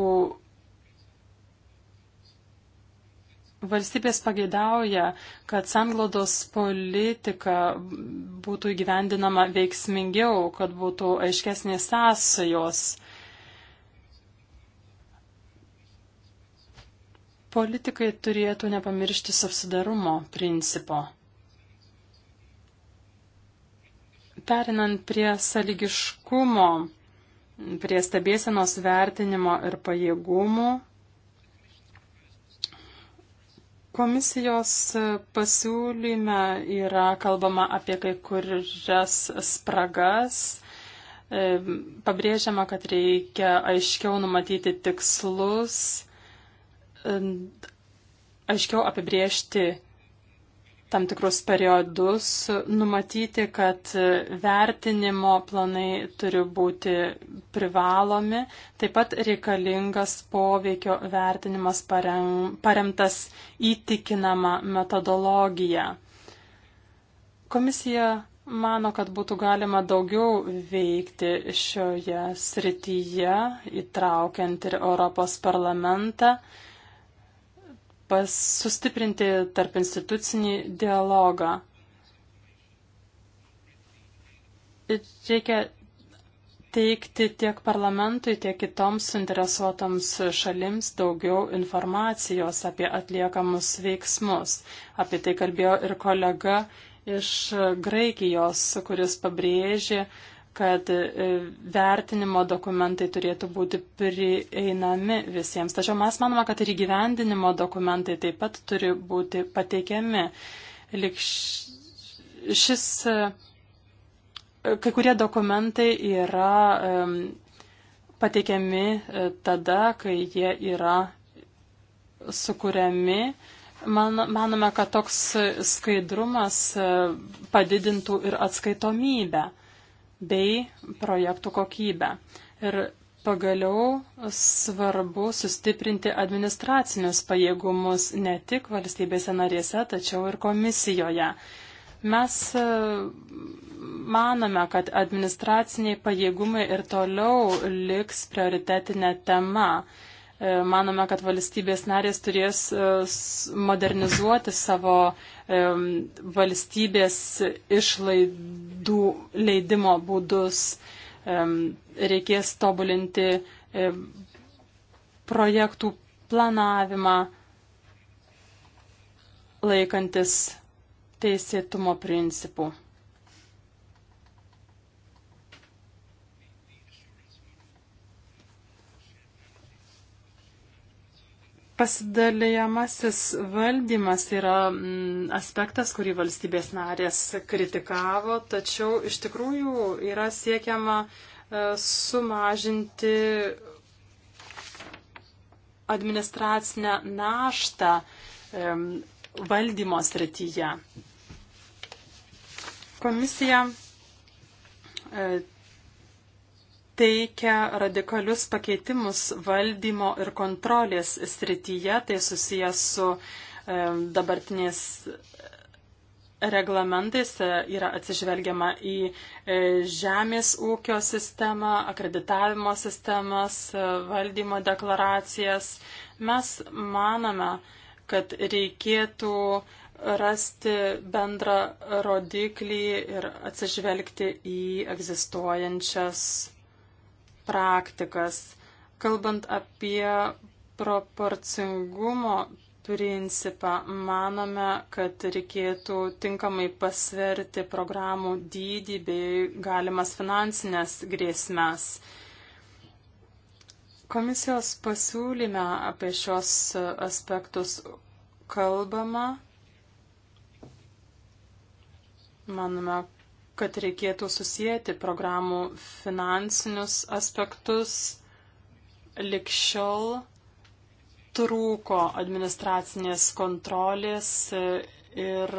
valstybės pageidauja, kad sanglaudos politika būtų įgyvendinama veiksmingiau, kad būtų aiškesnės sąsajos. Politikai turėtų nepamiršti subsidarumo principo. Perinant prie saligiškumo, prie stebėsenos vertinimo ir pajėgumų, Komisijos pasiūlyme yra kalbama apie kai kurias spragas. Pabrėžiama, kad reikia aiškiau numatyti tikslus, E, aiškiau apibriežti tam tikrus periodus, numatyti, kad vertinimo planai turi būti privalomi, taip pat reikalingas poveikio vertinimas paremtas įtikinama metodologija. Komisija mano, kad būtų galima daugiau veikti šioje srityje, įtraukiant ir Europos parlamentą pas, sustiprinti tarp institucinį dialogą. Reikia teikti tiek parlamentui, tiek kitoms suinteresuotoms šalims daugiau informacijos apie atliekamus veiksmus. Apie tai kalbėjo ir kolega iš Graikijos, kuris pabrėžė, kad e, vertinimo dokumentai turėtų būti prieinami visiems. Tačiau mes manome, kad ir įgyvendinimo dokumentai taip pat turi būti pateikiami. Lik šis, e, kai kurie dokumentai yra pateikiami e, tada, kai jie yra sukūriami Man, manome, kad toks skaidrumas padidintų ir atskaitomybę bei projektų kokybę. Ir pagaliau svarbu sustiprinti administracinius pajėgumus ne tik valstybėse narėse, tačiau ir komisijoje. Mes e, manome, kad administraciniai pajėgumai ir toliau liks prioritetinė tema. E, manome, kad valstybės narės turės e, modernizuoti savo e, valstybės išlaidų leidimo būdus, reikės tobulinti projektų planavimą laikantis teisėtumo principų. Pasidalijamasis valdymas yra mm, aspektas, kurį valstybės narės kritikavo, tačiau iš tikrųjų yra siekiama e, sumažinti administracinę naštą valdymo srityje. Komisija e, teikia radikalius pakeitimus valdymo ir kontrolės srityje, tai susijęs su e, dabartinės reglamentais e, yra atsižvelgiama į e, žemės ūkio sistemą, akreditavimo sistemas, valdymo deklaracijas. Mes manome, kad reikėtų rasti bendrą rodiklį ir atsižvelgti į egzistuojančias praktikas. Kalbant apie proporcingumo principą, manome, kad reikėtų tinkamai pasverti programų dydį bei galimas finansinės grėsmes. Komisijos pasiūlyme apie šios aspektus kalbama. Manome, kad reikėtų susijęti programų finansinius aspektus. Likščiol trūko administracinės kontrolės ir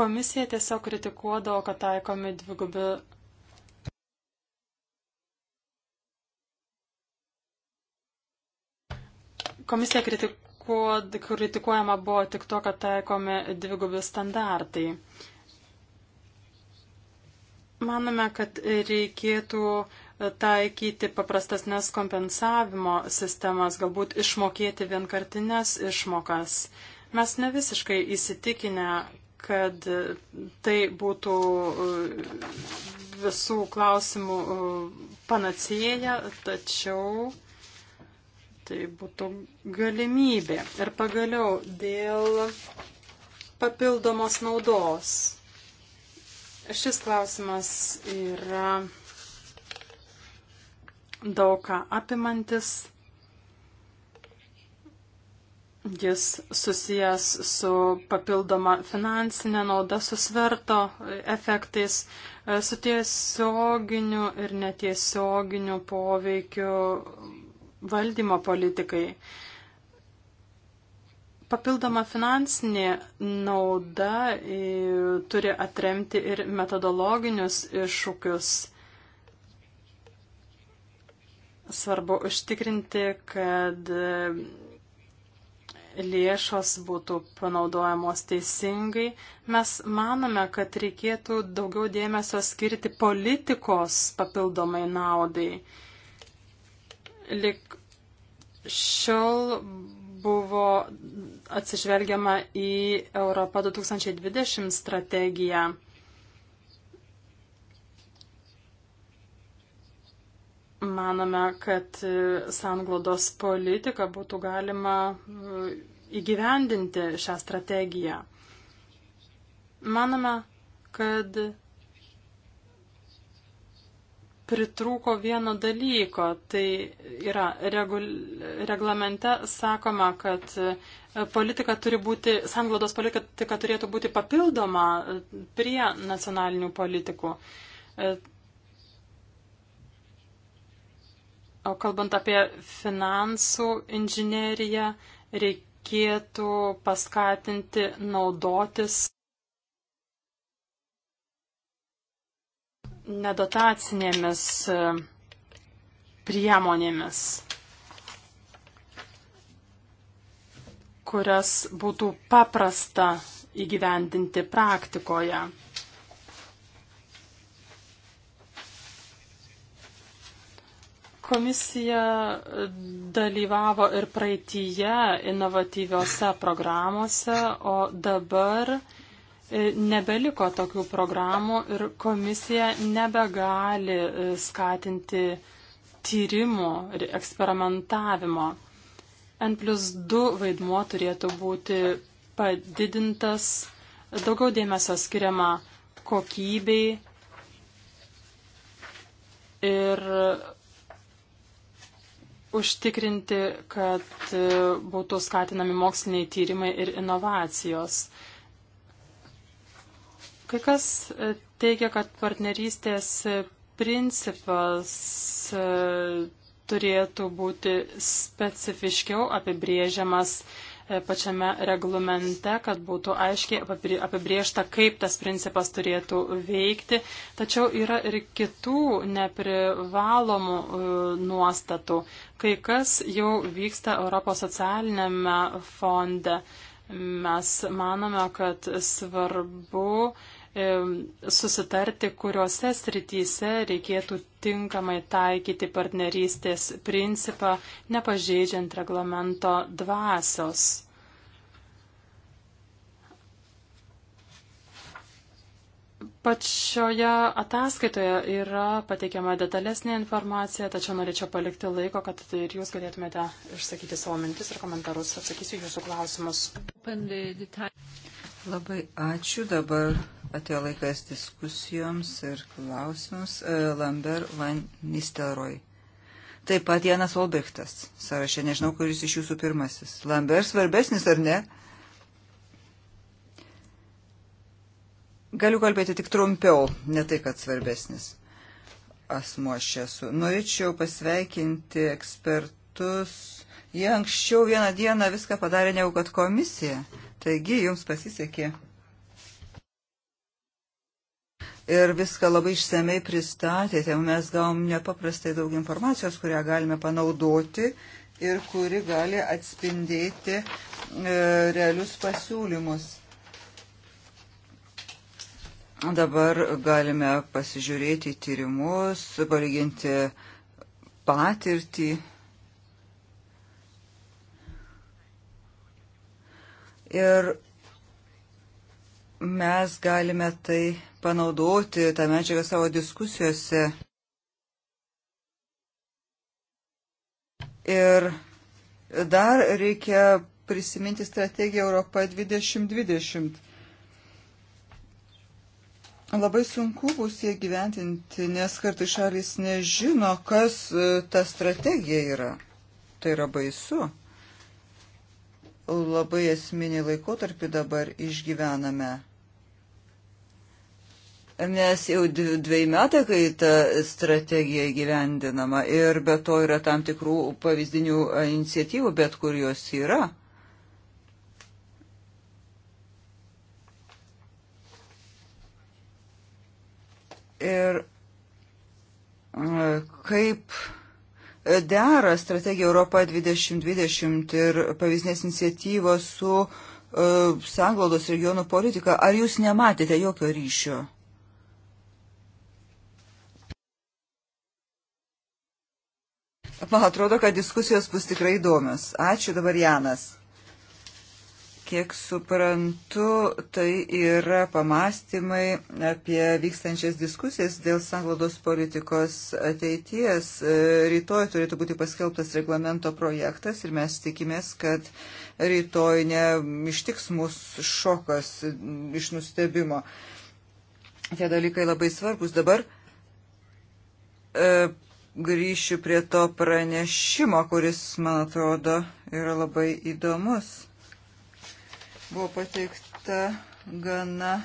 komisija tiesiog kritikuodavo, kad taikomi dvigubi. Komisija kritikuodama buvo tik to, kad taikomi dvigubi standartai. Uh, Manome, kad reikėtų e, taikyti paprastasnes kompensavimo sistemas, galbūt išmokėti vienkartinės išmokas. Mes ne visiškai įsitikinę, kad e, tai būtų e, visų klausimų panacėja, tačiau tai būtų galimybė. Ir pagaliau dėl papildomos naudos. Šis klausimas yra daugą apimantis. Jis susijęs su papildoma finansinė nauda, su sverto efektais, e, su tiesioginiu ir netiesioginiu poveikiu valdymo politikai. Papildoma finansinė nauda e, turi atremti ir metodologinius iššūkius. Svarbu užtikrinti, kad e, lėšos būtų panaudojamos teisingai. Mes manome, kad reikėtų daugiau dėmesio skirti politikos papildomai naudai. Lik šiol buvo atsižvelgiama į Europą 2020 strategiją. Manome, kad sanglodos politiką būtų galima e, įgyvendinti šią strategiją. Manome, kad pritrūko vieno dalyko. Tai yra regul... reglamente sakoma, kad e, politika turi būti, sanglodos politika turėtų būti papildoma e, prie nacionalinių politikų. E, o kalbant apie finansų inžineriją, reikėtų paskatinti naudotis nedotacinėmis e, priemonėmis, kurias būtų paprasta įgyvendinti praktikoje. Komisija dalyvavo ir praeitįje inovatyviose programuose, o dabar uh, E, nebeliko tokių programų ir komisija nebegali e, skatinti tyrimų ir eksperimentavimo. N plus 2 vaidmuo turėtų būti padidintas, daugiau dėmesio skiriama kokybei ir užtikrinti, kad e, būtų skatinami moksliniai tyrimai ir inovacijos. Kai kas e, teigia, kad partnerystės e, principas e, turėtų būti specifiškiau apibrėžiamas pačiame reglamente, kad būtų aiškiai apibriešta, kaip tas principas turėtų veikti. Tačiau yra ir kitų neprivalomų nuostatų. Kai kas jau vyksta Europos socialinėme fonde. Mes manome, kad svarbu susitarti, kuriuose srityse reikėtų tinkamai taikyti partnerystės principą, nepažeidžiant reglamento dvasios. Pačioje ataskaitoje yra pateikiama detalesnė informacija, tačiau norėčiau palikti laiko, kad ir jūs galėtumėte išsakyti savo mintis ir komentarus. Atsakysiu jūsų klausimus. Labai ačiū. Dabar Atėjo laikas diskusijoms ir klausimus. E, Lambert Van Nistelrooy. Taip pat Janas Olbrichtas. Sąrašė, nežinau, kuris iš jūsų pirmasis. Lambert svarbesnis ar ne? Galiu kalbėti tik trumpiau, ne tai, kad svarbesnis asmo aš esu. Norėčiau pasveikinti ekspertus. Jie anksčiau vieną dieną viską padarė negu kad komisija. Taigi, jums pasisekė ir viską labai išsamei pristatėte. Mes gavom nepaprastai daug informacijos, kurią galime panaudoti ir kuri gali atspindėti e, realius pasiūlymus. Dabar galime pasižiūrėti tyrimus, palyginti patirtį. Ir mes galime tai panaudoti tą medžiagą savo diskusijose. Ir dar reikia prisiminti strategiją Europa 2020. Labai sunku bus jie gyventinti, nes kartai šalis nežino, kas e, ta strategija yra. Tai yra baisu. Labai esminį laikotarpį dabar išgyvename nes jau dviejai metai, kai ta strategija gyvendinama ir be to yra tam tikrų pavyzdinių e, iniciatyvų, bet kur jos yra. Ir e, kaip dera strategija Europa 2020 ir pavyzdinės iniciatyvos su uh, sanglaudos regionų politika, ar jūs nematėte jokio ryšio? Man atrodo, kad diskusijos bus tikrai įdomios. Ačiū dabar Janas. Kiek suprantu, tai yra pamastymai apie vykstančias diskusijas dėl sanglodos politikos ateities. E, rytoj turėtų būti paskelbtas reglamento projektas ir mes tikimės, kad rytoj neištiks mūsų šokas iš nustebimo. Tie dalykai labai svarbus dabar. E, grįšiu prie to pranešimo, kuris, man atrodo, yra labai įdomus. Buvo pateikta gana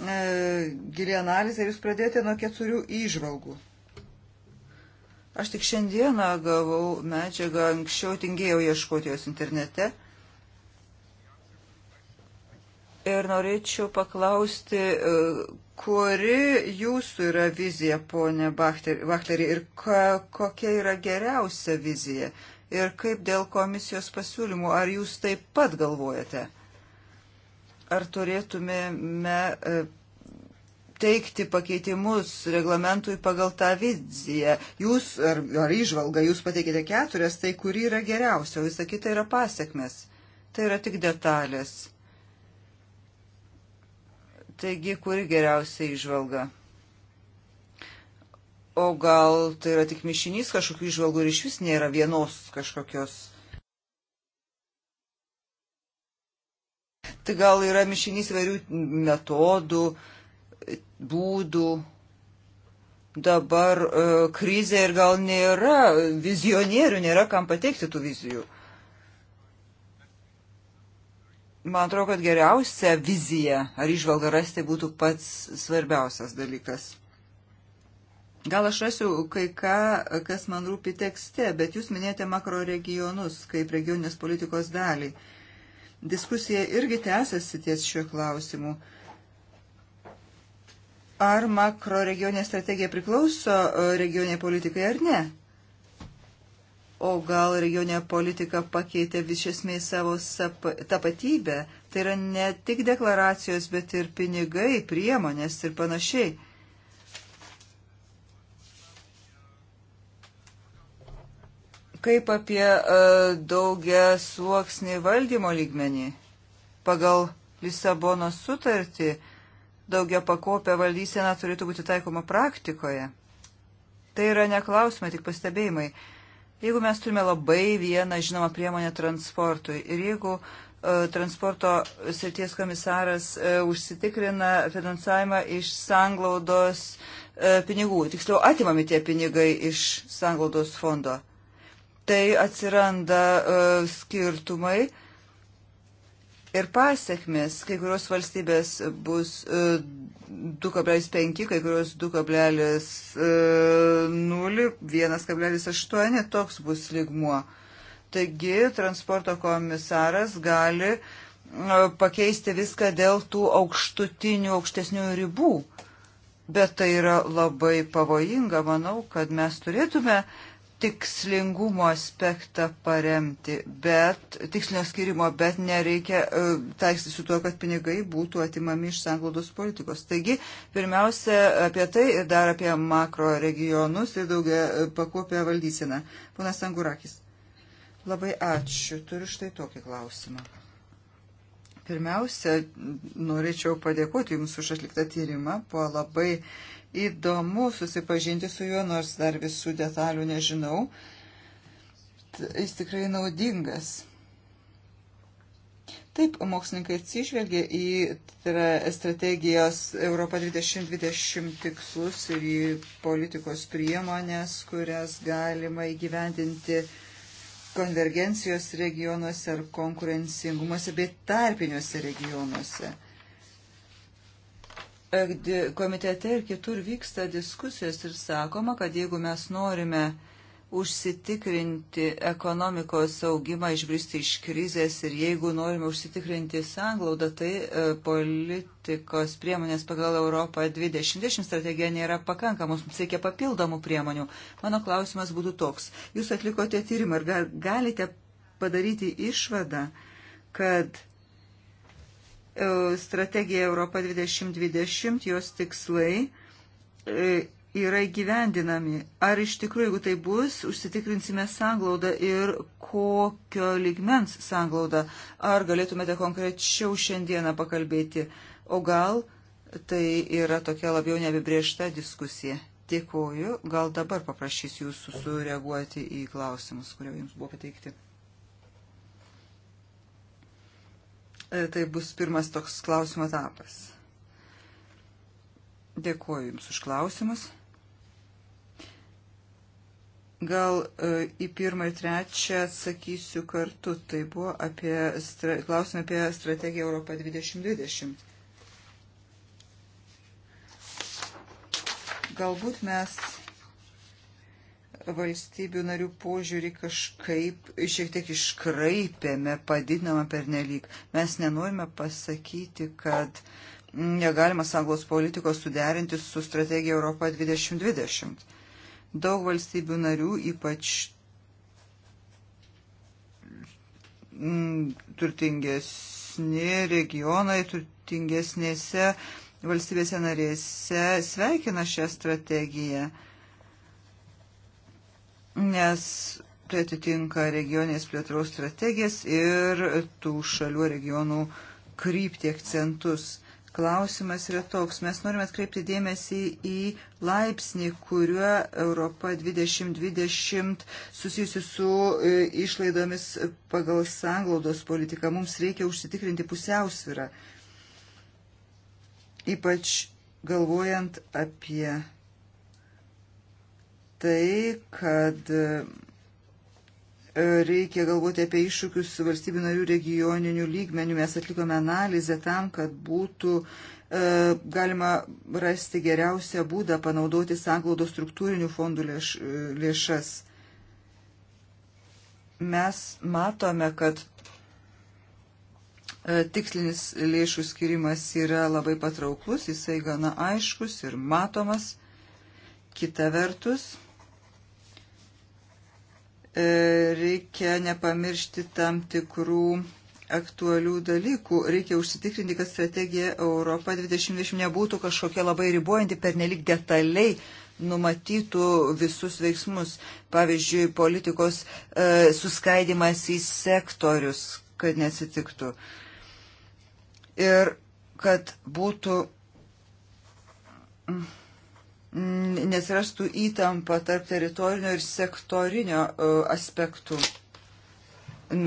e, gili analizė ir jūs pradėjote nuo keturių įžvalgų. Aš tik šiandieną gavau medžiagą, anksčiau tingėjau ieškoti jos internete. Ir norėčiau paklausti, e, kuri jūsų yra vizija, ponė Bachteri, ir ka, kokia yra geriausia vizija? Ir kaip dėl komisijos pasiūlymų, ar jūs taip pat galvojate? Ar turėtumėme e, teikti pakeitimus reglamentui pagal tą viziją? Jūs, ar, ar išvalga, jūs pateikite keturias, tai kuri yra geriausia, o visa kita yra pasiekmes. Tai yra tik detalės Taigi, kuri geriausia išvalga? O gal tai yra tik mišinys kažkokių išvalgų ir iš vis nėra vienos kažkokios? Tai gal yra mišinys įvairių metodų, būdų. Dabar e, krizė ir gal nėra vizionierių, nėra kam pateikti tų vizijų man atrodo, kad geriausia vizija ar išvalga rasti būtų pats svarbiausias dalykas. Gal aš rasiu kai ką, kas man rūpi tekste, bet jūs minėjote makro regionus kaip regioninės politikos dalį. Diskusija irgi tęsiasi ties šiuo klausimu. Ar makro regioninė strategija priklauso e, regioniai politikai ar ne? o gal regioninė politika pakeitė iš esmės savo tapatybę. Tai yra ne tik deklaracijos, bet ir pinigai, priemonės ir panašiai. Kaip apie uh, daugia sluoksnį valdymo lygmenį? Pagal Lisabono sutartį daugia pakopę valdyseną turėtų būti taikoma praktikoje. Tai yra neklausimai, tik pastebėjimai. Uh, Jeigu mes turime labai vieną žinomą priemonę transportui ir jeigu e, transporto srities komisaras e, užsitikrina finansavimą iš sanglaudos e, pinigų, tiksliau atimami tie pinigai iš sanglaudos fondo, tai atsiranda skirtumai Ir pasiekmes, kai kurios valstybės bus 2,5, e, kai kurios 2,0, 1,8, e, toks bus ligmuo. Taigi transporto komisaras gali e, pakeisti viską dėl tų aukštutinių, aukštesnių ribų. Bet tai yra labai pavojinga, manau, kad mes turėtume uh, tikslingumo aspektą paremti, bet tikslinio skirimo, bet nereikia uh, e, taikstyti su tuo, kad pinigai būtų atimami iš sanglaudos politikos. Taigi, pirmiausia, apie tai ir dar apie makro regionus ir daugia e, pakopę valdyseną. Ponas Angurakis. Labai ačiū. Turiu štai tokį klausimą. Pirmiausia, norėčiau padėkoti Jums už atliktą tyrimą. Buvo labai uh, įdomu susipažinti su juo, nors dar visų detalių nežinau. Jis tikrai naudingas. Taip, mokslininkai atsižvelgia į strategijos Europa 2020 tikslus ir į politikos priemonės, kurias galima įgyvendinti konvergencijos regionuose ar konkurencinguose bei tarpiniuose regionuose komitete ir kitur vyksta diskusijos ir sakoma, kad jeigu mes norime užsitikrinti ekonomikos augimą, išbristi iš krizės ir jeigu norime užsitikrinti sąnglaudą, tai e, politikos priemonės pagal Europą 2020 strategija nėra pakankamos, mums reikia papildomų priemonių. Mano klausimas būtų toks. Jūs atlikote tyrimą ir galite padaryti išvadą, kad E, strategija Europa 2020, jos tikslai e, yra įgyvendinami. Ar iš tikrųjų, jeigu tai bus, užsitikrinsime sanglaudą ir kokio ligmens sanglaudą? Ar galėtumėte konkrečiau šiandieną pakalbėti? O gal tai yra tokia labiau neapibriešta diskusija? Dėkuoju. Gal dabar paprašysiu jūsų sureaguoti į klausimus, kurie jums buvo pateikti. E, tai bus pirmas toks klausimo etapas. Dėkuoju Jums už klausimus. Gal e, į pirmą ir trečią atsakysiu kartu. Tai buvo apie, klausimą apie strategiją Europą 2020. Galbūt mes valstybių narių požiūrį kažkaip šiek tiek iškraipėme, padidinamą pernelyg. Mes nenorime pasakyti, kad negalima sanglos politikos suderinti su strategija Europa 2020. Daug valstybių narių, ypač mm, turtingesni regionai, turtingesnėse valstybėse narėse sveikina šią strategiją nes tai atitinka regionės plėtros strategijas ir tų šalių regionų krypti akcentus. Klausimas yra toks. Mes norime atkreipti dėmesį į laipsnį, kuriuo Europa 2020 susijusi su e, išlaidomis pagal sanglaudos politiką. Mums reikia užsitikrinti pusiausvyrą. Ypač galvojant apie tai, kad e, reikia galvoti apie iššūkius valstybių narių regioninių lygmenių. Mes atlikome analizę tam, kad būtų e, galima rasti geriausią būdą panaudoti sanglaudo struktūrinių fondų lėš, e, lėšas. Mes matome, kad e, tikslinis lėšų skirimas yra labai patrauklus, jisai gana aiškus ir matomas. Kita vertus, E, reikia nepamiršti tam tikrų aktualių dalykų. Reikia užsitikrinti, kad strategija Europa 2020 nebūtų kažkokia labai ribojanti, pernelik detaliai numatytų visus veiksmus. Pavyzdžiui, politikos e, suskaidimas į sektorius, kad nesitiktų. Ir kad būtų. Mm Mm, nesirastų įtampa tarp teritorinio ir sektorinio e, aspektų.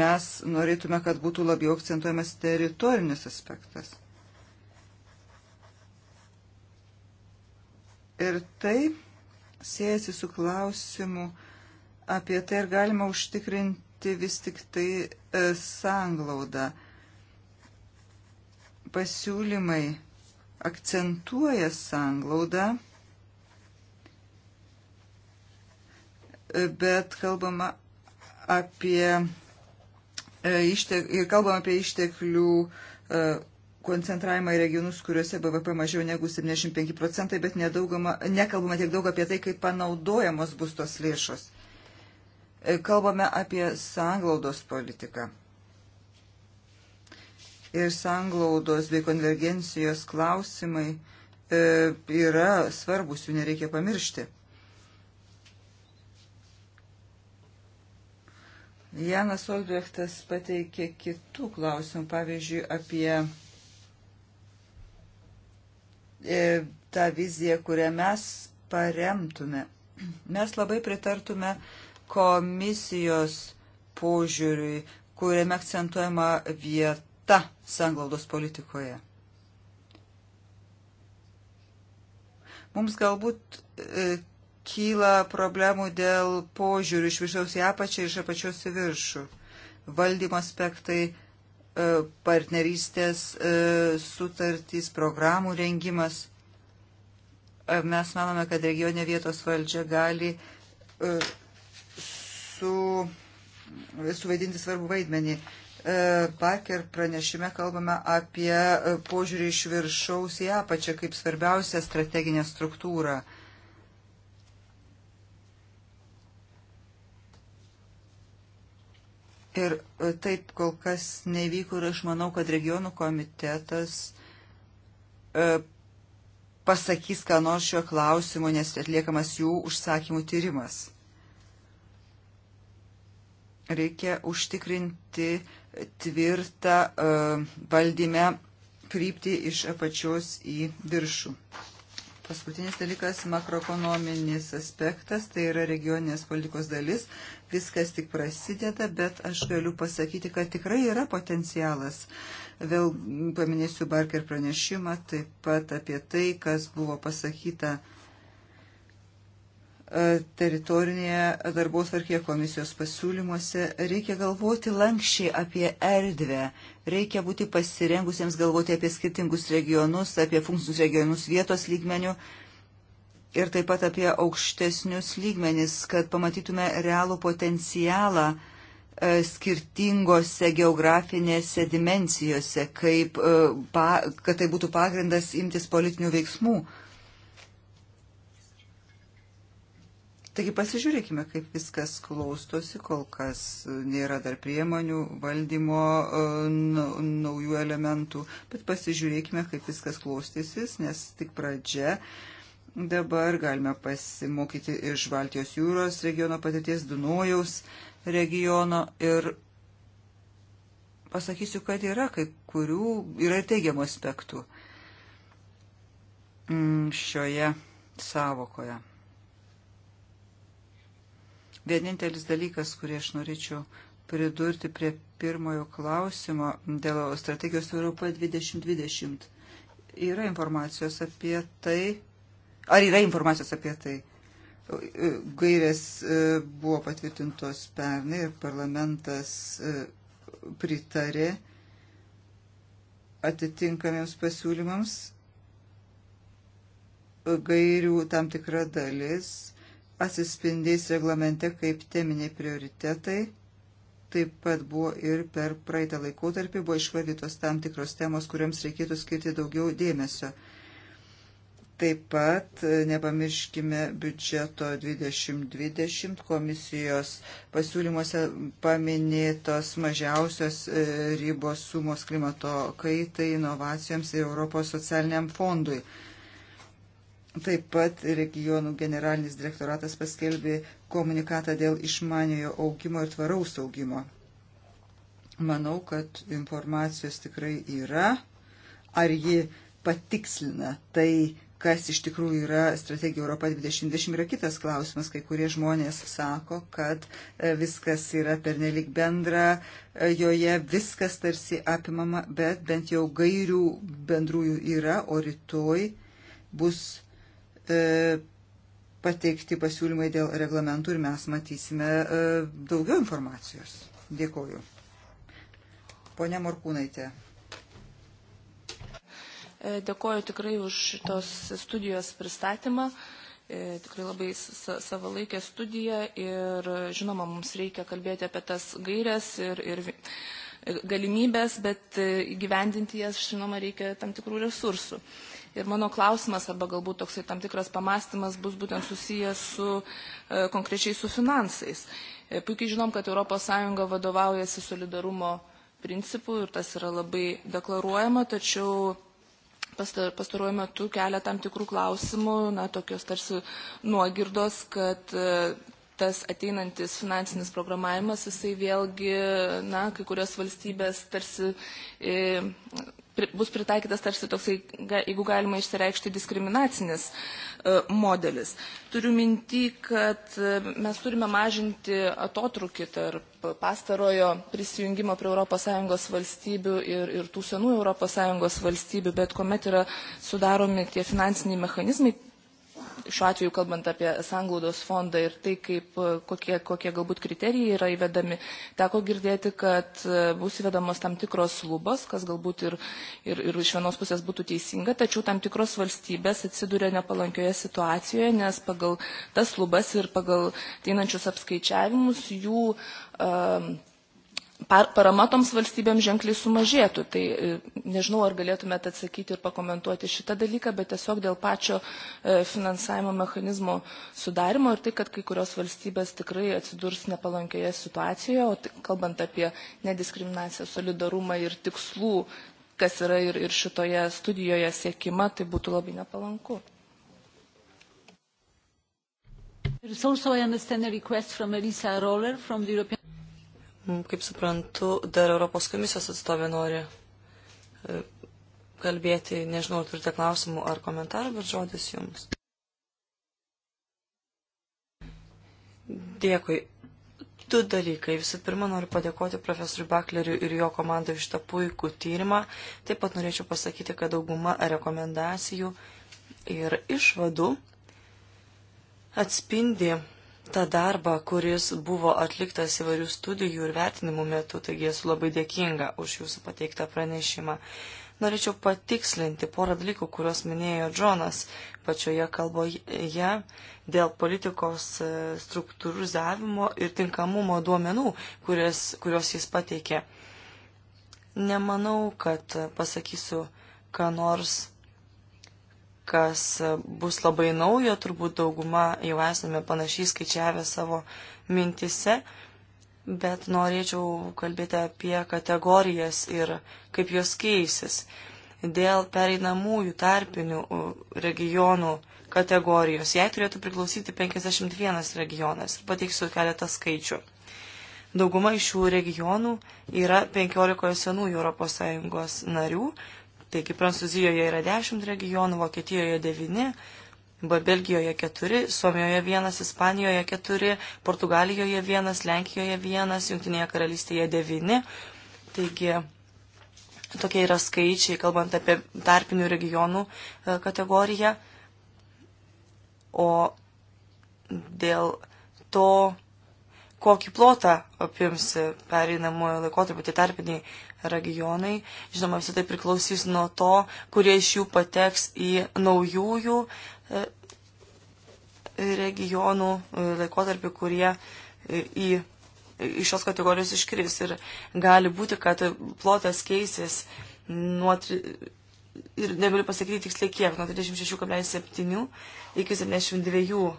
Mes norėtume, kad būtų labiau akcentuojamas teritorinis aspektas. Ir tai siejasi su klausimu apie tai, ar galima užtikrinti vis tik tai e, sanglaudą. Pasiūlymai akcentuoja sanglaudą bet kalbama apie, e, ištek, kalbama apie išteklių e, koncentravimą į regionus, kuriuose BVP mažiau negu 75 procentai, bet nedaugama, nekalbama tiek daug apie tai, kaip panaudojamos bus tos lėšos. E, kalbame apie sanglaudos politiką. Ir sanglaudos bei konvergencijos klausimai e, yra svarbus, jų nereikia pamiršti. Janas Olbrechtas pateikė kitų klausimų, pavyzdžiui, apie e, tą viziją, kurią mes paremtume. Mes labai pritartume komisijos požiūriui, kuriame akcentuojama vieta sanglaudos politikoje. Mums galbūt e, kyla problemų dėl požiūrių iš viršaus į apačią ir iš apačios į viršų. Valdymo aspektai, e, partnerystės e, sutartys, programų rengimas. E, mes manome, kad regionė vietos valdžia gali su, suvaidinti svarbu vaidmenį. Parker pranešime kalbame apie požiūrį iš viršaus į apačią kaip svarbiausią strateginę struktūrą Ir e, taip kol kas nevyko ir aš manau, kad regionų komitetas e, pasakys, ką nors šiuo klausimu, nes atliekamas jų užsakymų tyrimas. Reikia užtikrinti tvirtą e, valdyme krypti iš apačios į viršų. Paskutinis dalykas - makroekonominis aspektas, tai yra regioninės politikos dalis. Viskas tik prasideda, bet aš galiu pasakyti, kad tikrai yra potencialas. Vėl paminėsiu Barker pranešimą, taip pat apie tai, kas buvo pasakyta teritorinėje darbos varkė komisijos pasiūlymuose reikia galvoti lankščiai apie erdvę, reikia būti pasirengusiems galvoti apie skirtingus regionus, apie funkcinius regionus vietos lygmenių ir taip pat apie aukštesnius lygmenis, kad pamatytume realų potencialą e, skirtingose geografinėse dimencijose, kaip, e, kad tai būtų pagrindas imtis politinių veiksmų Taigi pasižiūrėkime, kaip viskas klaustosi, kol kas nėra dar priemonių, valdymo e, naujų elementų, bet pasižiūrėkime, kaip viskas klostysis, nes tik pradžia. Dabar galime pasimokyti iš Baltijos jūros regiono patirties Dunojaus regiono ir pasakysiu, kad yra kai kurių, yra ir teigiamų aspektų mm, šioje savokoje. Vienintelis dalykas, kurį aš norėčiau pridurti prie pirmojo klausimo dėl strategijos Europa 2020. Yra informacijos apie tai, ar yra informacijos apie tai? Gairės e, buvo patvirtintos pernai ir parlamentas e, pritarė atitinkamiems pasiūlymams gairių tam tikra dalis atsispindės reglamente kaip teminiai prioritetai. Taip pat buvo ir per praeitą laikotarpį buvo išvardytos tam tikros temos, kuriams reikėtų skirti daugiau dėmesio. Taip pat e, nepamirškime biudžeto 2020 komisijos pasiūlymuose paminėtos mažiausios e, ribos sumos klimato kaitai, inovacijoms ir Europos socialiniam fondui. Taip pat regionų generalinis direktoratas paskelbė komunikatą dėl išmaniojo augimo ir tvaraus augimo. Manau, kad informacijos tikrai yra. Ar ji patikslina tai, kas iš tikrųjų yra strategija Europa 2020, yra kitas klausimas. Kai kurie žmonės sako, kad e, viskas yra pernelik bendra, e, joje viskas tarsi apimama, bet bent jau gairių bendrųjų yra, o rytoj bus E, pateikti pasiūlymai dėl reglamentų ir mes matysime e, daugiau informacijos. Dėkoju. Pone Morkūnaitė. E, dėkoju tikrai už šitos studijos pristatymą. Tikrai labai savalaikė studija ir žinoma, mums reikia kalbėti apie tas gairias ir, ir galimybės, bet įgyvendinti jas, žinoma, reikia tam tikrų resursų. Ir mano klausimas arba galbūt toksai tam tikras pamastymas bus būtent susijęs su e, konkrečiai su finansais. E, puikiai žinom, kad ES vadovaujasi solidarumo principų ir tas yra labai deklaruojama, tačiau pastaruoju metu kelia tam tikrų klausimų, na, tokios tarsi nuogirdos, kad e, tas ateinantis finansinis programavimas, jisai vėlgi, na, kai kurios valstybės tarsi e, bus pritaikytas tarsi toksai, jeigu galima išsireikšti, diskriminacinis e, modelis. Turiu minti, kad e, mes turime mažinti atotrukį tarp pastarojo prisijungimo prie ES valstybių ir, ir tų senų ES valstybių, bet kuomet yra sudaromi tie finansiniai mechanizmai, šiuo atveju kalbant apie sanglaudos fondą ir tai, kaip, e, kokie, kokie galbūt kriterijai yra įvedami, teko girdėti, kad e, bus įvedamos tam tikros lubos, kas galbūt ir, ir, ir iš vienos pusės būtų teisinga, tačiau tam tikros valstybės atsiduria nepalankioje situacijoje, nes pagal tas lubas ir pagal teinančius apskaičiavimus jų um, parama toms valstybėms ženkliai sumažėtų. Tai e, nežinau, ar galėtumėte atsakyti ir pakomentuoti šitą dalyką, bet tiesiog dėl pačio e, finansavimo mechanizmo sudarimo ir tai, kad kai kurios valstybės tikrai atsidurs nepalankioje situacijoje, o kalbant apie nediskriminaciją, solidarumą ir tikslų, kas yra ir, ir šitoje studijoje siekima, tai būtų labai nepalanku. There is also, I understand, a request from Elisa Roller from the European Mm, kaip suprantu, dar Europos komisijos atstovė nori e, kalbėti. Nežinau, ar turite klausimų ar komentarų, bet žodis jums. Dėkui. Du dalykai. Visų pirma, noriu padėkoti profesoriui Bakleriui ir jo komandai už tą puikų tyrimą. Taip pat norėčiau pasakyti, kad dauguma rekomendacijų ir išvadų atspindi tą darbą, kuris buvo atliktas įvairių studijų ir vertinimų metu, taigi esu labai dėkinga už jūsų pateiktą pranešimą. Norėčiau patikslinti porą dalykų, kuriuos minėjo Džonas pačioje kalboje dėl politikos e, struktūrizavimo ir tinkamumo duomenų, kurias, kuriuos jis pateikė. Nemanau, kad pasakysiu, ką nors kas bus labai naujo, turbūt dauguma jau esame panašiai skaičiavę savo mintise, bet norėčiau kalbėti apie kategorijas ir kaip jos keisis. Dėl pereinamųjų tarpinių regionų kategorijos, jai turėtų priklausyti 51 regionas ir pateiksiu keletą skaičių. Dauguma iš šių regionų yra 15 senųjų ES narių, Taigi Prancūzijoje yra 10 regionų, Vokietijoje 9, Belgijoje 4, Suomijoje 1, Ispanijoje 4, Portugalijoje 1, Lenkijoje 1, Junktinėje karalystėje 9. Taigi tokie yra skaičiai, kalbant apie tarpinių regionų e, kategoriją. O dėl to, kokį plotą apims pereinamojo laikotarpio tie tarpiniai regionai. Žinoma, visą tai priklausys nuo to, kurie iš jų pateks į naujųjų e, regionų e, laikotarpį, kurie e, į, iš šios kategorijos iškris. Ir gali būti, kad plotas keisis nuo. Ir negaliu pasakyti tiksliai kiek, nuo 36,7 iki 72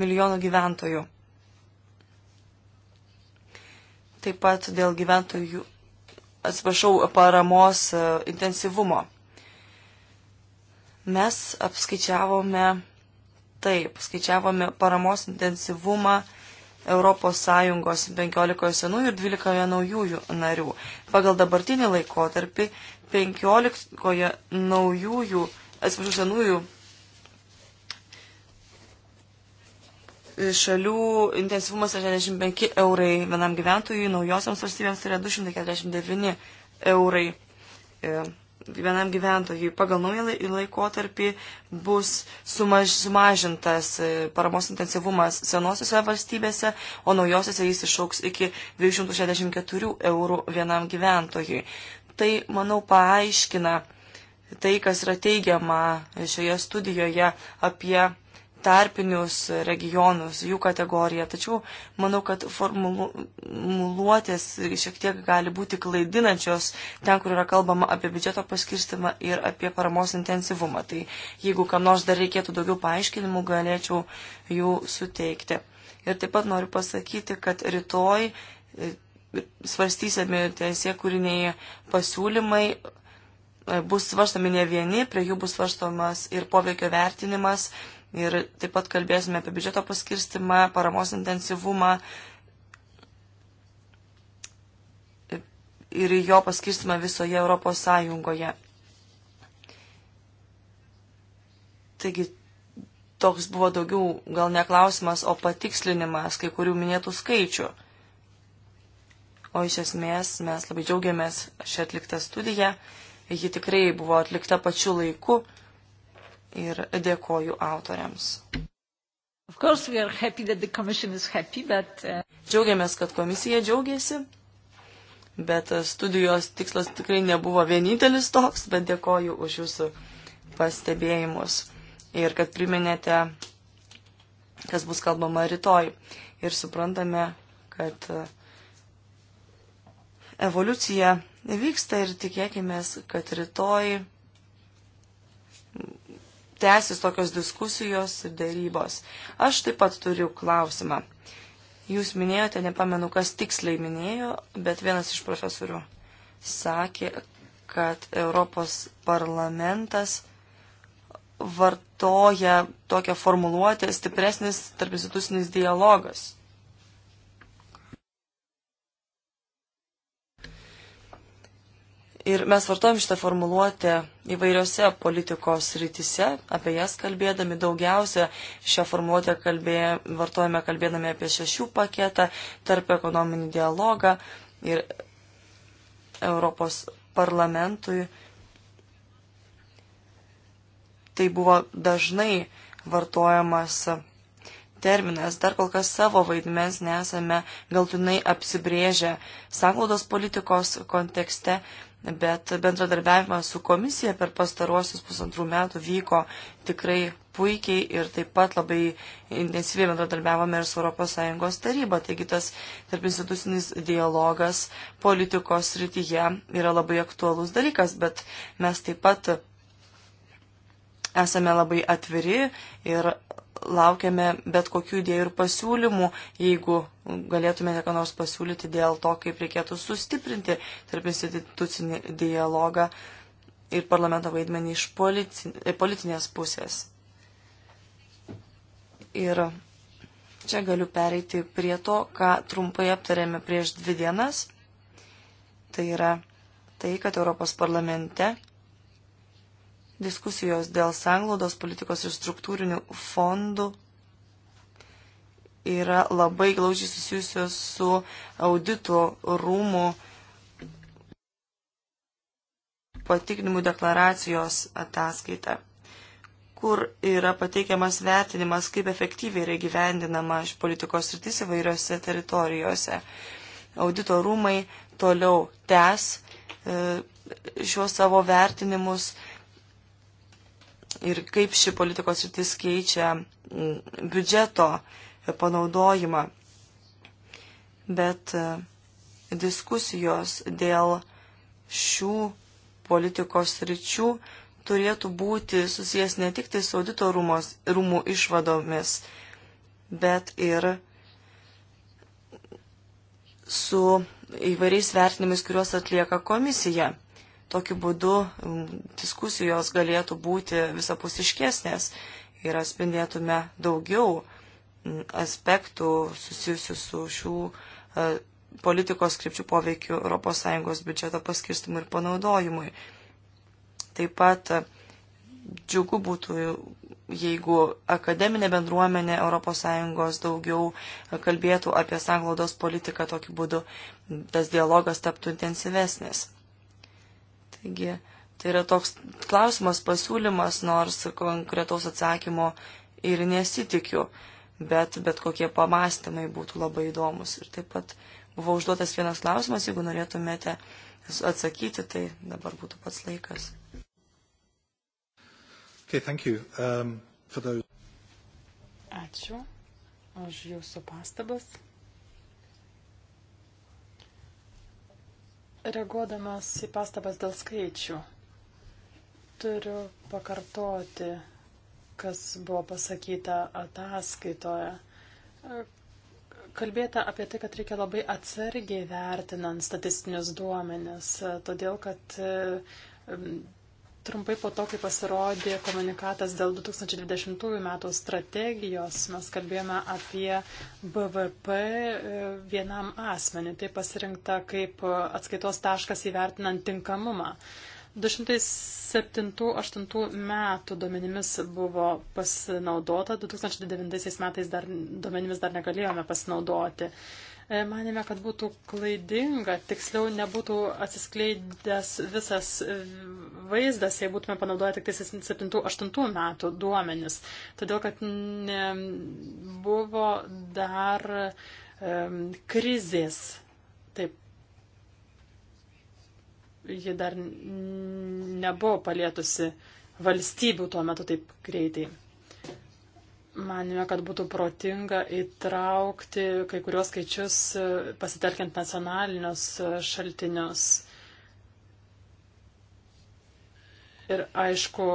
milijonų gyventojų taip pat dėl gyventojų, atsiprašau, paramos e, intensyvumo. Mes apskaičiavome taip, skaičiavome paramos intensyvumą ES 15 senųjų ir 12 naujųjų narių. Pagal dabartinį laikotarpį 15 naujųjų, atsiprašau, senųjų šalių intensyvumas 65 eurai vienam gyventojui, naujosioms valstybėms yra 249 eurai e, vienam gyventojui. Pagal naują laikotarpį bus sumaž, sumažintas e, paramos intensyvumas senosiuose valstybėse, o naujosiuose jis išauks iki 264 eurų vienam gyventojui. Tai, manau, paaiškina tai, kas yra teigiama šioje studijoje apie tarpinius regionus, jų kategoriją. Tačiau manau, kad formuluotės šiek tiek gali būti klaidinančios ten, kur yra kalbama apie biudžeto paskirstimą ir apie paramos intensyvumą. Tai jeigu kam nors dar reikėtų daugiau paaiškinimų, galėčiau jų suteikti. Ir taip pat noriu pasakyti, kad rytoj e, svarstysami teisė kūriniai pasiūlymai e, bus svarstami ne vieni, prie jų bus svarstomas ir poveikio vertinimas Ir taip pat kalbėsime apie biudžeto paskirstimą, paramos intensyvumą ir jo paskirstimą visoje Europos Sąjungoje. Taigi toks buvo daugiau gal ne klausimas, o patikslinimas kai kurių minėtų skaičių. O iš esmės mes labai džiaugiamės šią atliktą studiją. Ji tikrai buvo atlikta pačiu laiku ir dėkoju autoriams. Happy, happy, but... Uh, Džiaugiamės, kad komisija džiaugiasi, bet uh, studijos tikslas tikrai nebuvo vienintelis toks, bet dėkoju už jūsų pastebėjimus ir kad priminėte, kas bus kalbama rytoj. Ir suprantame, kad uh, evoliucija vyksta ir tikėkime, kad rytoj tęsis tokios diskusijos ir darybos. Aš taip pat turiu klausimą. Jūs minėjote, nepamenu, kas tiksliai minėjo, bet vienas iš profesorių sakė, kad Europos parlamentas vartoja tokią formuluotę stipresnis tarp institucinis dialogas. Ir mes vartojam šitą formuluotę įvairiose politikos rytise, apie jas kalbėdami daugiausia šią formuluotę kalbė, vartojame kalbėdami apie šešių paketą, tarp ekonominį dialogą ir Europos parlamentui. Tai buvo dažnai vartojamas terminas, dar kol kas savo vaidmens nesame galtinai apsibrėžę sanglaudos politikos kontekste, bet bendradarbiavimas su komisija per pastaruosius pusantrų metų vyko tikrai puikiai ir taip pat labai intensyviai bendradarbiavome ir su ES taryba. Taigi tas tarp institucinis dialogas politikos srityje yra labai aktualus dalykas, bet mes taip pat esame labai atviri ir laukiame bet kokių idėjų ir pasiūlymų, jeigu galėtumėte ką nors pasiūlyti dėl to, kaip reikėtų sustiprinti tarp institucinį dialogą ir parlamento vaidmenį iš e, politinės pusės. Ir čia galiu pereiti prie to, ką trumpai aptarėme prieš dvi dienas. Tai yra tai, kad Europos parlamente diskusijos dėl sanglaudos politikos ir struktūrinių fondų yra labai glaužiai susijusios su audito rūmų patikrinimų deklaracijos ataskaita, kur yra pateikiamas vertinimas, kaip efektyviai yra gyvendinama iš politikos rytis įvairiose teritorijose. Audito rūmai toliau tęs e, šiuos savo vertinimus ir kaip ši politikos rytis keičia biudžeto panaudojimą. Bet e, diskusijos dėl šių politikos ryčių turėtų būti susijęs ne tik tai su audito rūmos, rūmų išvadomis, bet ir su įvairiais vertinimais, kuriuos atlieka komisija. Tokiu būdu diskusijos galėtų būti visapusiškesnės ir atspindėtume daugiau aspektų susijusių su šių e, politikos skripčių poveikiu ES biudžeto paskirstimui ir panaudojimui. Taip pat e, džiugu būtų, jeigu akademinė bendruomenė ES daugiau e, kalbėtų apie sanglaudos politiką, tokiu būdu tas dialogas taptų intensyvesnis. Taigi, tai yra toks klausimas, pasiūlymas, nors konkretaus atsakymo ir nesitikiu, bet bet kokie pamastymai būtų labai įdomus. Ir taip pat buvo užduotas vienas klausimas, jeigu norėtumėte atsakyti, tai dabar būtų pats laikas. Okay, thank you. Um, for those... Ačiū už jūsų pastabas. Reaguodamas į pastabas dėl skaičių, turiu pakartoti, kas buvo pasakyta ataskaitoje. Kalbėta apie tai, kad reikia labai atsargiai vertinant statistinius duomenis, todėl kad Trumpai po to, kai pasirodė komunikatas dėl 2020 metų strategijos, mes kalbėjome apie BVP e, vienam asmeniu. Tai pasirinkta kaip atskaitos taškas įvertinant tinkamumą. 207-8 metų duomenimis buvo pasinaudota, 2009 metais dar, duomenimis dar negalėjome pasinaudoti. E, manėme, kad būtų klaidinga, tiksliau nebūtų atsiskleidęs visas vaizdas, jei būtume panaudoję tik 7-8 tai metų duomenis. Todėl, kad buvo dar um, krizės. Taip. Ji dar nebuvo palietusi valstybių tuo metu taip greitai. Manime, kad būtų protinga įtraukti kai kurios skaičius e, pasitelkiant nacionalinius e, šaltinius. Ir aišku,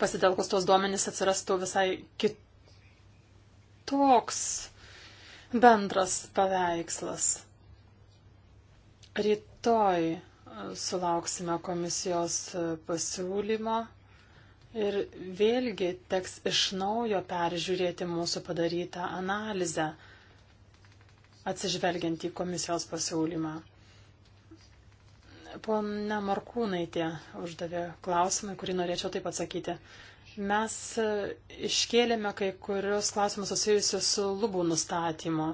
pasitelkus tos duomenys atsirastų visai kitoks bendras paveikslas. Rytoj e, sulauksime komisijos pasiūlymo. Ir vėlgi teks iš naujo peržiūrėti mūsų padarytą analizę, atsižvelgiant į komisijos pasiūlymą. Pone Markūnaitė uždavė klausimą, kurį norėčiau taip atsakyti. Mes iškėlėme kai kurios klausimus susijusius su lubų nustatymu.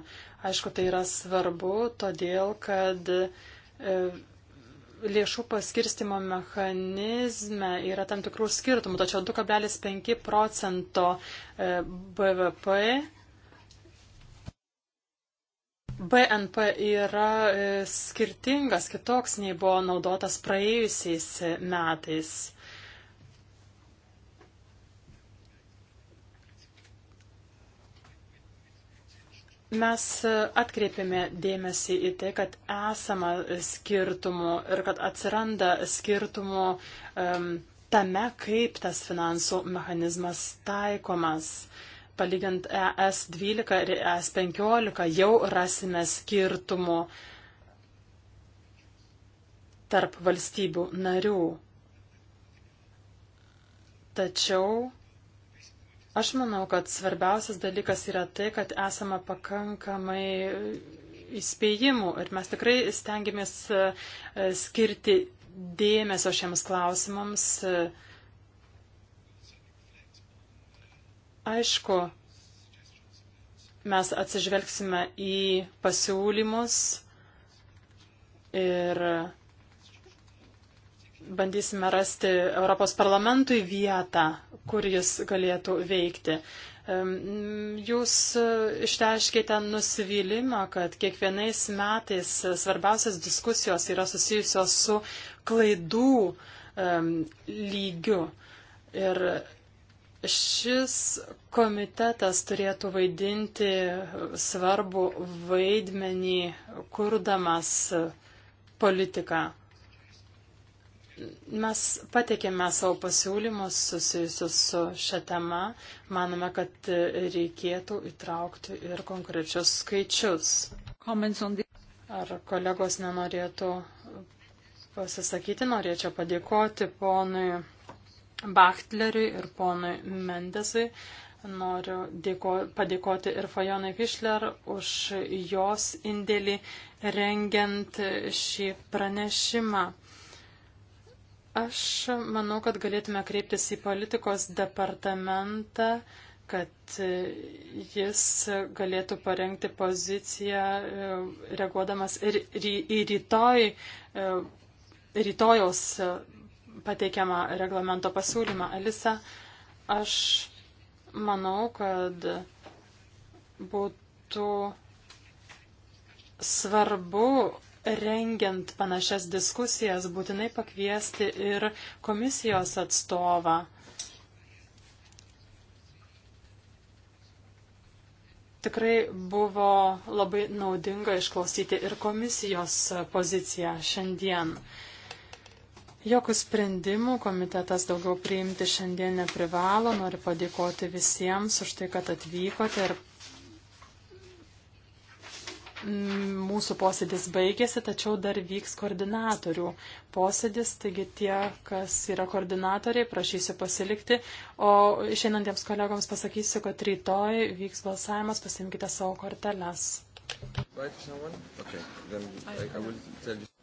Aišku, tai yra svarbu, todėl kad e, lėšų paskirstimo mechanizme yra tam tikrų skirtumų, tačiau 2,5 procento e, BVP BNP yra e, skirtingas, kitoks nei buvo naudotas praėjusiais metais. Mes atkreipėme dėmesį į tai, kad esama skirtumų ir kad atsiranda skirtumų um, tame, kaip tas finansų mechanizmas taikomas. Palygiant ES 12 ir ES 15 jau rasime skirtumų tarp valstybių narių. Tačiau Aš manau, kad svarbiausias dalykas yra tai, kad esame pakankamai įspėjimų ir mes tikrai stengiamės e, skirti dėmesio šiems klausimams. Aišku, mes atsižvelgsime į pasiūlymus ir bandysime rasti Europos parlamentui vietą kur jis galėtų veikti. Jūs e, išteiškite nusivylimą, kad kiekvienais metais svarbiausias diskusijos yra susijusios su klaidų lygiu. Ir šis komitetas turėtų vaidinti svarbu vaidmenį, kurdamas politiką Mes patikėme savo pasiūlymus susijusius su šią temą. Manome, kad reikėtų įtraukti ir konkrečius skaičius. Ar kolegos nenorėtų pasisakyti, norėčiau padėkoti ponui Bachtleriui ir ponui Mendesui. Noriu dėko, padėkoti ir Fajonai Fischler už jos indėlį rengiant šį pranešimą. Aš manau, kad galėtume kreiptis į politikos departamentą, kad jis galėtų parengti poziciją, e, reaguodamas ir į rytoj, e, rytojaus e, pateikiamą reglamento pasiūlymą. Alisa, aš manau, kad būtų svarbu rengiant panašias diskusijas būtinai pakviesti ir komisijos atstovą. Tikrai buvo labai naudinga išklausyti ir komisijos poziciją šiandien. Jokių sprendimų komitetas daugiau priimti šiandien neprivalo. Noriu padėkoti visiems už tai, kad atvykote ir Mūsų posėdis baigėsi, tačiau dar vyks koordinatorių posėdis, taigi tie, kas yra koordinatoriai, prašysiu pasilikti, o išeinantiems kolegoms pasakysiu, kad rytoj vyks balsavimas, pasimkite savo korteles. Right, someone? Okay, then I, I will tell you.